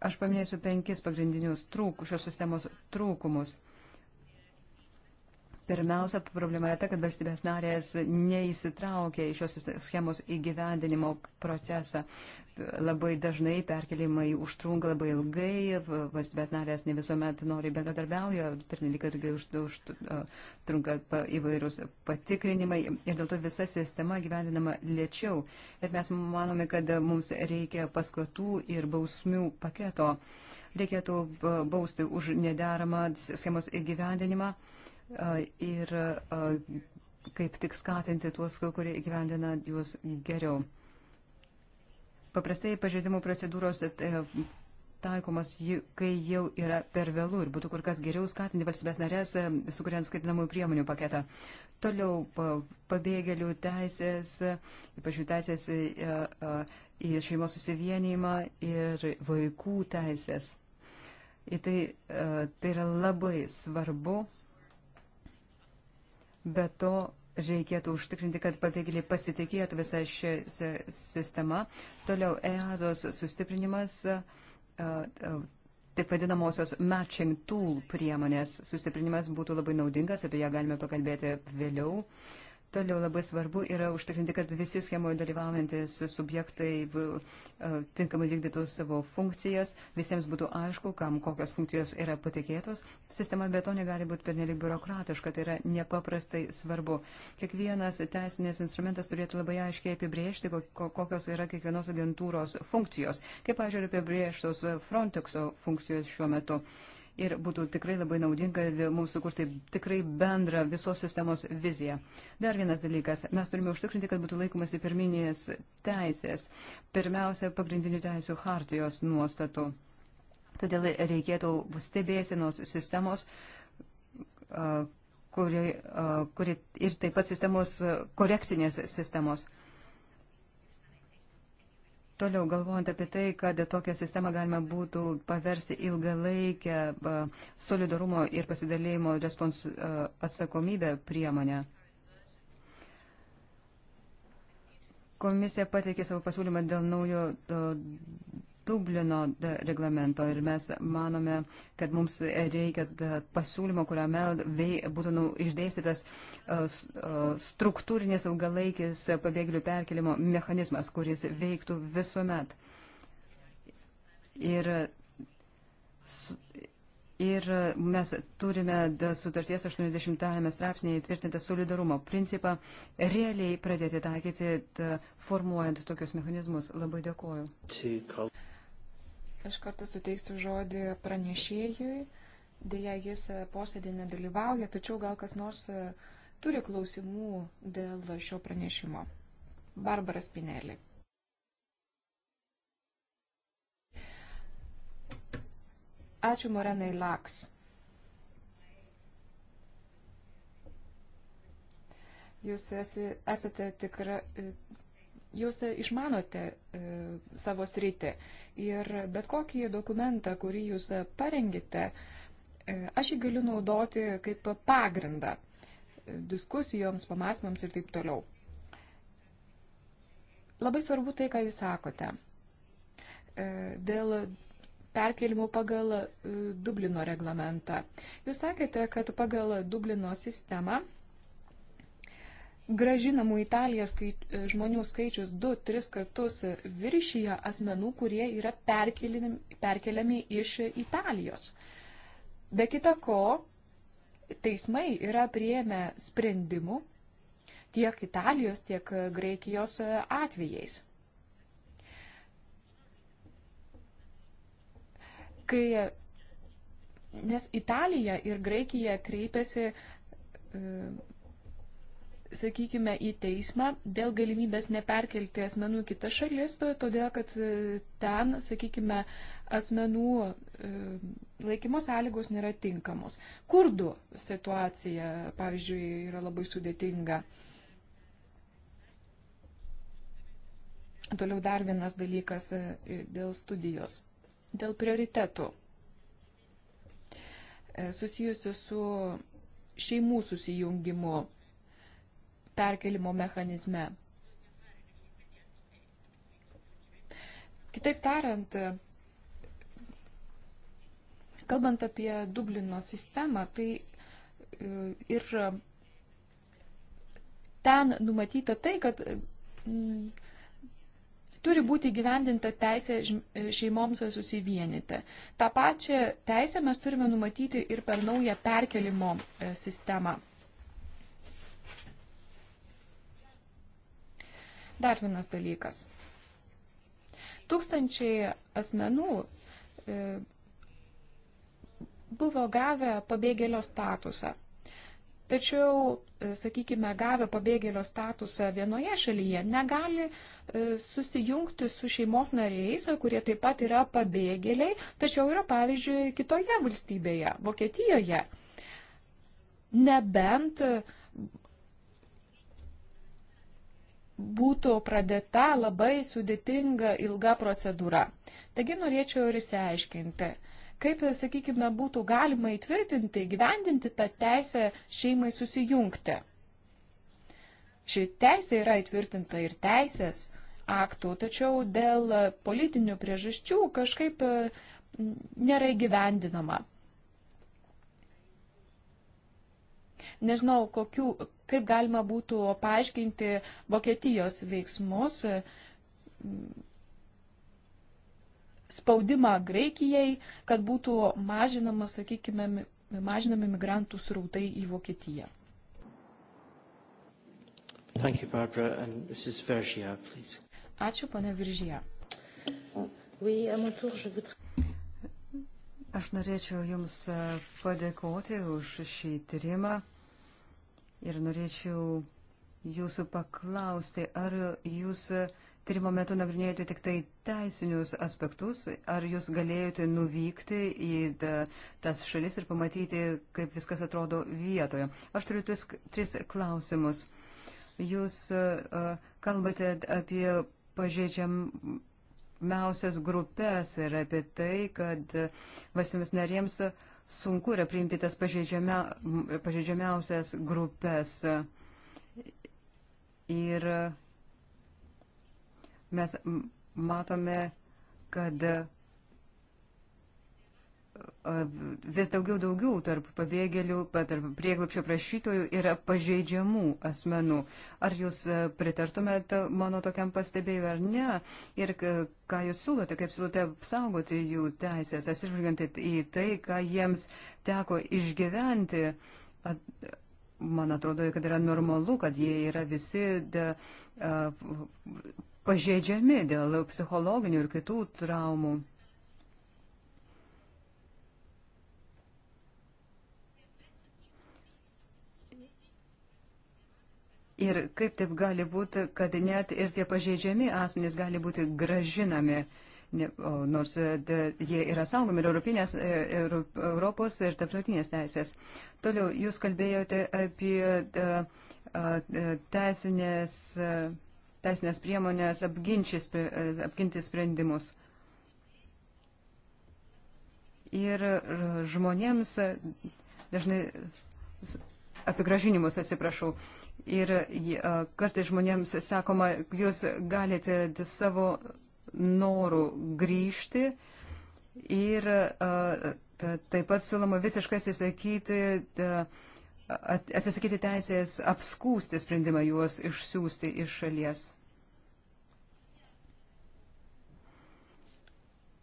Aš paminėsiu penkis pagrindinius trūk, šios sistemos trūkumus. Pirmiausia, problema yra ta, kad valstybės narės neįsitraukė į šios schemos įgyvendinimo procesą labai dažnai perkelimai užtrunka labai ilgai, valstybės narės ne visuomet nori bendradarbiauja, pernelyg ilgai užtrunka įvairūs patikrinimai ir dėl to visa sistema gyvendinama lėčiau. Ir mes manome, kad mums reikia paskatų ir bausmių paketo. Reikėtų bausti už nedaramą schemos įgyvendinimą ir kaip tik skatinti tuos, kurie gyvendina juos geriau. Paprastai pažeidimų procedūros e, e, taikomas, kai jau yra per vėlų ir būtų kur kas geriau skatinti valstybės narės, e, sukuriant skaitinamųjų priemonių paketą. Toliau pabėgėlių teisės, ypač jų teisės į šeimos susivienimą ir vaikų teisės. Ir tai, tai yra labai svarbu. Be to reikėtų užtikrinti, kad pabėgėliai pasitikėtų visą šią sistemą. Toliau EASOS sustiprinimas, e, e, taip vadinamosios matching tool priemonės sustiprinimas būtų labai naudingas, apie ją galime pakalbėti vėliau. Uh, Toliau labai svarbu yra užtikrinti, kad visi schemoje dalyvaujantis subjektai e, tinkamai vykdytų savo funkcijas, visiems būtų aišku, kam kokios funkcijos yra patikėtos. Sistema be to negali būti pernelik biurokratiška, tai yra nepaprastai svarbu. Kiekvienas teisinės instrumentas turėtų labai aiškiai apibriežti, kokios yra kiekvienos agentūros funkcijos, kaip, pažiūrėjau, apibriežtos Frontexo funkcijos šiuo metu. Uh, ir būtų tikrai labai naudinga mums sukurti tikrai bendrą visos sistemos viziją. Dar vienas dalykas. Mes turime užtikrinti, kad būtų laikomasi pirminės teisės. Pirmiausia, pagrindinių teisų hartijos nuostatų. Todėl reikėtų stebėsinos sistemos, kuri, kuri ir taip pat sistemos, korekcinės sistemos. Toliau galvojant apie tai, kad tokią sistemą galima būtų paversti ilgalaikę solidarumo ir pasidalėjimo respons, atsakomybę priemonę. Komisija pateikė savo pasiūlymą dėl naujo Dublino reglamento ir mes manome, kad mums reikia pasiūlymo, kuriame vei, būtų nu, išdėstytas struktūrinės ilgalaikis pabėgėlių perkelimo mechanizmas, kuris veiktų visuomet. Ir Ir mes turime sutarties 80-ame straipsnėje įtvirtintą solidarumo principą realiai pradėti taikyti, formuojant tokius mechanizmus. Labai dėkoju. Aš kartu suteiksiu žodį pranešėjui. Deja, jis e, posėdė nedalyvauja, tačiau gal kas nors e, turi klausimų dėl šio pranešimo. Barbara Spinelli. Ačiū Morenai Laks. Jūs esi, esate tikra, e, Jūs e, išmanote e, savo sritį ir bet kokį dokumentą, kurį jūs e, parengite, e, aš jį galiu naudoti kaip pagrindą e, diskusijoms, pamastymams ir taip toliau. Labai svarbu tai, ką jūs sakote. E, dėl perkelimų pagal Dublino reglamentą. Jūs sakėte, kad pagal Dublino sistemą gražinamų į Italiją skait, žmonių skaičius 2-3 kartus viršyje asmenų, kurie yra perkeliami, perkeliami iš Italijos. Be kita ko, teismai yra prieėmę sprendimų tiek Italijos, tiek Graikijos atvejais. Kai, nes Italija ir Graikija kreipiasi e, sakykime, į teismą dėl galimybės neperkelti asmenų į kitas šalis, todėl kad e, ten, sakykime, asmenų e, laikymo sąlygos nėra tinkamos. Kurdų situacija, pavyzdžiui, yra labai sudėtinga. Toliau dar vienas dalykas e, dėl studijos, dėl prioritetų susijusių su šeimų susijungimu perkelimo mechanizme. Kitaip tariant, kalbant apie Dublino sistemą, tai e, ir ten numatyta tai, kad mm, turi būti gyvendinta teisė šeimoms susivienyti. Ta pačia teisė mes turime numatyti ir per naują perkelimo e, sistemą. Dar vienas dalykas. Tūkstančiai asmenų e, buvo gavę pabėgėlio statusą. Tačiau, e, sakykime, gavę pabėgėlio statusą vienoje šalyje, negali e, susijungti su šeimos nariais, kurie taip pat yra pabėgėliai, tačiau yra, pavyzdžiui, kitoje valstybėje, Vokietijoje. Nebent uh, būtų pradėta labai sudėtinga ilga procedūra. Taigi norėčiau ir įsiaiškinti, kaip, sakykime, būtų galima įtvirtinti, gyvendinti tą teisę šeimai susijungti. Ši teisė yra įtvirtinta ir teisės aktų, tačiau dėl politinių priežasčių kažkaip e, nėra įgyvendinama. Nežinau, kokių Kaip galima būtų paaiškinti Vokietijos veiksmus, spaudimą Graikijai, kad būtų mažinama, sakykime, mažinami migrantų srautai į Vokietiją? Thank you, Barbara. And Mrs. Vergia, please. Ačiū, pane Viržyje. Oui, Aš norėčiau Jums padėkoti už šį tyrimą. Ir norėčiau jūsų paklausti, ar jūs tyrimo metu nagrinėjote tik tai teisinius aspektus, ar jūs galėjote nuvykti į da, tas šalis ir pamatyti, kaip viskas atrodo vietoje. Aš turiu tris, tris klausimus. Jūs uh, kalbate apie pažeidžiamiausias grupės ir apie tai, kad valstybės narėms uh, sunku yra priimti tas pažeidžiamia, pažeidžiamiausias grupės. Ir mes matome, kad vis daugiau daugiau tarp pabėgėlių, tarp prieglapšio prašytojų yra pažeidžiamų asmenų. Ar jūs pritartumėt mano tokiam pastebėjimui ar ne? Ir ką jūs siūlote, kaip siūlote apsaugoti jų teisės, atsižvelgiant į tai, ką jiems teko išgyventi? Man atrodo, kad yra normalu, kad jie yra visi de, a, pažeidžiami dėl psichologinių ir kitų traumų. Ir kaip taip gali būti, kad net ir tie pažeidžiami asmenys gali būti gražinami, nors e, jie yra saugomi ir Europinės, e, ir Europos ir tarptautinės teisės. Toliau, jūs kalbėjote apie teisinės, e, teisinės priemonės apginti sprendimus. Ir žmonėms dažnai apigražinimus, atsiprašau. Ir e, kartais žmonėms sakoma, jūs galite savo norų grįžti ir e, taip pat siūloma visiškai atsisakyti, e, atsisakyti teisės apskūsti sprendimą juos išsiųsti iš šalies.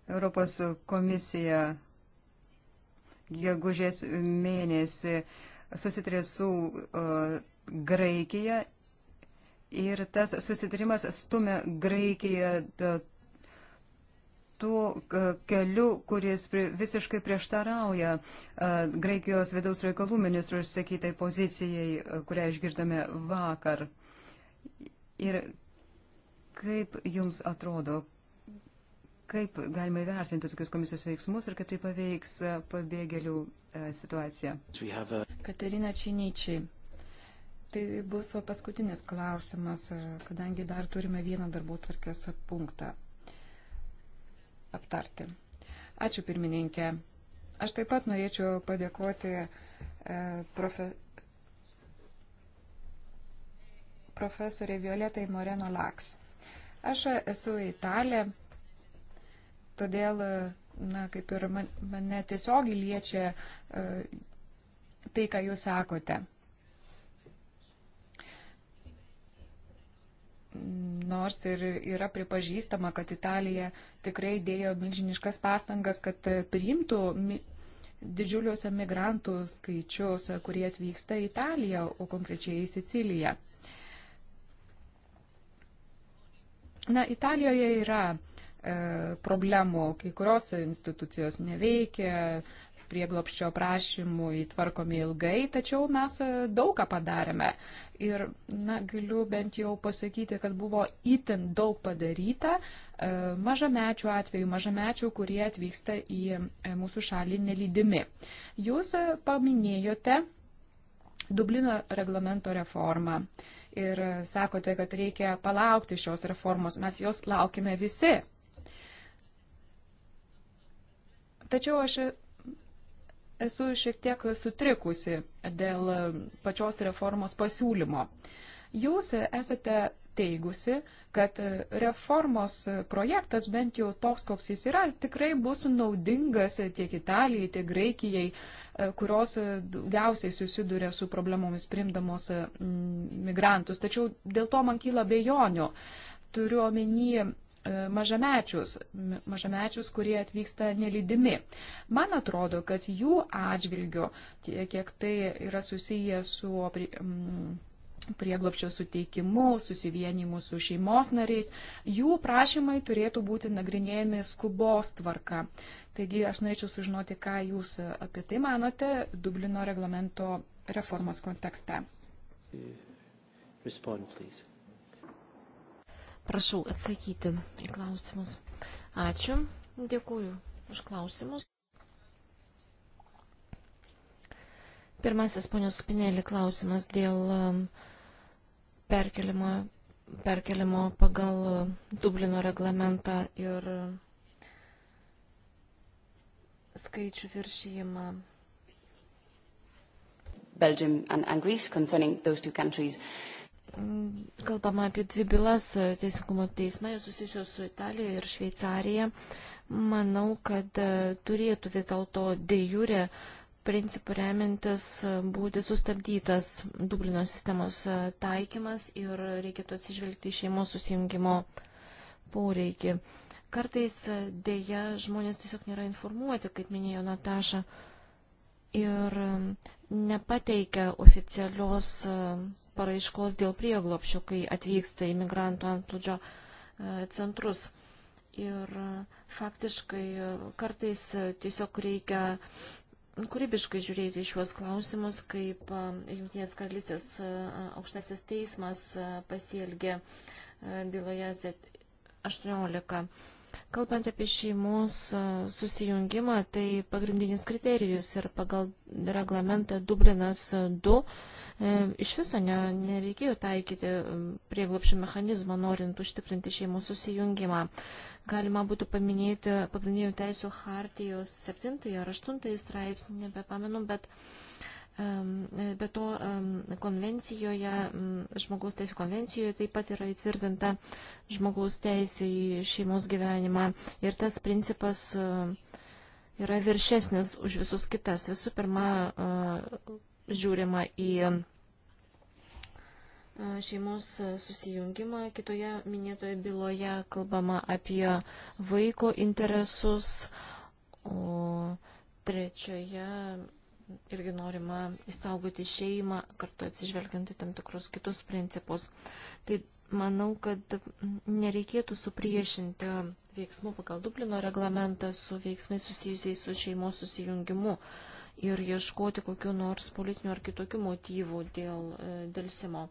Europos komisija gegužės mėnesį susitrė su uh, Graikiją ir tas susitarimas stumia Graikiją tuo keliu, kuris visiškai prieštarauja Graikijos vidaus reikalų ministrų išsakytai pozicijai, kurią išgirdome vakar. Ir kaip jums atrodo, kaip galima įvertinti tokius komisijos veiksmus ir kaip tai paveiks pabėgėlių situaciją? Katerina Činyčiai. Tai bus paskutinis klausimas, e, kadangi dar turime vieną darbų tvarkės punktą aptarti. Ačiū pirmininkė. Aš taip pat norėčiau padėkoti e, profe... profesoriai Violetai Moreno Laks. Aš esu italė, todėl, e, na, kaip ir mane tiesiog liečia tai, ką jūs sakote. nors ir yra pripažįstama, kad Italija tikrai dėjo milžiniškas pastangas, kad e, priimtų didžiulius emigrantų skaičius, e, kurie atvyksta į Italiją, o konkrečiai į Siciliją. Na, Italijoje yra e, problemų, kai kurios institucijos neveikia, e, prieglopščio prašymui tvarkomi ilgai, tačiau mes e, daugą padarėme. Ir, na, galiu bent jau pasakyti, kad buvo itin daug padaryta e, mažamečių atveju, mažamečių, kurie atvyksta į e, mūsų šalį nelydimi. Jūs paminėjote Dublino reglamento reformą ir sakote, kad reikia palaukti šios reformos. Mes jos laukime visi. Tačiau aš esu šiek tiek sutrikusi dėl pačios reformos pasiūlymo. Jūs esate teigusi, kad reformos projektas, bent jau toks, koks jis yra, tikrai bus naudingas tiek Italijai, tiek Graikijai, kurios daugiausiai susiduria su problemomis primdamos mm, migrantus. Tačiau dėl to man kyla bejonių. Turiu omenyje E, mažamečius, mažamečius, kurie atvyksta nelydimi. Man atrodo, kad jų atžvilgiu, tiek kiek tai yra susiję su prieglopščio suteikimu, susivienimu su šeimos nariais, jų prašymai turėtų būti nagrinėjami skubos tvarka. Taigi aš norėčiau sužinoti, ką Jūs apie tai manote Dublino reglamento reformos kontekste. Respond, please. Prašau atsakyti į klausimus. Ačiū. Dėkuoju už klausimus. Pirmasis ponios Spinėlį klausimas dėl um, perkelimo, perkelimo pagal um, Dublino reglamentą ir um, skaičių viršyjimą. Belgium and, and Greece concerning those two countries. Uh, Mm, kalbama apie dvi bylas e, Teisingumo teisme, jos susijusios su Italija ir Šveicarija. Manau, kad e, turėtų vis dėlto dėjūrė principų remintis e, būti sustabdytas Dublino sistemos taikymas ir reikėtų atsižvelgti į šeimos susijungimo poreikį. Kartais dėja žmonės tiesiog nėra informuoti, kaip minėjo Nataša, ir nepateikia oficialios paraiškos dėl prieglopšio, kai atvyksta imigrantų antplūdžio e, centrus. Ir e, faktiškai e, kartais tiesiog reikia kūrybiškai žiūrėti šiuos klausimus, kaip Junktinės karalystės aukštasis teismas pasielgė byloje Z18. Kalbant apie šeimos susijungimą, tai pagrindinis kriterijus ir pagal reglamentą Dublinas 2 e, iš viso ne, nereikėjo taikyti prieglopšio mechanizmą, norint užtikrinti šeimų susijungimą. Galima būtų paminėti pagrindinių teisų hartijos 7 ar 8 straipsnį, nebepamenu, bet. Pamenu, bet Be to, konvencijoje, žmogaus teisų konvencijoje taip pat yra įtvirtinta žmogaus teisė į šeimos gyvenimą ir tas principas yra viršesnis už visus kitas. Visų pirma, žiūrima į šeimos susijungimą. Kitoje minėtoje byloje kalbama apie vaiko interesus, o trečioje irgi norima įsaugoti šeimą, kartu atsižvelgiant į tam tikrus kitus principus. Tai manau, kad nereikėtų supriešinti veiksmų pagal Dublino reglamentą su veiksmais susijusiais su šeimos susijungimu ir ieškoti kokiu nors politiniu ar kitokiu motyvu dėl e, dėlsimo.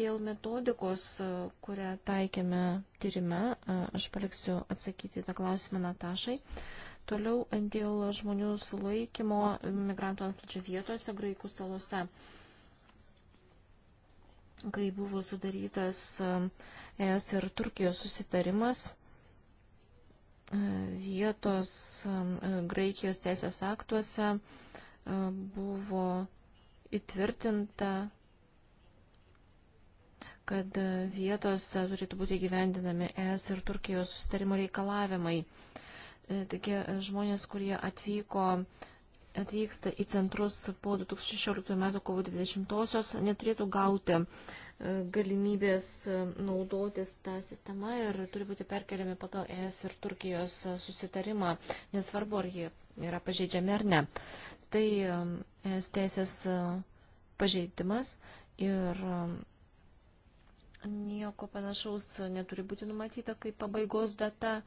Dėl metodikos, e, kurią taikėme tyrime, e, aš paliksiu atsakyti tą klausimą Natašai. Toliau dėl žmonių sulaikymo migrantų antplūdžio vietose Graikų salose. Kai buvo sudarytas e, ES ir Turkijos susitarimas, e, vietos e, Graikijos teisės aktuose buvo įtvirtinta kad vietose turėtų būti gyvendinami ES ir Turkijos sustarimo reikalavimai. E, Taigi e, žmonės, kurie atvyko atvyksta į centrus po 2016 m. kovo 20-osios, neturėtų gauti e, galimybės naudotis tą sistemą ir turi būti perkeliami pagal ES ir Turkijos susitarimą, nesvarbu, ar jie yra pažeidžiami ar ne. Tai ES teisės pažeidimas ir nieko panašaus neturi būti numatyta kaip pabaigos data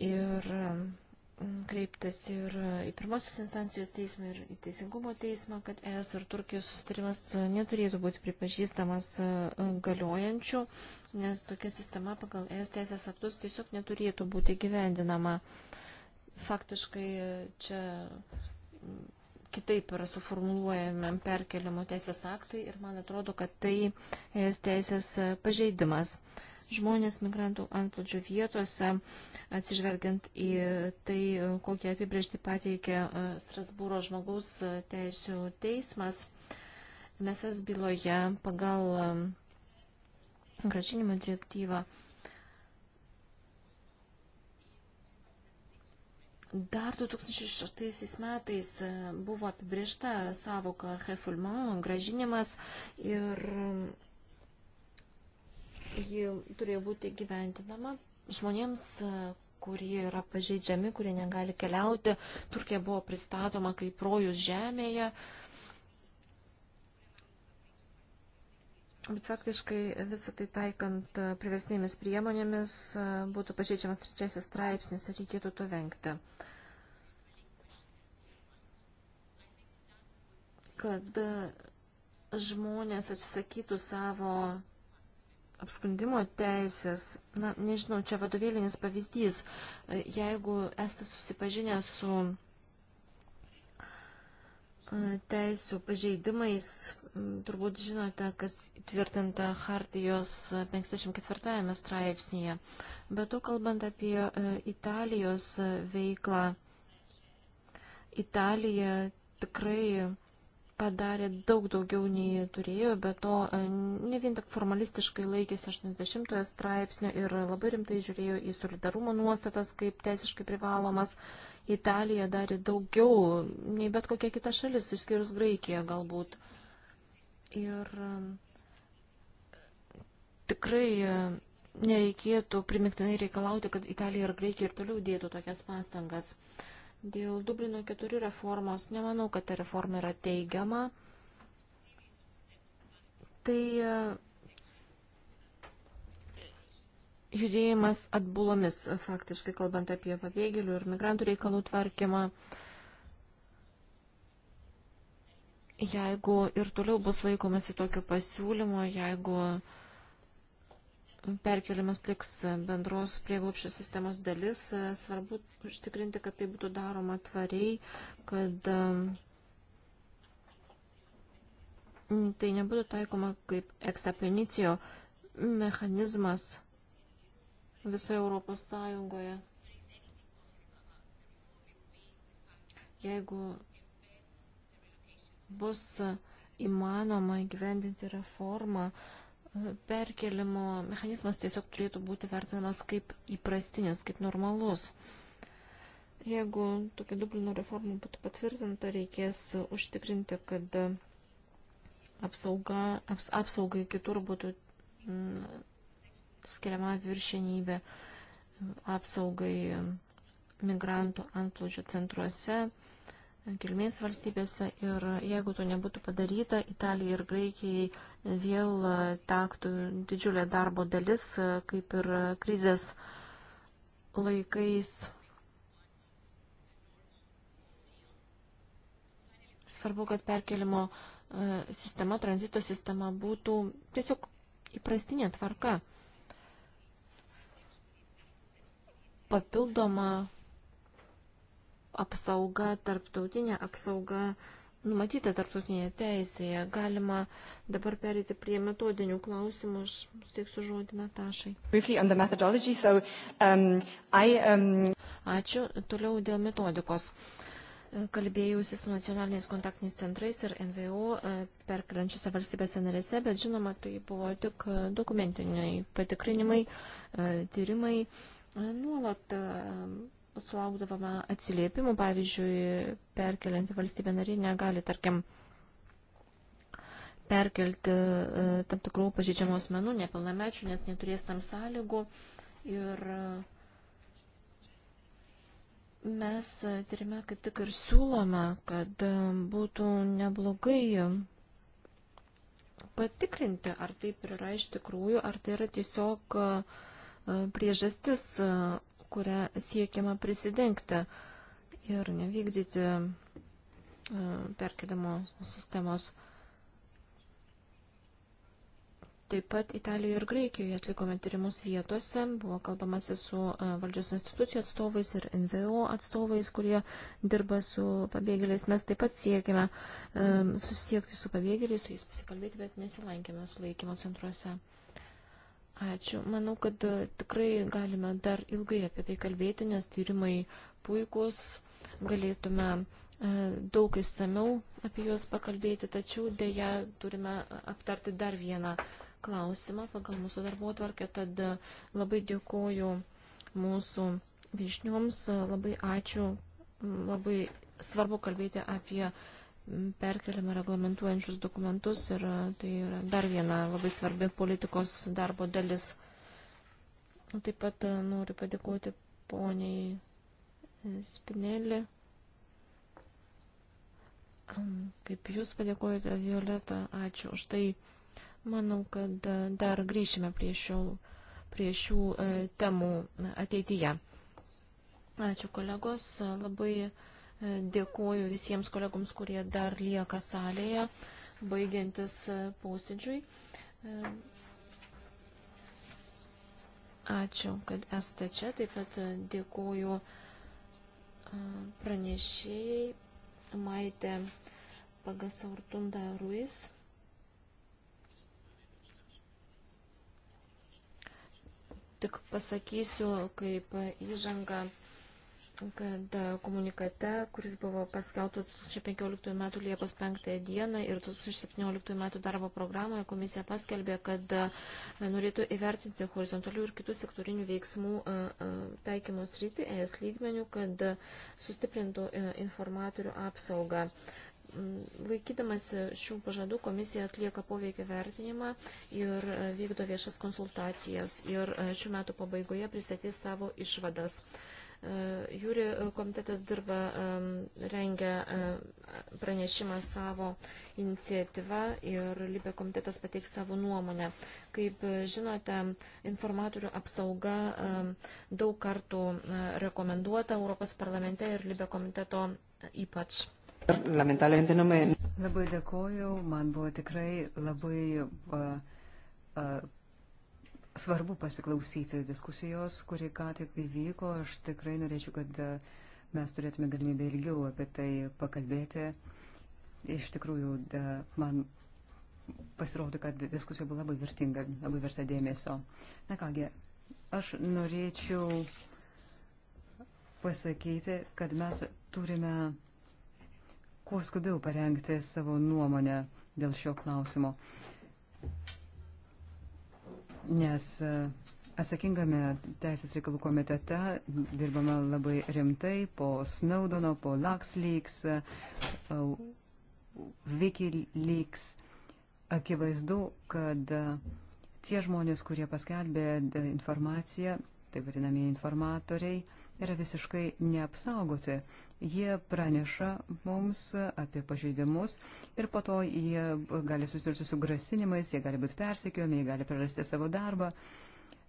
ir mm, kreiptas ir į pirmosios instancijos teismą, ir į teisingumo teismą, kad ES ir Turkijos sustarimas e, neturėtų būti pripažįstamas e, galiojančiu, nes tokia sistema pagal ES teisės aktus tiesiog neturėtų būti gyvendinama. Faktiškai e, čia mm, kitaip yra suformuluojami perkeliamo teisės aktai ir man atrodo, kad tai ES teisės pažeidimas žmonės migrantų antplūdžio vietose, atsižvelgiant į tai, kokią apibrėžtį pateikė e, Strasbūro žmogaus e, teisų teismas. Mesas byloje pagal e, gražinimo direktyvą Dar 2006 metais buvo apibriešta savoka refoulement, gražinimas ir ji turėjo būti gyventinama žmonėms, e, kurie yra pažeidžiami, kurie negali keliauti. Turkija buvo pristatoma kaip rojus žemėje. Bet faktiškai visą tai taikant e, priversnėmis priemonėmis e, būtų pažeidžiamas trečiasis straipsnis ir reikėtų to vengti. Kad žmonės atsisakytų savo apskundimo teisės, na, nežinau, čia vadovėlinis pavyzdys, e, jeigu esate susipažinę su e, teisų pažeidimais, turbūt žinote, kas tvirtinta Hartijos 54 straipsnėje. Bet to kalbant apie e, Italijos veiklą, Italija tikrai padarė daug daugiau nei turėjo, bet to e, ne vien tik formalistiškai laikėsi 80 straipsnio ir labai rimtai žiūrėjo į solidarumo nuostatas kaip teisiškai privalomas. Italija darė daugiau nei bet kokia kita šalis, išskyrus Graikiją galbūt. Ir e, tikrai e, nereikėtų primiktinai reikalauti, kad Italija ir Graikija ir toliau dėtų tokias pastangas. Uh, Dėl Dublino 4 reformos nemanau, kad ta reforma yra teigiama. Tai e, judėjimas atbulomis, faktiškai kalbant apie pabėgėlių ir migrantų reikalų tvarkymą. Jeigu ir toliau bus laikomasi tokio pasiūlymo, jeigu uh, perkeliamas liks bendros prieglopščio sistemos dalis. Svarbu užtikrinti, kad tai būtų daroma tvariai, kad um, tai nebūtų taikoma kaip eksapenicijo mechanizmas visoje Europos Sąjungoje. Jeigu bus įmanoma įgyvendinti reformą, uh, perkelimo mechanizmas tiesiog turėtų būti vertinamas kaip įprastinis, kaip normalus. Jeigu tokia Dublino reforma būtų patvirtinta, reikės užtikrinti, kad apsauga, aps, apsaugai kitur būtų m, mm, skiriama viršenybė apsaugai migrantų antplūdžio centruose kilmės valstybėse ir jeigu to nebūtų padaryta, Italijai ir Graikijai vėl tektų didžiulė darbo dalis, kaip ir krizės laikais. Svarbu, kad perkelimo e, sistema, tranzito sistema būtų tiesiog įprastinė tvarka. Papildoma apsauga, tarptautinė apsauga numatyta tarptautinėje teisėje. Galima dabar perėti prie metodinių klausimų. Aš steiksiu žodį Natašai. So, um, I, um... Ačiū. Toliau dėl metodikos. Kalbėjausi su nacionaliniais kontaktiniais centrais ir NVO e, perkrančiose valstybėse narėse, bet žinoma, tai buvo tik e, dokumentiniai patikrinimai, e, tyrimai. Nuolat sulaukdavome atsiliepimų, pavyzdžiui, perkelianti valstybė narė negali, tarkim, perkelti e, tam tikrų pažydžiamų asmenų, nepilnamečių, nes neturės tam sąlygų. Ir e, mes e, tyrime kaip tik ir siūlome, kad būtų neblogai patikrinti, ar taip yra iš tikrųjų, ar tai yra tiesiog priežastis, kurią siekiama prisidengti ir nevykdyti e, perkelimo sistemos. Taip pat Italijoje ir Graikijoje atlikome tyrimus vietose, buvo kalbamasi su e, valdžios institucijų atstovais ir NVO atstovais, kurie dirba su pabėgėliais. Mes taip pat siekime um, e, susisiekti su pabėgėliais, su jais pasikalbėti, bet nesilankėme sulaikymo centruose. Ačiū. Manau, kad e, tikrai galime dar ilgai apie tai kalbėti, nes tyrimai puikus, galėtume e, daug įsameu apie juos pakalbėti, tačiau dėja turime e, aptarti dar vieną klausimą pagal mūsų darbo tvarkę, tad labai dėkoju mūsų viešnioms, labai ačiū, labai svarbu kalbėti apie perkeliame reglamentuojančius dokumentus ir e, tai yra dar viena labai svarbi politikos darbo dalis. Taip pat e, noriu padėkoti poniai e, Spinelį. Kaip jūs padėkojate, Violeta, ačiū už tai. Manau, kad dar grįšime prie šių, prie šių temų ateityje. Ačiū kolegos, labai Dėkuoju visiems kolegoms, kurie dar lieka salėje, baigiantis e, posėdžiui. E, ačiū, kad esate čia. Taip pat e, dėkuoju pranešėjai Maitė Pagasaurtunda Ruiz. Tik pasakysiu, kaip įžanga kad e, komunikate, kuris buvo paskelbtas 2015 m. Liepos 5 d. ir 2017 m. darbo programoje, komisija paskelbė, kad e, norėtų įvertinti horizontalių ir kitų sektorinių veiksmų e, taikymos rytį ES lygmenių, kad sustiprintų informatorių apsaugą. Laikydamas šių pažadų, komisija atlieka poveikio vertinimą ir vykdo viešas konsultacijas ir šių metų pabaigoje pristatys savo išvadas. E, jūri komitetas dirba, e, rengia e, pranešimą savo iniciatyvą ir Libė komitetas pateiks savo nuomonę. Kaip žinote, informatorių apsauga daug kartų rekomenduota Europos parlamente ir Libė komiteto ypač. Labai dėkoju, man buvo tikrai labai. Uh, uh, Svarbu pasiklausyti diskusijos, kuri ką tik įvyko. Aš tikrai norėčiau, kad e, mes turėtume galimybę ilgiau apie tai pakalbėti. Iš tikrųjų, da, man pasirodo, kad diskusija buvo labai vertinga, labai verta dėmesio. Na kągi, aš norėčiau pasakyti, kad mes turime kuo skubiau parengti savo nuomonę dėl šio klausimo nes e, atsakingame Teisės reikalų komitete dirbame labai rimtai po Snowdono, po LuxLeaks, e, Wikileaks. Akivaizdu, kad e, tie žmonės, kurie paskelbė informaciją, taip vadinamieji informatoriai, yra visiškai neapsaugoti. Jie praneša mums apie pažeidimus ir po to jie gali susidurti su grasinimais, jie gali būti persekiojami, jie gali prarasti savo darbą.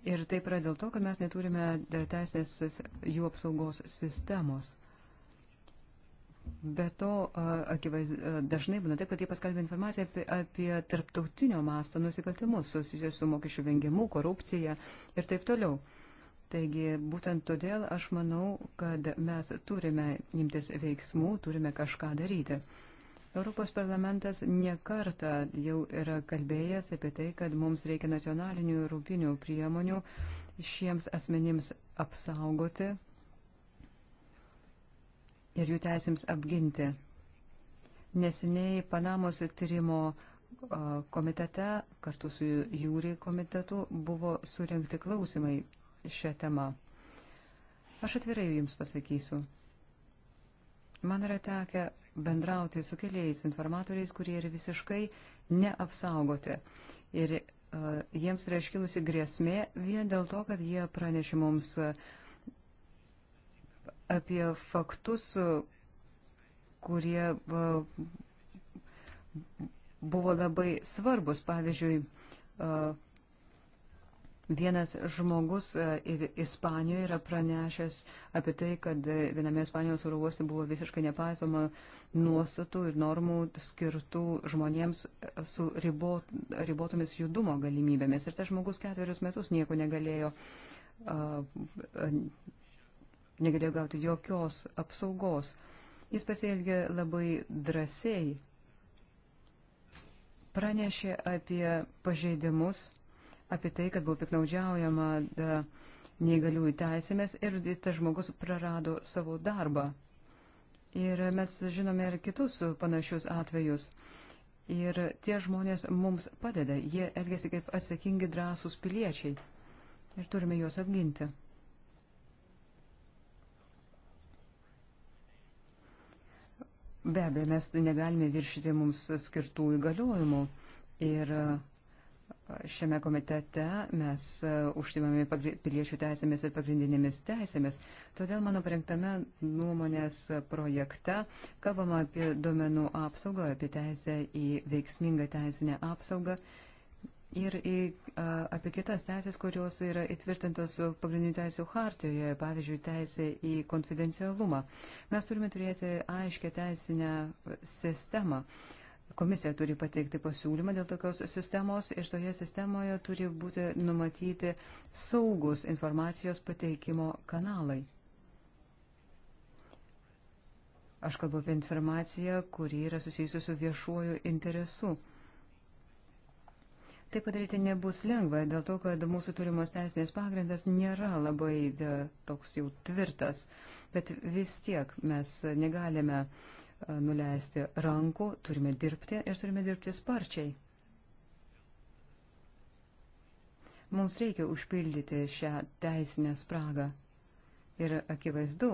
Ir taip yra dėl to, kad mes neturime teisinės jų apsaugos sistemos. Be to, akivaiz, dažnai būna taip, kad jie paskalbė informaciją apie, apie tarptautinio masto nusikaltimus susijusius su mokesčių vengimu, korupcija ir taip toliau. Taigi būtent todėl aš manau, kad mes turime imtis veiksmų, turime kažką daryti. Europos parlamentas nekarta jau yra kalbėjęs apie tai, kad mums reikia nacionalinių ir rūpinių priemonių šiems asmenims apsaugoti ir jų teisėms apginti. Neseniai Panamos tyrimo komitete kartu su jūri komitetu buvo surinkti klausimai šią temą. Aš atvirai Jums pasakysiu. Man yra tekę bendrauti su keliais informatoriais, kurie yra visiškai neapsaugoti. Ir uh, jiems yra iškilusi grėsmė vien dėl to, kad jie pranešė mums apie faktus, kurie uh, buvo labai svarbus. Pavyzdžiui, uh, Vienas žmogus e, Ispanijoje yra pranešęs apie tai, kad viename Ispanijos oro uoste buvo visiškai nepaisoma nuostatų ir normų skirtų žmonėms e, su ribot, ribotomis judumo galimybėmis. Ir tas žmogus ketverius metus nieko negalėjo, negalėjo gauti jokios apsaugos. Jis pasielgė labai drąsiai, pranešė apie pažeidimus apie tai, kad buvo piknaudžiaujama neįgaliųjų teisėmis ir tas žmogus prarado savo darbą. Ir mes žinome ir kitus panašius atvejus. Ir tie žmonės mums padeda, jie elgesi kaip atsakingi drąsūs piliečiai. Ir turime juos apginti. Be abejo, mes negalime viršyti mums skirtų įgaliojimų. Ir Šiame komitete mes e, užsimame piliečių teisėmis ir pagrindinėmis teisėmis. Todėl mano parengtame nuomonės projekte kalbama apie duomenų apsaugą, apie teisę į veiksmingą teisinę apsaugą ir į, a, apie kitas teisės, kurios yra įtvirtintos pagrindinių teisų hartijoje, pavyzdžiui, teisė į konfidencialumą. Mes turime turėti aiškę teisinę sistemą. A, komisija turi pateikti pasiūlymą dėl tokios sistemos ir toje sistemoje turi būti numatyti saugus informacijos pateikimo kanalai. Aš kalbu apie informaciją, kuri yra susijusi su viešuoju interesu. Tai padaryti nebus lengva, dėl to, kad mūsų turimos teisinės pagrindas nėra labai de, toks jau tvirtas, bet vis tiek mes negalime uh, nuleisti rankų, turime dirbti ir turime dirbti sparčiai. Mums reikia užpildyti šią teisinę spragą. Ir akivaizdu,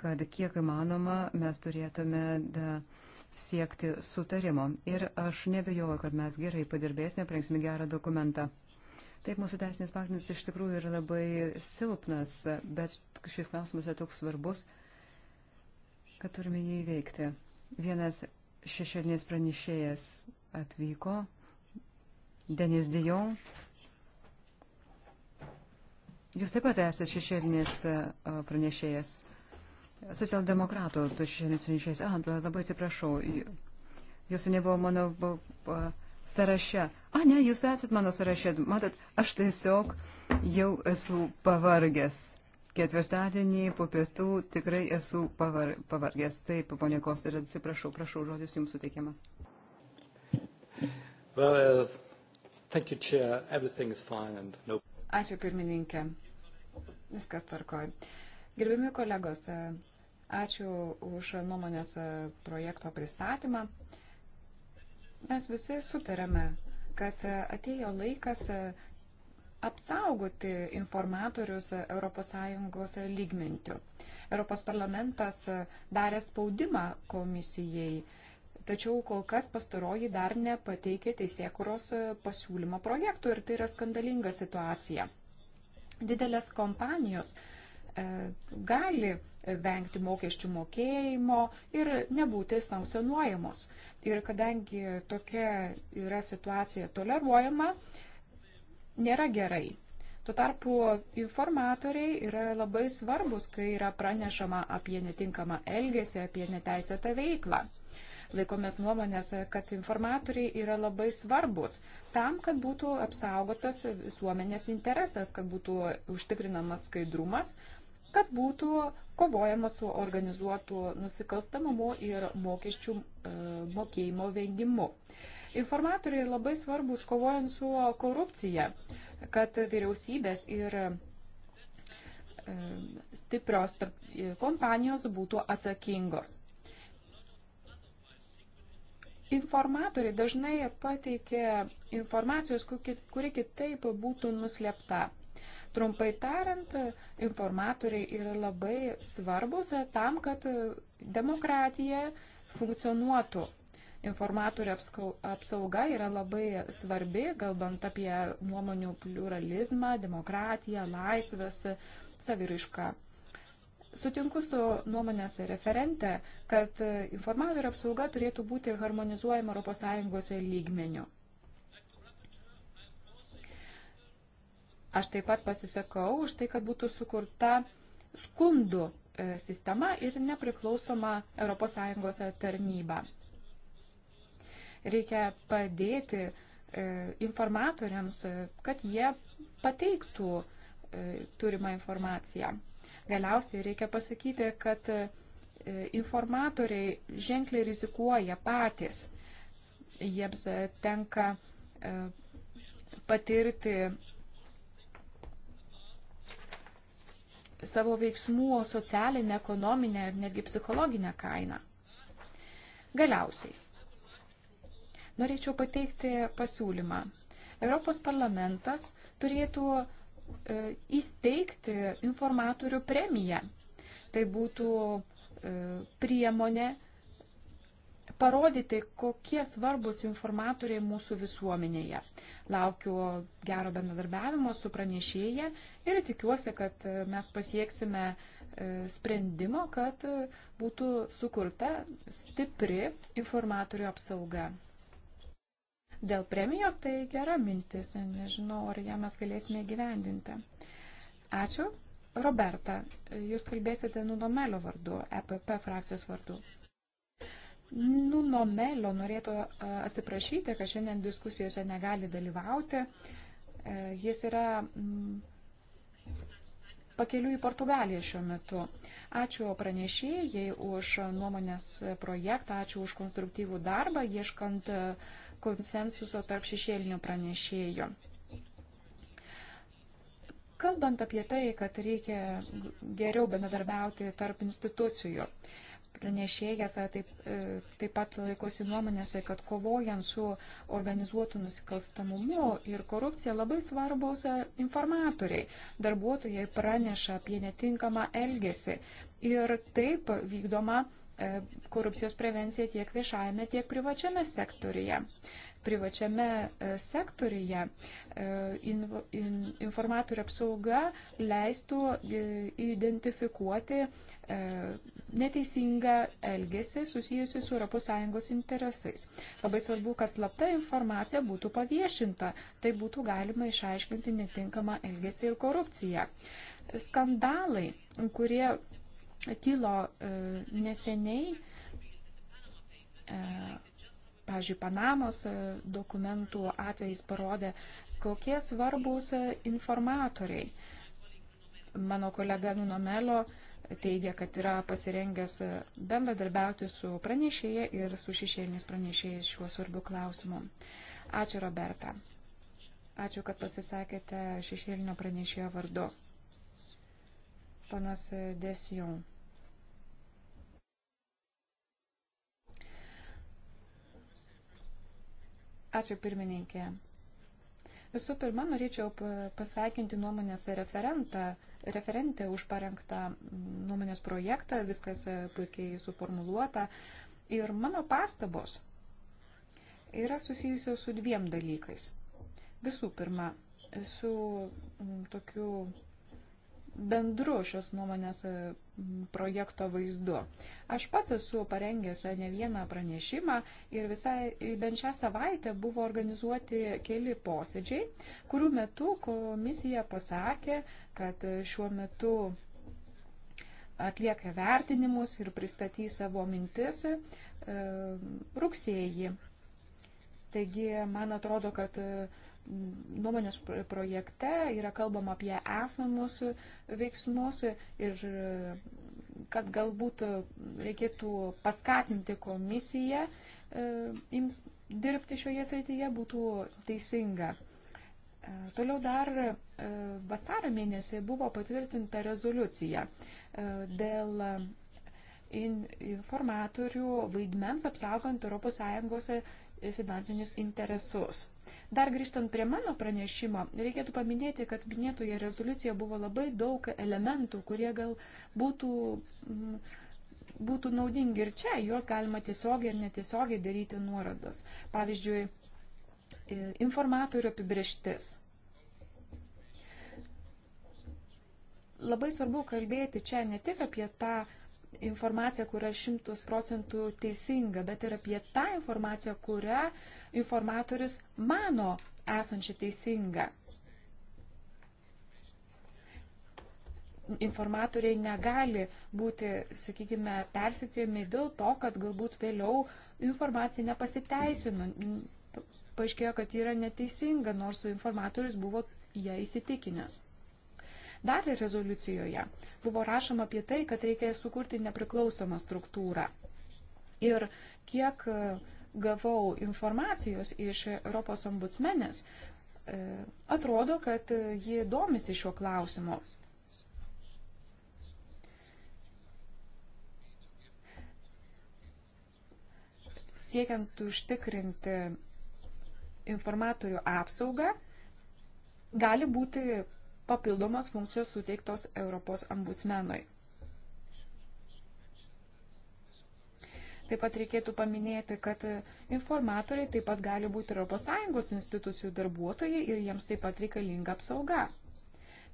kad kiek įmanoma mes turėtume da, siekti sutarimo. Ir aš nebejoju, kad mes gerai padirbėsime, prengsime gerą dokumentą. Taip, mūsų teisinės pagrindas iš tikrųjų yra labai silpnas, bet šis klausimas yra toks svarbus, kad turime jį įveikti. Vienas šešėlinės pranešėjas atvyko, Denis Dijon. Jūs taip pat esate šešėlinės e, pranešėjas. Socialdemokratų šešėlinės pranešėjas. A, labai atsiprašau. Jūsų nebuvo mano sąraše. A, ne, jūs esat mano sąraše. Matot, aš tiesiog jau esu pavargęs ketvirtadienį po pietų tikrai esu pavar, pavargęs. Taip, ponė Kostė, atsiprašau, prašau, žodis jums suteikiamas. Well, uh, no... Ačiū pirmininkė. Viskas tvarkoju. Gerbimi kolegos, uh, ačiū už nuomonės uh, projekto pristatymą. Mes visi sutarėme, kad uh, atėjo laikas apsaugoti informatorius ES lygmentių. Europos parlamentas darė spaudimą komisijai, tačiau kol kas pastaroji dar nepateikė teisėkuros pasiūlymo projektų ir tai yra skandalinga situacija. Didelės kompanijos e, gali vengti mokesčių mokėjimo ir nebūti sankcionuojamos. Ir kadangi tokia yra situacija toleruojama, nėra gerai. Tuo tarpu informatoriai yra labai svarbus, kai yra pranešama apie netinkamą elgesį, apie neteisėtą veiklą. Laikomės nuomonės, kad informatoriai yra labai svarbus tam, kad būtų apsaugotas visuomenės interesas, kad būtų užtikrinamas skaidrumas, kad būtų kovojama su organizuotu nusikalstamumu ir mokesčių e, mokėjimo vengimu. E, Informatoriai labai svarbus kovojant su korupcija, kad vyriausybės ir e, stiprios e, kompanijos būtų atsakingos. Informatoriai dažnai pateikė informacijos, kuri kitaip būtų nuslėpta. Trumpai tariant, informatoriai yra labai svarbus tam, kad demokratija funkcionuotų informatorių apsauga yra labai svarbi, galbant apie nuomonių pluralizmą, demokratiją, laisvės, saviraišką. Sutinku su nuomonės referente, kad informatorių apsauga turėtų būti harmonizuojama ES lygmeniu. Aš taip pat pasisakau už tai, kad būtų sukurta skundų e, sistema ir nepriklausoma ES tarnyba. Reikia padėti e, informatoriams, e, kad jie pateiktų e, turimą informaciją. Galiausiai reikia pasakyti, kad informatoriai ženkliai rizikuoja patys. Jiems tenka patirti savo veiksmų socialinę, ekonominę ir netgi psichologinę kainą. Galiausiai Norėčiau pateikti pasiūlymą. Europos parlamentas turėtų e, įsteigti informatorių premiją. Tai būtų e, priemonė parodyti, kokie svarbus informatoriai mūsų visuomenėje. Laukiu gero bendradarbiavimo su pranešėja ir tikiuosi, kad e, mes pasieksime sprendimo, kad būtų sukurta stipri informatorių apsauga. Dėl premijos tai gera mintis, nežinau, ar ją mes galėsime gyvendinti. Ačiū. Roberta, jūs kalbėsite Nunomelio vardu, EPP frakcijos vardu. Nunomelio norėtų atsiprašyti, kad šiandien diskusijose negali dalyvauti. E, jis yra mm, pakeliu į Portugaliją šiuo metu. Ačiū pranešėjai už nuomonės projektą, ačiū už konstruktyvų darbą, ieškant konsensuso tarp šešėlinių pranešėjų. Kalbant apie tai, kad reikia geriau bendradarbiauti tarp institucijų, pranešėjas taip, e, taip pat laikosi nuomonėse, kad kovojant su organizuotu nusikalstamumu ir korupcija labai svarbus informatoriai. Darbuotojai praneša apie netinkamą elgesį ir taip vykdoma E, korupcijos prevenciją tiek viešajame, tiek privačiame sektorija. Privačiame e, sektorija e, informatorių apsauga leistų identifikuoti neteisingą elgesį susijusi su ES interesais. Labai svarbu, kad slapta informacija būtų paviešinta, tai būtų galima išaiškinti netinkamą elgesį ir korupciją. Skandalai, kurie kilo e, neseniai, e, pavyzdžiui, Panamos e, dokumentų atvejais parodė, kokie svarbus informatoriai. Mano kolega Nunomelio teigia, kad yra pasirengęs bendradarbiauti su pranešėja ir su šešėliniais pranešėjais šiuo svarbiu klausimu. Ačiū, Roberta. Ačiū, kad pasisakėte šešėlinio pranešėjo vardu. Panas Desjon. Ačiū pirmininkė. Visų pirma, norėčiau pasveikinti nuomonės referentą, referentę už parengtą nuomonės projektą, viskas e, puikiai suformuluota. Ir mano pastabos yra susijusios su dviem dalykais. Visų pirma, su tokiu bendru šios nuomonės e, projekto vaizdu. Aš pats esu parengęs e, ne vieną pranešimą ir visai bent šią savaitę buvo organizuoti keli posėdžiai, kurių metu komisija pasakė, kad e, šiuo metu atlieka vertinimus ir pristatys savo mintis e, rugsėjį. Taigi, man atrodo, kad e, nuomonės projekte yra kalbama apie esamus veiksmus ir kad galbūt reikėtų paskatinti komisiją e, dirbti šioje srityje būtų teisinga. E, toliau dar e, vasario mėnesį buvo patvirtinta rezoliucija dėl informatorių vaidmens apsaugant ES finansinius interesus. Dar grįžtant prie mano pranešimo, reikėtų paminėti, kad minėtoje rezoliucijoje buvo labai daug elementų, kurie gal būtų, būtų naudingi ir čia, juos galima tiesiogiai ir netiesiogiai daryti nuorodos. Pavyzdžiui, e, informatorių apibrieštis. Labai svarbu kalbėti čia ne tik apie tą informaciją, kuria šimtus procentų teisinga, bet ir apie tą informaciją, kurią informatorius mano esančią teisingą. Informatoriai negali būti, sakykime, persikėjami dėl to, kad galbūt vėliau informacija nepasiteisino. Paaiškėjo, kad yra neteisinga, nors informatorius buvo ją įsitikinęs. Dar rezoliucijoje buvo rašoma apie tai, kad reikia sukurti nepriklausomą struktūrą. Ir kiek e, gavau informacijos iš Europos ombudsmenės, e, atrodo, kad e, ji domisi šiuo klausimu. Siekiant užtikrinti informatorių apsaugą, gali būti papildomas funkcijos suteiktos Europos ambucmenui. Taip pat reikėtų paminėti, kad informatoriai taip pat gali būti ES institucijų darbuotojai ir jiems taip pat reikalinga apsauga.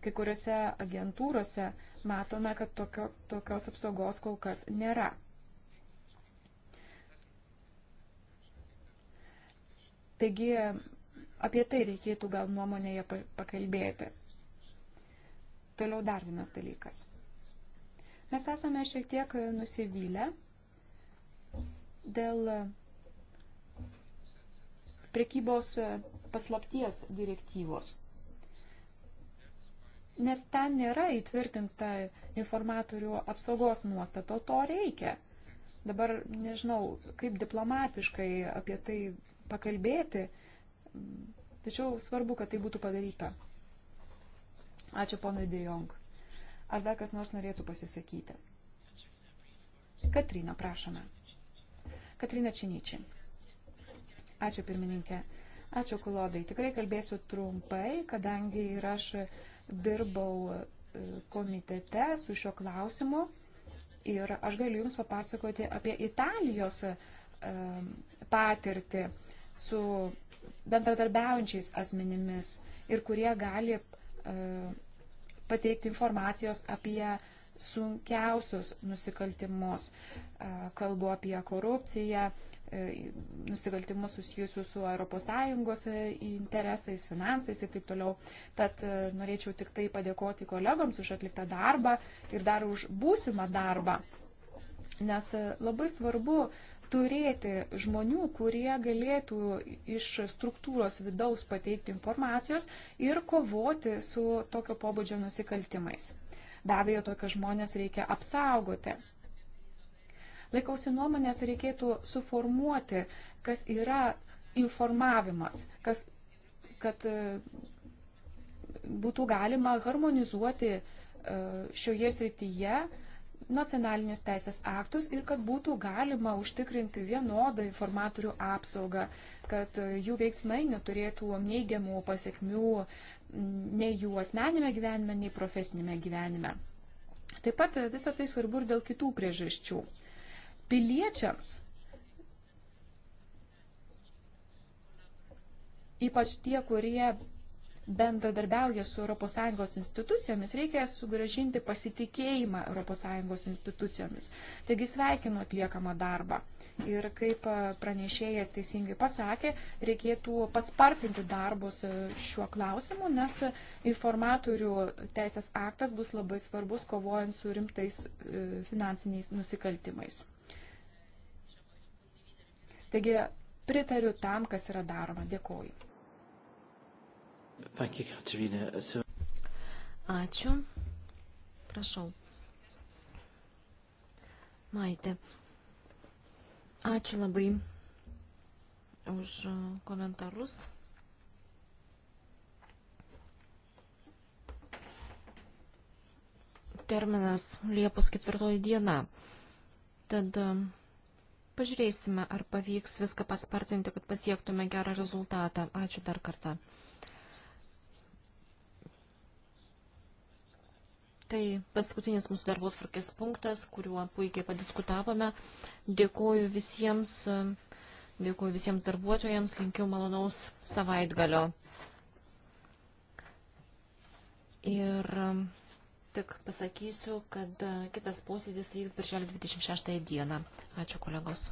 Kai kuriuose agentūrose matome, kad tokio, tokios apsaugos kol kas nėra. Taigi apie tai reikėtų gal nuomonėje pakalbėti. Toliau dar vienas dalykas. Mes esame šiek tiek nusivylę dėl prekybos paslapties direktyvos. Nes ten nėra įtvirtinta informatorių apsaugos nuostato, to reikia. Dabar nežinau, kaip diplomatiškai apie tai pakalbėti, tačiau svarbu, kad tai būtų padaryta. Ačiū ponui Dejong. Ar dar kas nors norėtų pasisakyti? Katrina, prašome. Katrina Činyčiai. Ačiū pirmininkė. Ačiū Kulodai. Tikrai kalbėsiu trumpai, kadangi ir aš dirbau e, komitete su šio klausimu ir aš galiu Jums papasakoti apie Italijos e, patirtį su bendradarbiaujančiais asmenimis ir kurie gali e, pateikti informacijos apie sunkiausius nusikaltimus. Kalbu apie korupciją, e, nusikaltimus susijusius su ES e, interesais, finansais ir taip toliau. Tad e, norėčiau tik tai padėkoti kolegoms už atliktą darbą ir dar už būsimą darbą. Nes labai svarbu turėti žmonių, kurie galėtų iš struktūros vidaus pateikti informacijos ir kovoti su tokio pobūdžio nusikaltimais. Be abejo, tokius žmonės reikia apsaugoti. Laikausi nuomonės reikėtų suformuoti, kas yra informavimas, kas, kad e, būtų galima harmonizuoti e, šioje srityje nacionalinius teisės aktus ir kad būtų galima užtikrinti vienodą informatorių apsaugą, kad e, jų veiksmai neturėtų neigiamų pasiekmių nei jų asmenime gyvenime, nei profesinėme gyvenime. Taip pat e, visą tai svarbu ir dėl kitų priežasčių. Piliečiams, ypač tie, kurie bendradarbiauja su ES institucijomis, reikia sugražinti pasitikėjimą ES institucijomis. Taigi sveikinu atliekamą darbą. Ir kaip e, pranešėjas teisingai pasakė, reikėtų paspartinti darbus e, šiuo klausimu, nes informatorių teisės aktas bus labai svarbus kovojant su rimtais e, finansiniais nusikaltimais. Taigi pritariu tam, kas yra daroma. Dėkoju. Thank you, Katerina. So... Ačiū. Prašau. Maitė. Ačiū labai už komentarus. Terminas Liepos ketvirtoji diena. Tad um, pažiūrėsime, ar pavyks viską paspartinti, kad pasiektume gerą rezultatą. Ačiū dar kartą. Tai paskutinis mūsų darbo tvarkės punktas, kuriuo puikiai padiskutavome. Dėkuoju visiems, dėkuoju visiems darbuotojams, linkiu malonaus savaitgalio. Ir tik pasakysiu, kad kitas posėdis vyks birželio 26 dieną. Ačiū kolegos.